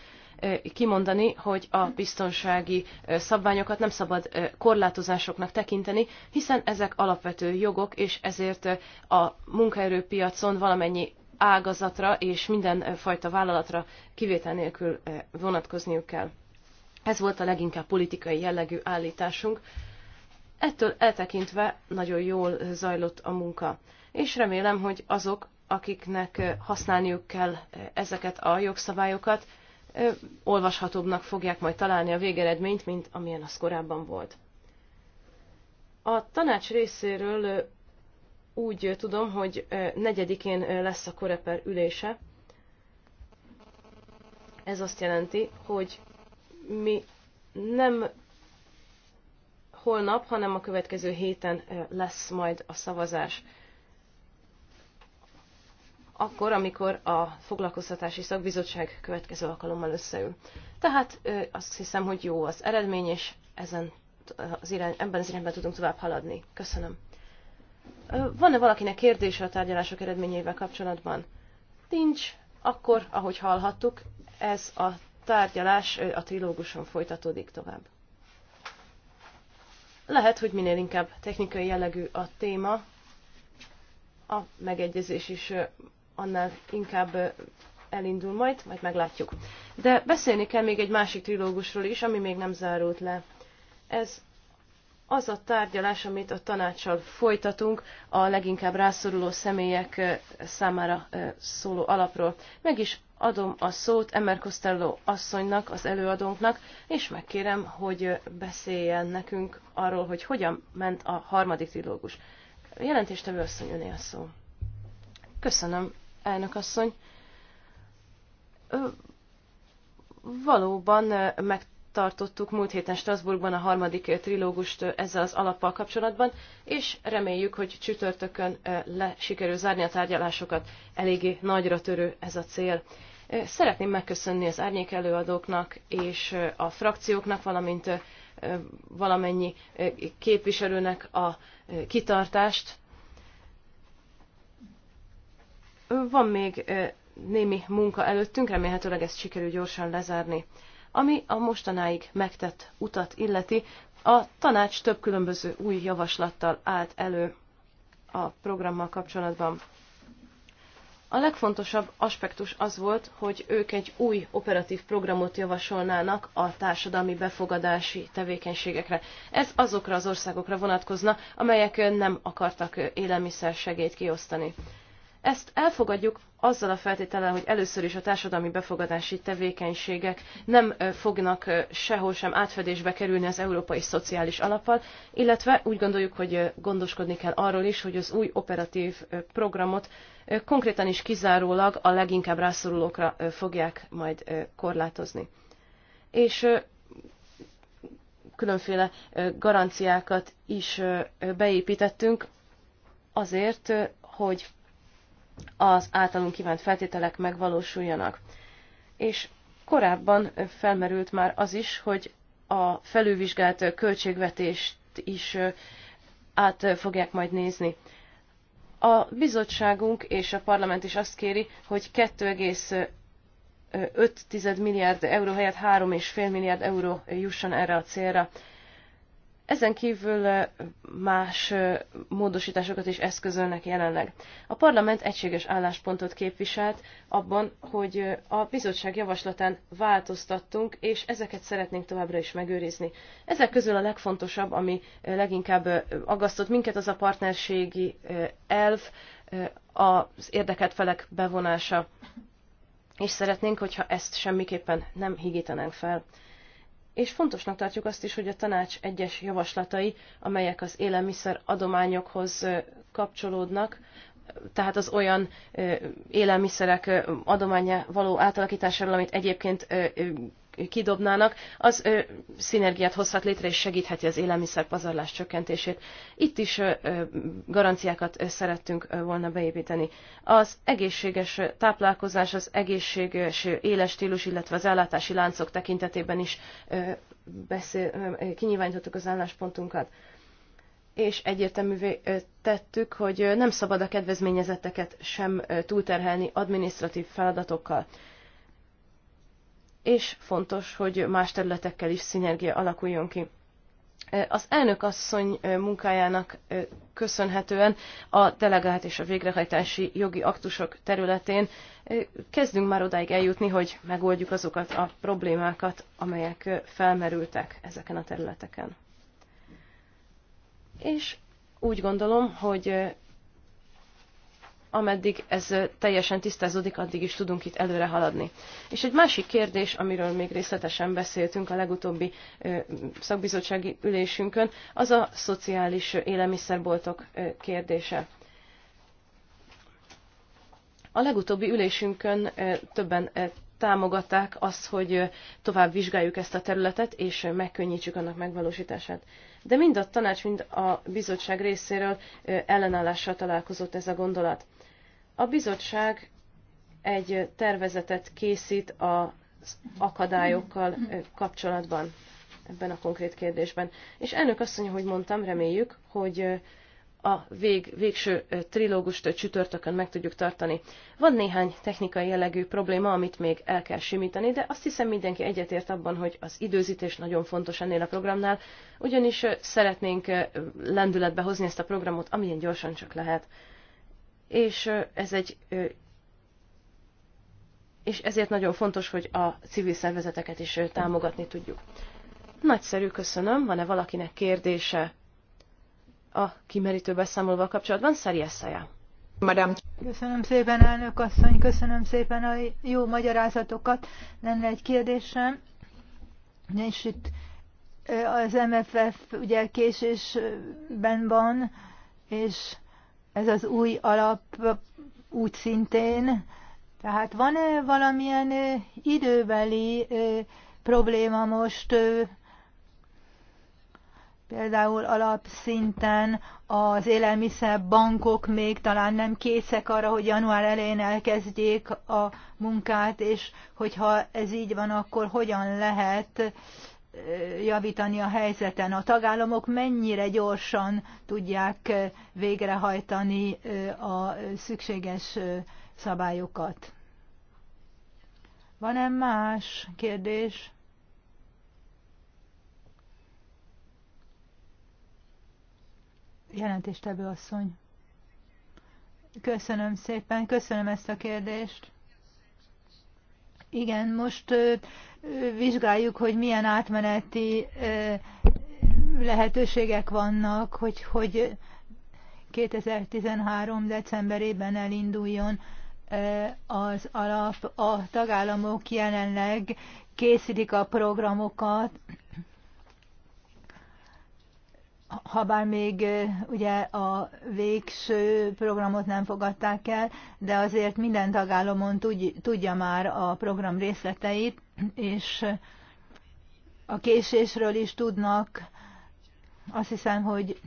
kimondani, hogy a biztonsági szabványokat nem szabad korlátozásoknak tekinteni, hiszen ezek alapvető jogok, és ezért a munkaerőpiacon valamennyi ágazatra és minden fajta vállalatra kivétel nélkül eh, vonatkozniuk kell. Ez volt a leginkább politikai jellegű állításunk. Ettől eltekintve nagyon jól zajlott a munka, és remélem, hogy azok, akiknek eh, használniuk kell eh, ezeket a jogszabályokat, olvashatóbbnak fogják majd találni a végeredményt, mint amilyen az korábban volt. A tanács részéről úgy tudom, hogy negyedikén lesz a koreper ülése. Ez azt jelenti, hogy mi nem holnap, hanem a következő héten lesz majd a szavazás. Akkor, amikor a foglalkoztatási szakbizottság következő alkalommal összeül. Tehát azt hiszem, hogy jó az eredmény, és ezen az irány, ebben az irányban tudunk tovább haladni. Köszönöm. Van-e valakinek kérdése a tárgyalások eredményeivel kapcsolatban? Nincs. Akkor, ahogy hallhattuk, ez a tárgyalás a trilóguson folytatódik tovább. Lehet, hogy minél inkább technikai jellegű a téma, a megegyezés is annál inkább elindul majd, majd meglátjuk. De beszélni kell még egy másik trilógusról is, ami még nem zárult le. Ez az a tárgyalás, amit a tanácssal folytatunk, a leginkább rászoruló személyek számára szóló alapról. Meg is adom a szót Emmer Costello asszonynak, az előadónknak, és megkérem, hogy beszéljen nekünk arról, hogy hogyan ment a harmadik trilógus. Jelentéstevő asszony, öné a szó. Köszönöm, elnök asszony. Valóban meg tartottuk múlt héten Strasbourgban a harmadik eh, trilógust eh, ezzel az alappal kapcsolatban, és reméljük, hogy csütörtökön eh, le sikerül zárni a tárgyalásokat. Eléggé nagyra törő ez a cél. Szeretném megköszönni az árnyék előadóknak és a frakcióknak, valamint valamennyi képviselőnek a kitartást. Van még némi munka előttünk, remélhetőleg ezt sikerül gyorsan lezárni. Ami a mostanáig megtett utat illeti, a tanács több különböző új javaslattal állt elő a programmal kapcsolatban. A legfontosabb aspektus az volt, hogy ők egy új operatív programot javasolnának a társadalmi befogadási tevékenységekre. Ez azokra az országokra vonatkozna, amelyek nem akartak élelmiszer segélyt kiosztani. Ezt elfogadjuk azzal a feltétellel, hogy először is a társadalmi befogadási tevékenységek nem fognak sehol sem átfedésbe kerülni az európai szociális alappal, illetve úgy gondoljuk, hogy gondoskodni kell arról is, hogy az új operatív programot konkrétan is kizárólag a leginkább rászorulókra fogják majd korlátozni. És különféle garanciákat is beépítettünk azért, hogy az általunk kívánt feltételek megvalósuljanak. És korábban felmerült már az is, hogy a felülvizsgált költségvetést is át fogják majd nézni. A bizottságunk és a parlament is azt kéri, hogy 2,5 milliárd euró helyett 3,5 milliárd euró jusson erre a célra. Ezen kívül eh, más eh, módosításokat is eszközölnek jelenleg. A parlament egységes álláspontot képviselt abban, hogy eh, a bizottság javaslatán változtattunk, és ezeket szeretnénk továbbra is megőrizni. Ezek közül a legfontosabb, ami leginkább agasztott minket, az a partnerségi elv, az érdekelt felek bevonása. És szeretnénk, hogyha ezt semmiképpen nem higítanánk fel és fontosnak tartjuk azt is, hogy a tanács egyes javaslatai, amelyek az élelmiszer adományokhoz kapcsolódnak, tehát az olyan élelmiszerek adománya való átalakításáról, amit egyébként kidobnának, az ö, szinergiát hozhat létre és segítheti az élelmiszer pazarlás csökkentését. Itt is ö, garanciákat szerettünk volna beépíteni. Az egészséges táplálkozás, az egészséges éles stílus, illetve az ellátási láncok tekintetében is ö, beszél, ö, kinyilvánítottuk az álláspontunkat és egyértelművé tettük, hogy nem szabad a kedvezményezetteket sem túlterhelni adminisztratív feladatokkal és fontos, hogy más területekkel is szinergia alakuljon ki. Az elnök asszony munkájának köszönhetően a delegált és a végrehajtási jogi aktusok területén kezdünk már odáig eljutni, hogy megoldjuk azokat a problémákat, amelyek felmerültek ezeken a területeken. És úgy gondolom, hogy ameddig ez teljesen tisztázódik, addig is tudunk itt előre haladni. És egy másik kérdés, amiről még részletesen beszéltünk a legutóbbi szakbizottsági ülésünkön, az a szociális élelmiszerboltok kérdése. A legutóbbi ülésünkön többen támogatták azt, hogy tovább vizsgáljuk ezt a területet, és megkönnyítsük annak megvalósítását. De mind a tanács, mind a bizottság részéről ellenállással találkozott ez a gondolat. A bizottság egy tervezetet készít az akadályokkal kapcsolatban ebben a konkrét kérdésben. És ennek azt mondja, hogy mondtam, reméljük, hogy a vég, végső trilógust csütörtökön meg tudjuk tartani. Van néhány technikai jellegű probléma, amit még el kell simítani, de azt hiszem mindenki egyetért abban, hogy az időzítés nagyon fontos ennél a programnál, ugyanis szeretnénk lendületbe hozni ezt a programot, amilyen gyorsan csak lehet és ez egy és ezért nagyon fontos, hogy a civil szervezeteket is támogatni tudjuk. Nagyszerű, köszönöm. Van-e valakinek kérdése a kimerítő beszámolva kapcsolatban? Szeri Eszaja. Madame. Köszönöm szépen, elnök asszony, köszönöm szépen a jó magyarázatokat. Lenne egy kérdésem. És itt az MFF ugye késésben van, és ez az új alap úgy szintén. Tehát van-e valamilyen időbeli probléma most például alapszinten az élelmiszerbankok még talán nem készek arra, hogy január elején elkezdjék a munkát, és hogyha ez így van, akkor hogyan lehet javítani a helyzeten. A tagállamok mennyire gyorsan tudják eh, végrehajtani eh, a szükséges eh, szabályokat. Van-e más kérdés? Jelentéstevő asszony. Köszönöm szépen, köszönöm ezt a kérdést. Igen, most vizsgáljuk, hogy milyen átmeneti lehetőségek vannak, hogy, hogy 2013. decemberében elinduljon az alap. A tagállamok jelenleg készítik a programokat, habár még ugye a végső programot nem fogadták el, de azért minden tagállamon tudja már a program részleteit, és a késésről is tudnak. Azt hiszem, hogy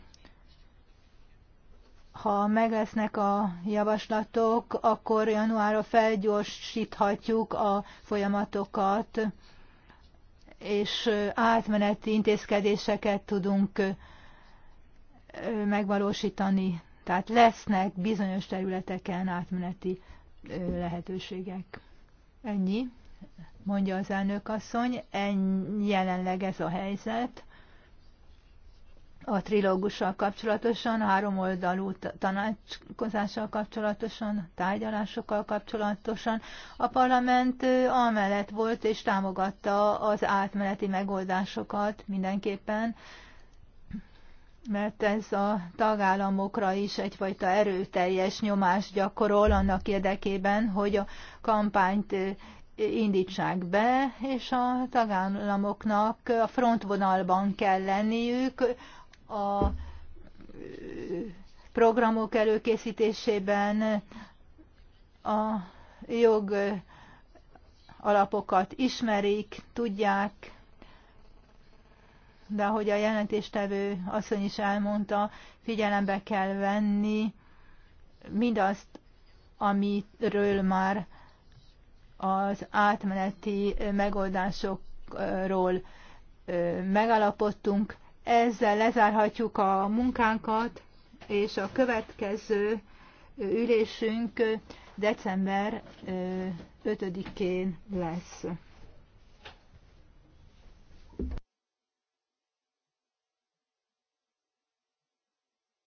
ha meg lesznek a javaslatok, akkor januárra felgyorsíthatjuk a folyamatokat, és átmeneti intézkedéseket tudunk megvalósítani. Tehát lesznek bizonyos területeken átmeneti lehetőségek. Ennyi, mondja az elnök asszony. Ennyi jelenleg ez a helyzet. A trilógussal kapcsolatosan, három oldalú tanácskozással kapcsolatosan, tárgyalásokkal kapcsolatosan a parlament amellett volt és támogatta az átmeneti megoldásokat mindenképpen, mert ez a tagállamokra is egyfajta erőteljes nyomást gyakorol annak érdekében, hogy a kampányt indítsák be, és a tagállamoknak a frontvonalban kell lenniük a programok előkészítésében a jog alapokat ismerik, tudják, de ahogy a jelentéstevő asszony is elmondta, figyelembe kell venni mindazt, amiről már az átmeneti megoldásokról megalapodtunk. Ezzel lezárhatjuk a munkánkat, és a következő ülésünk december 5-én lesz.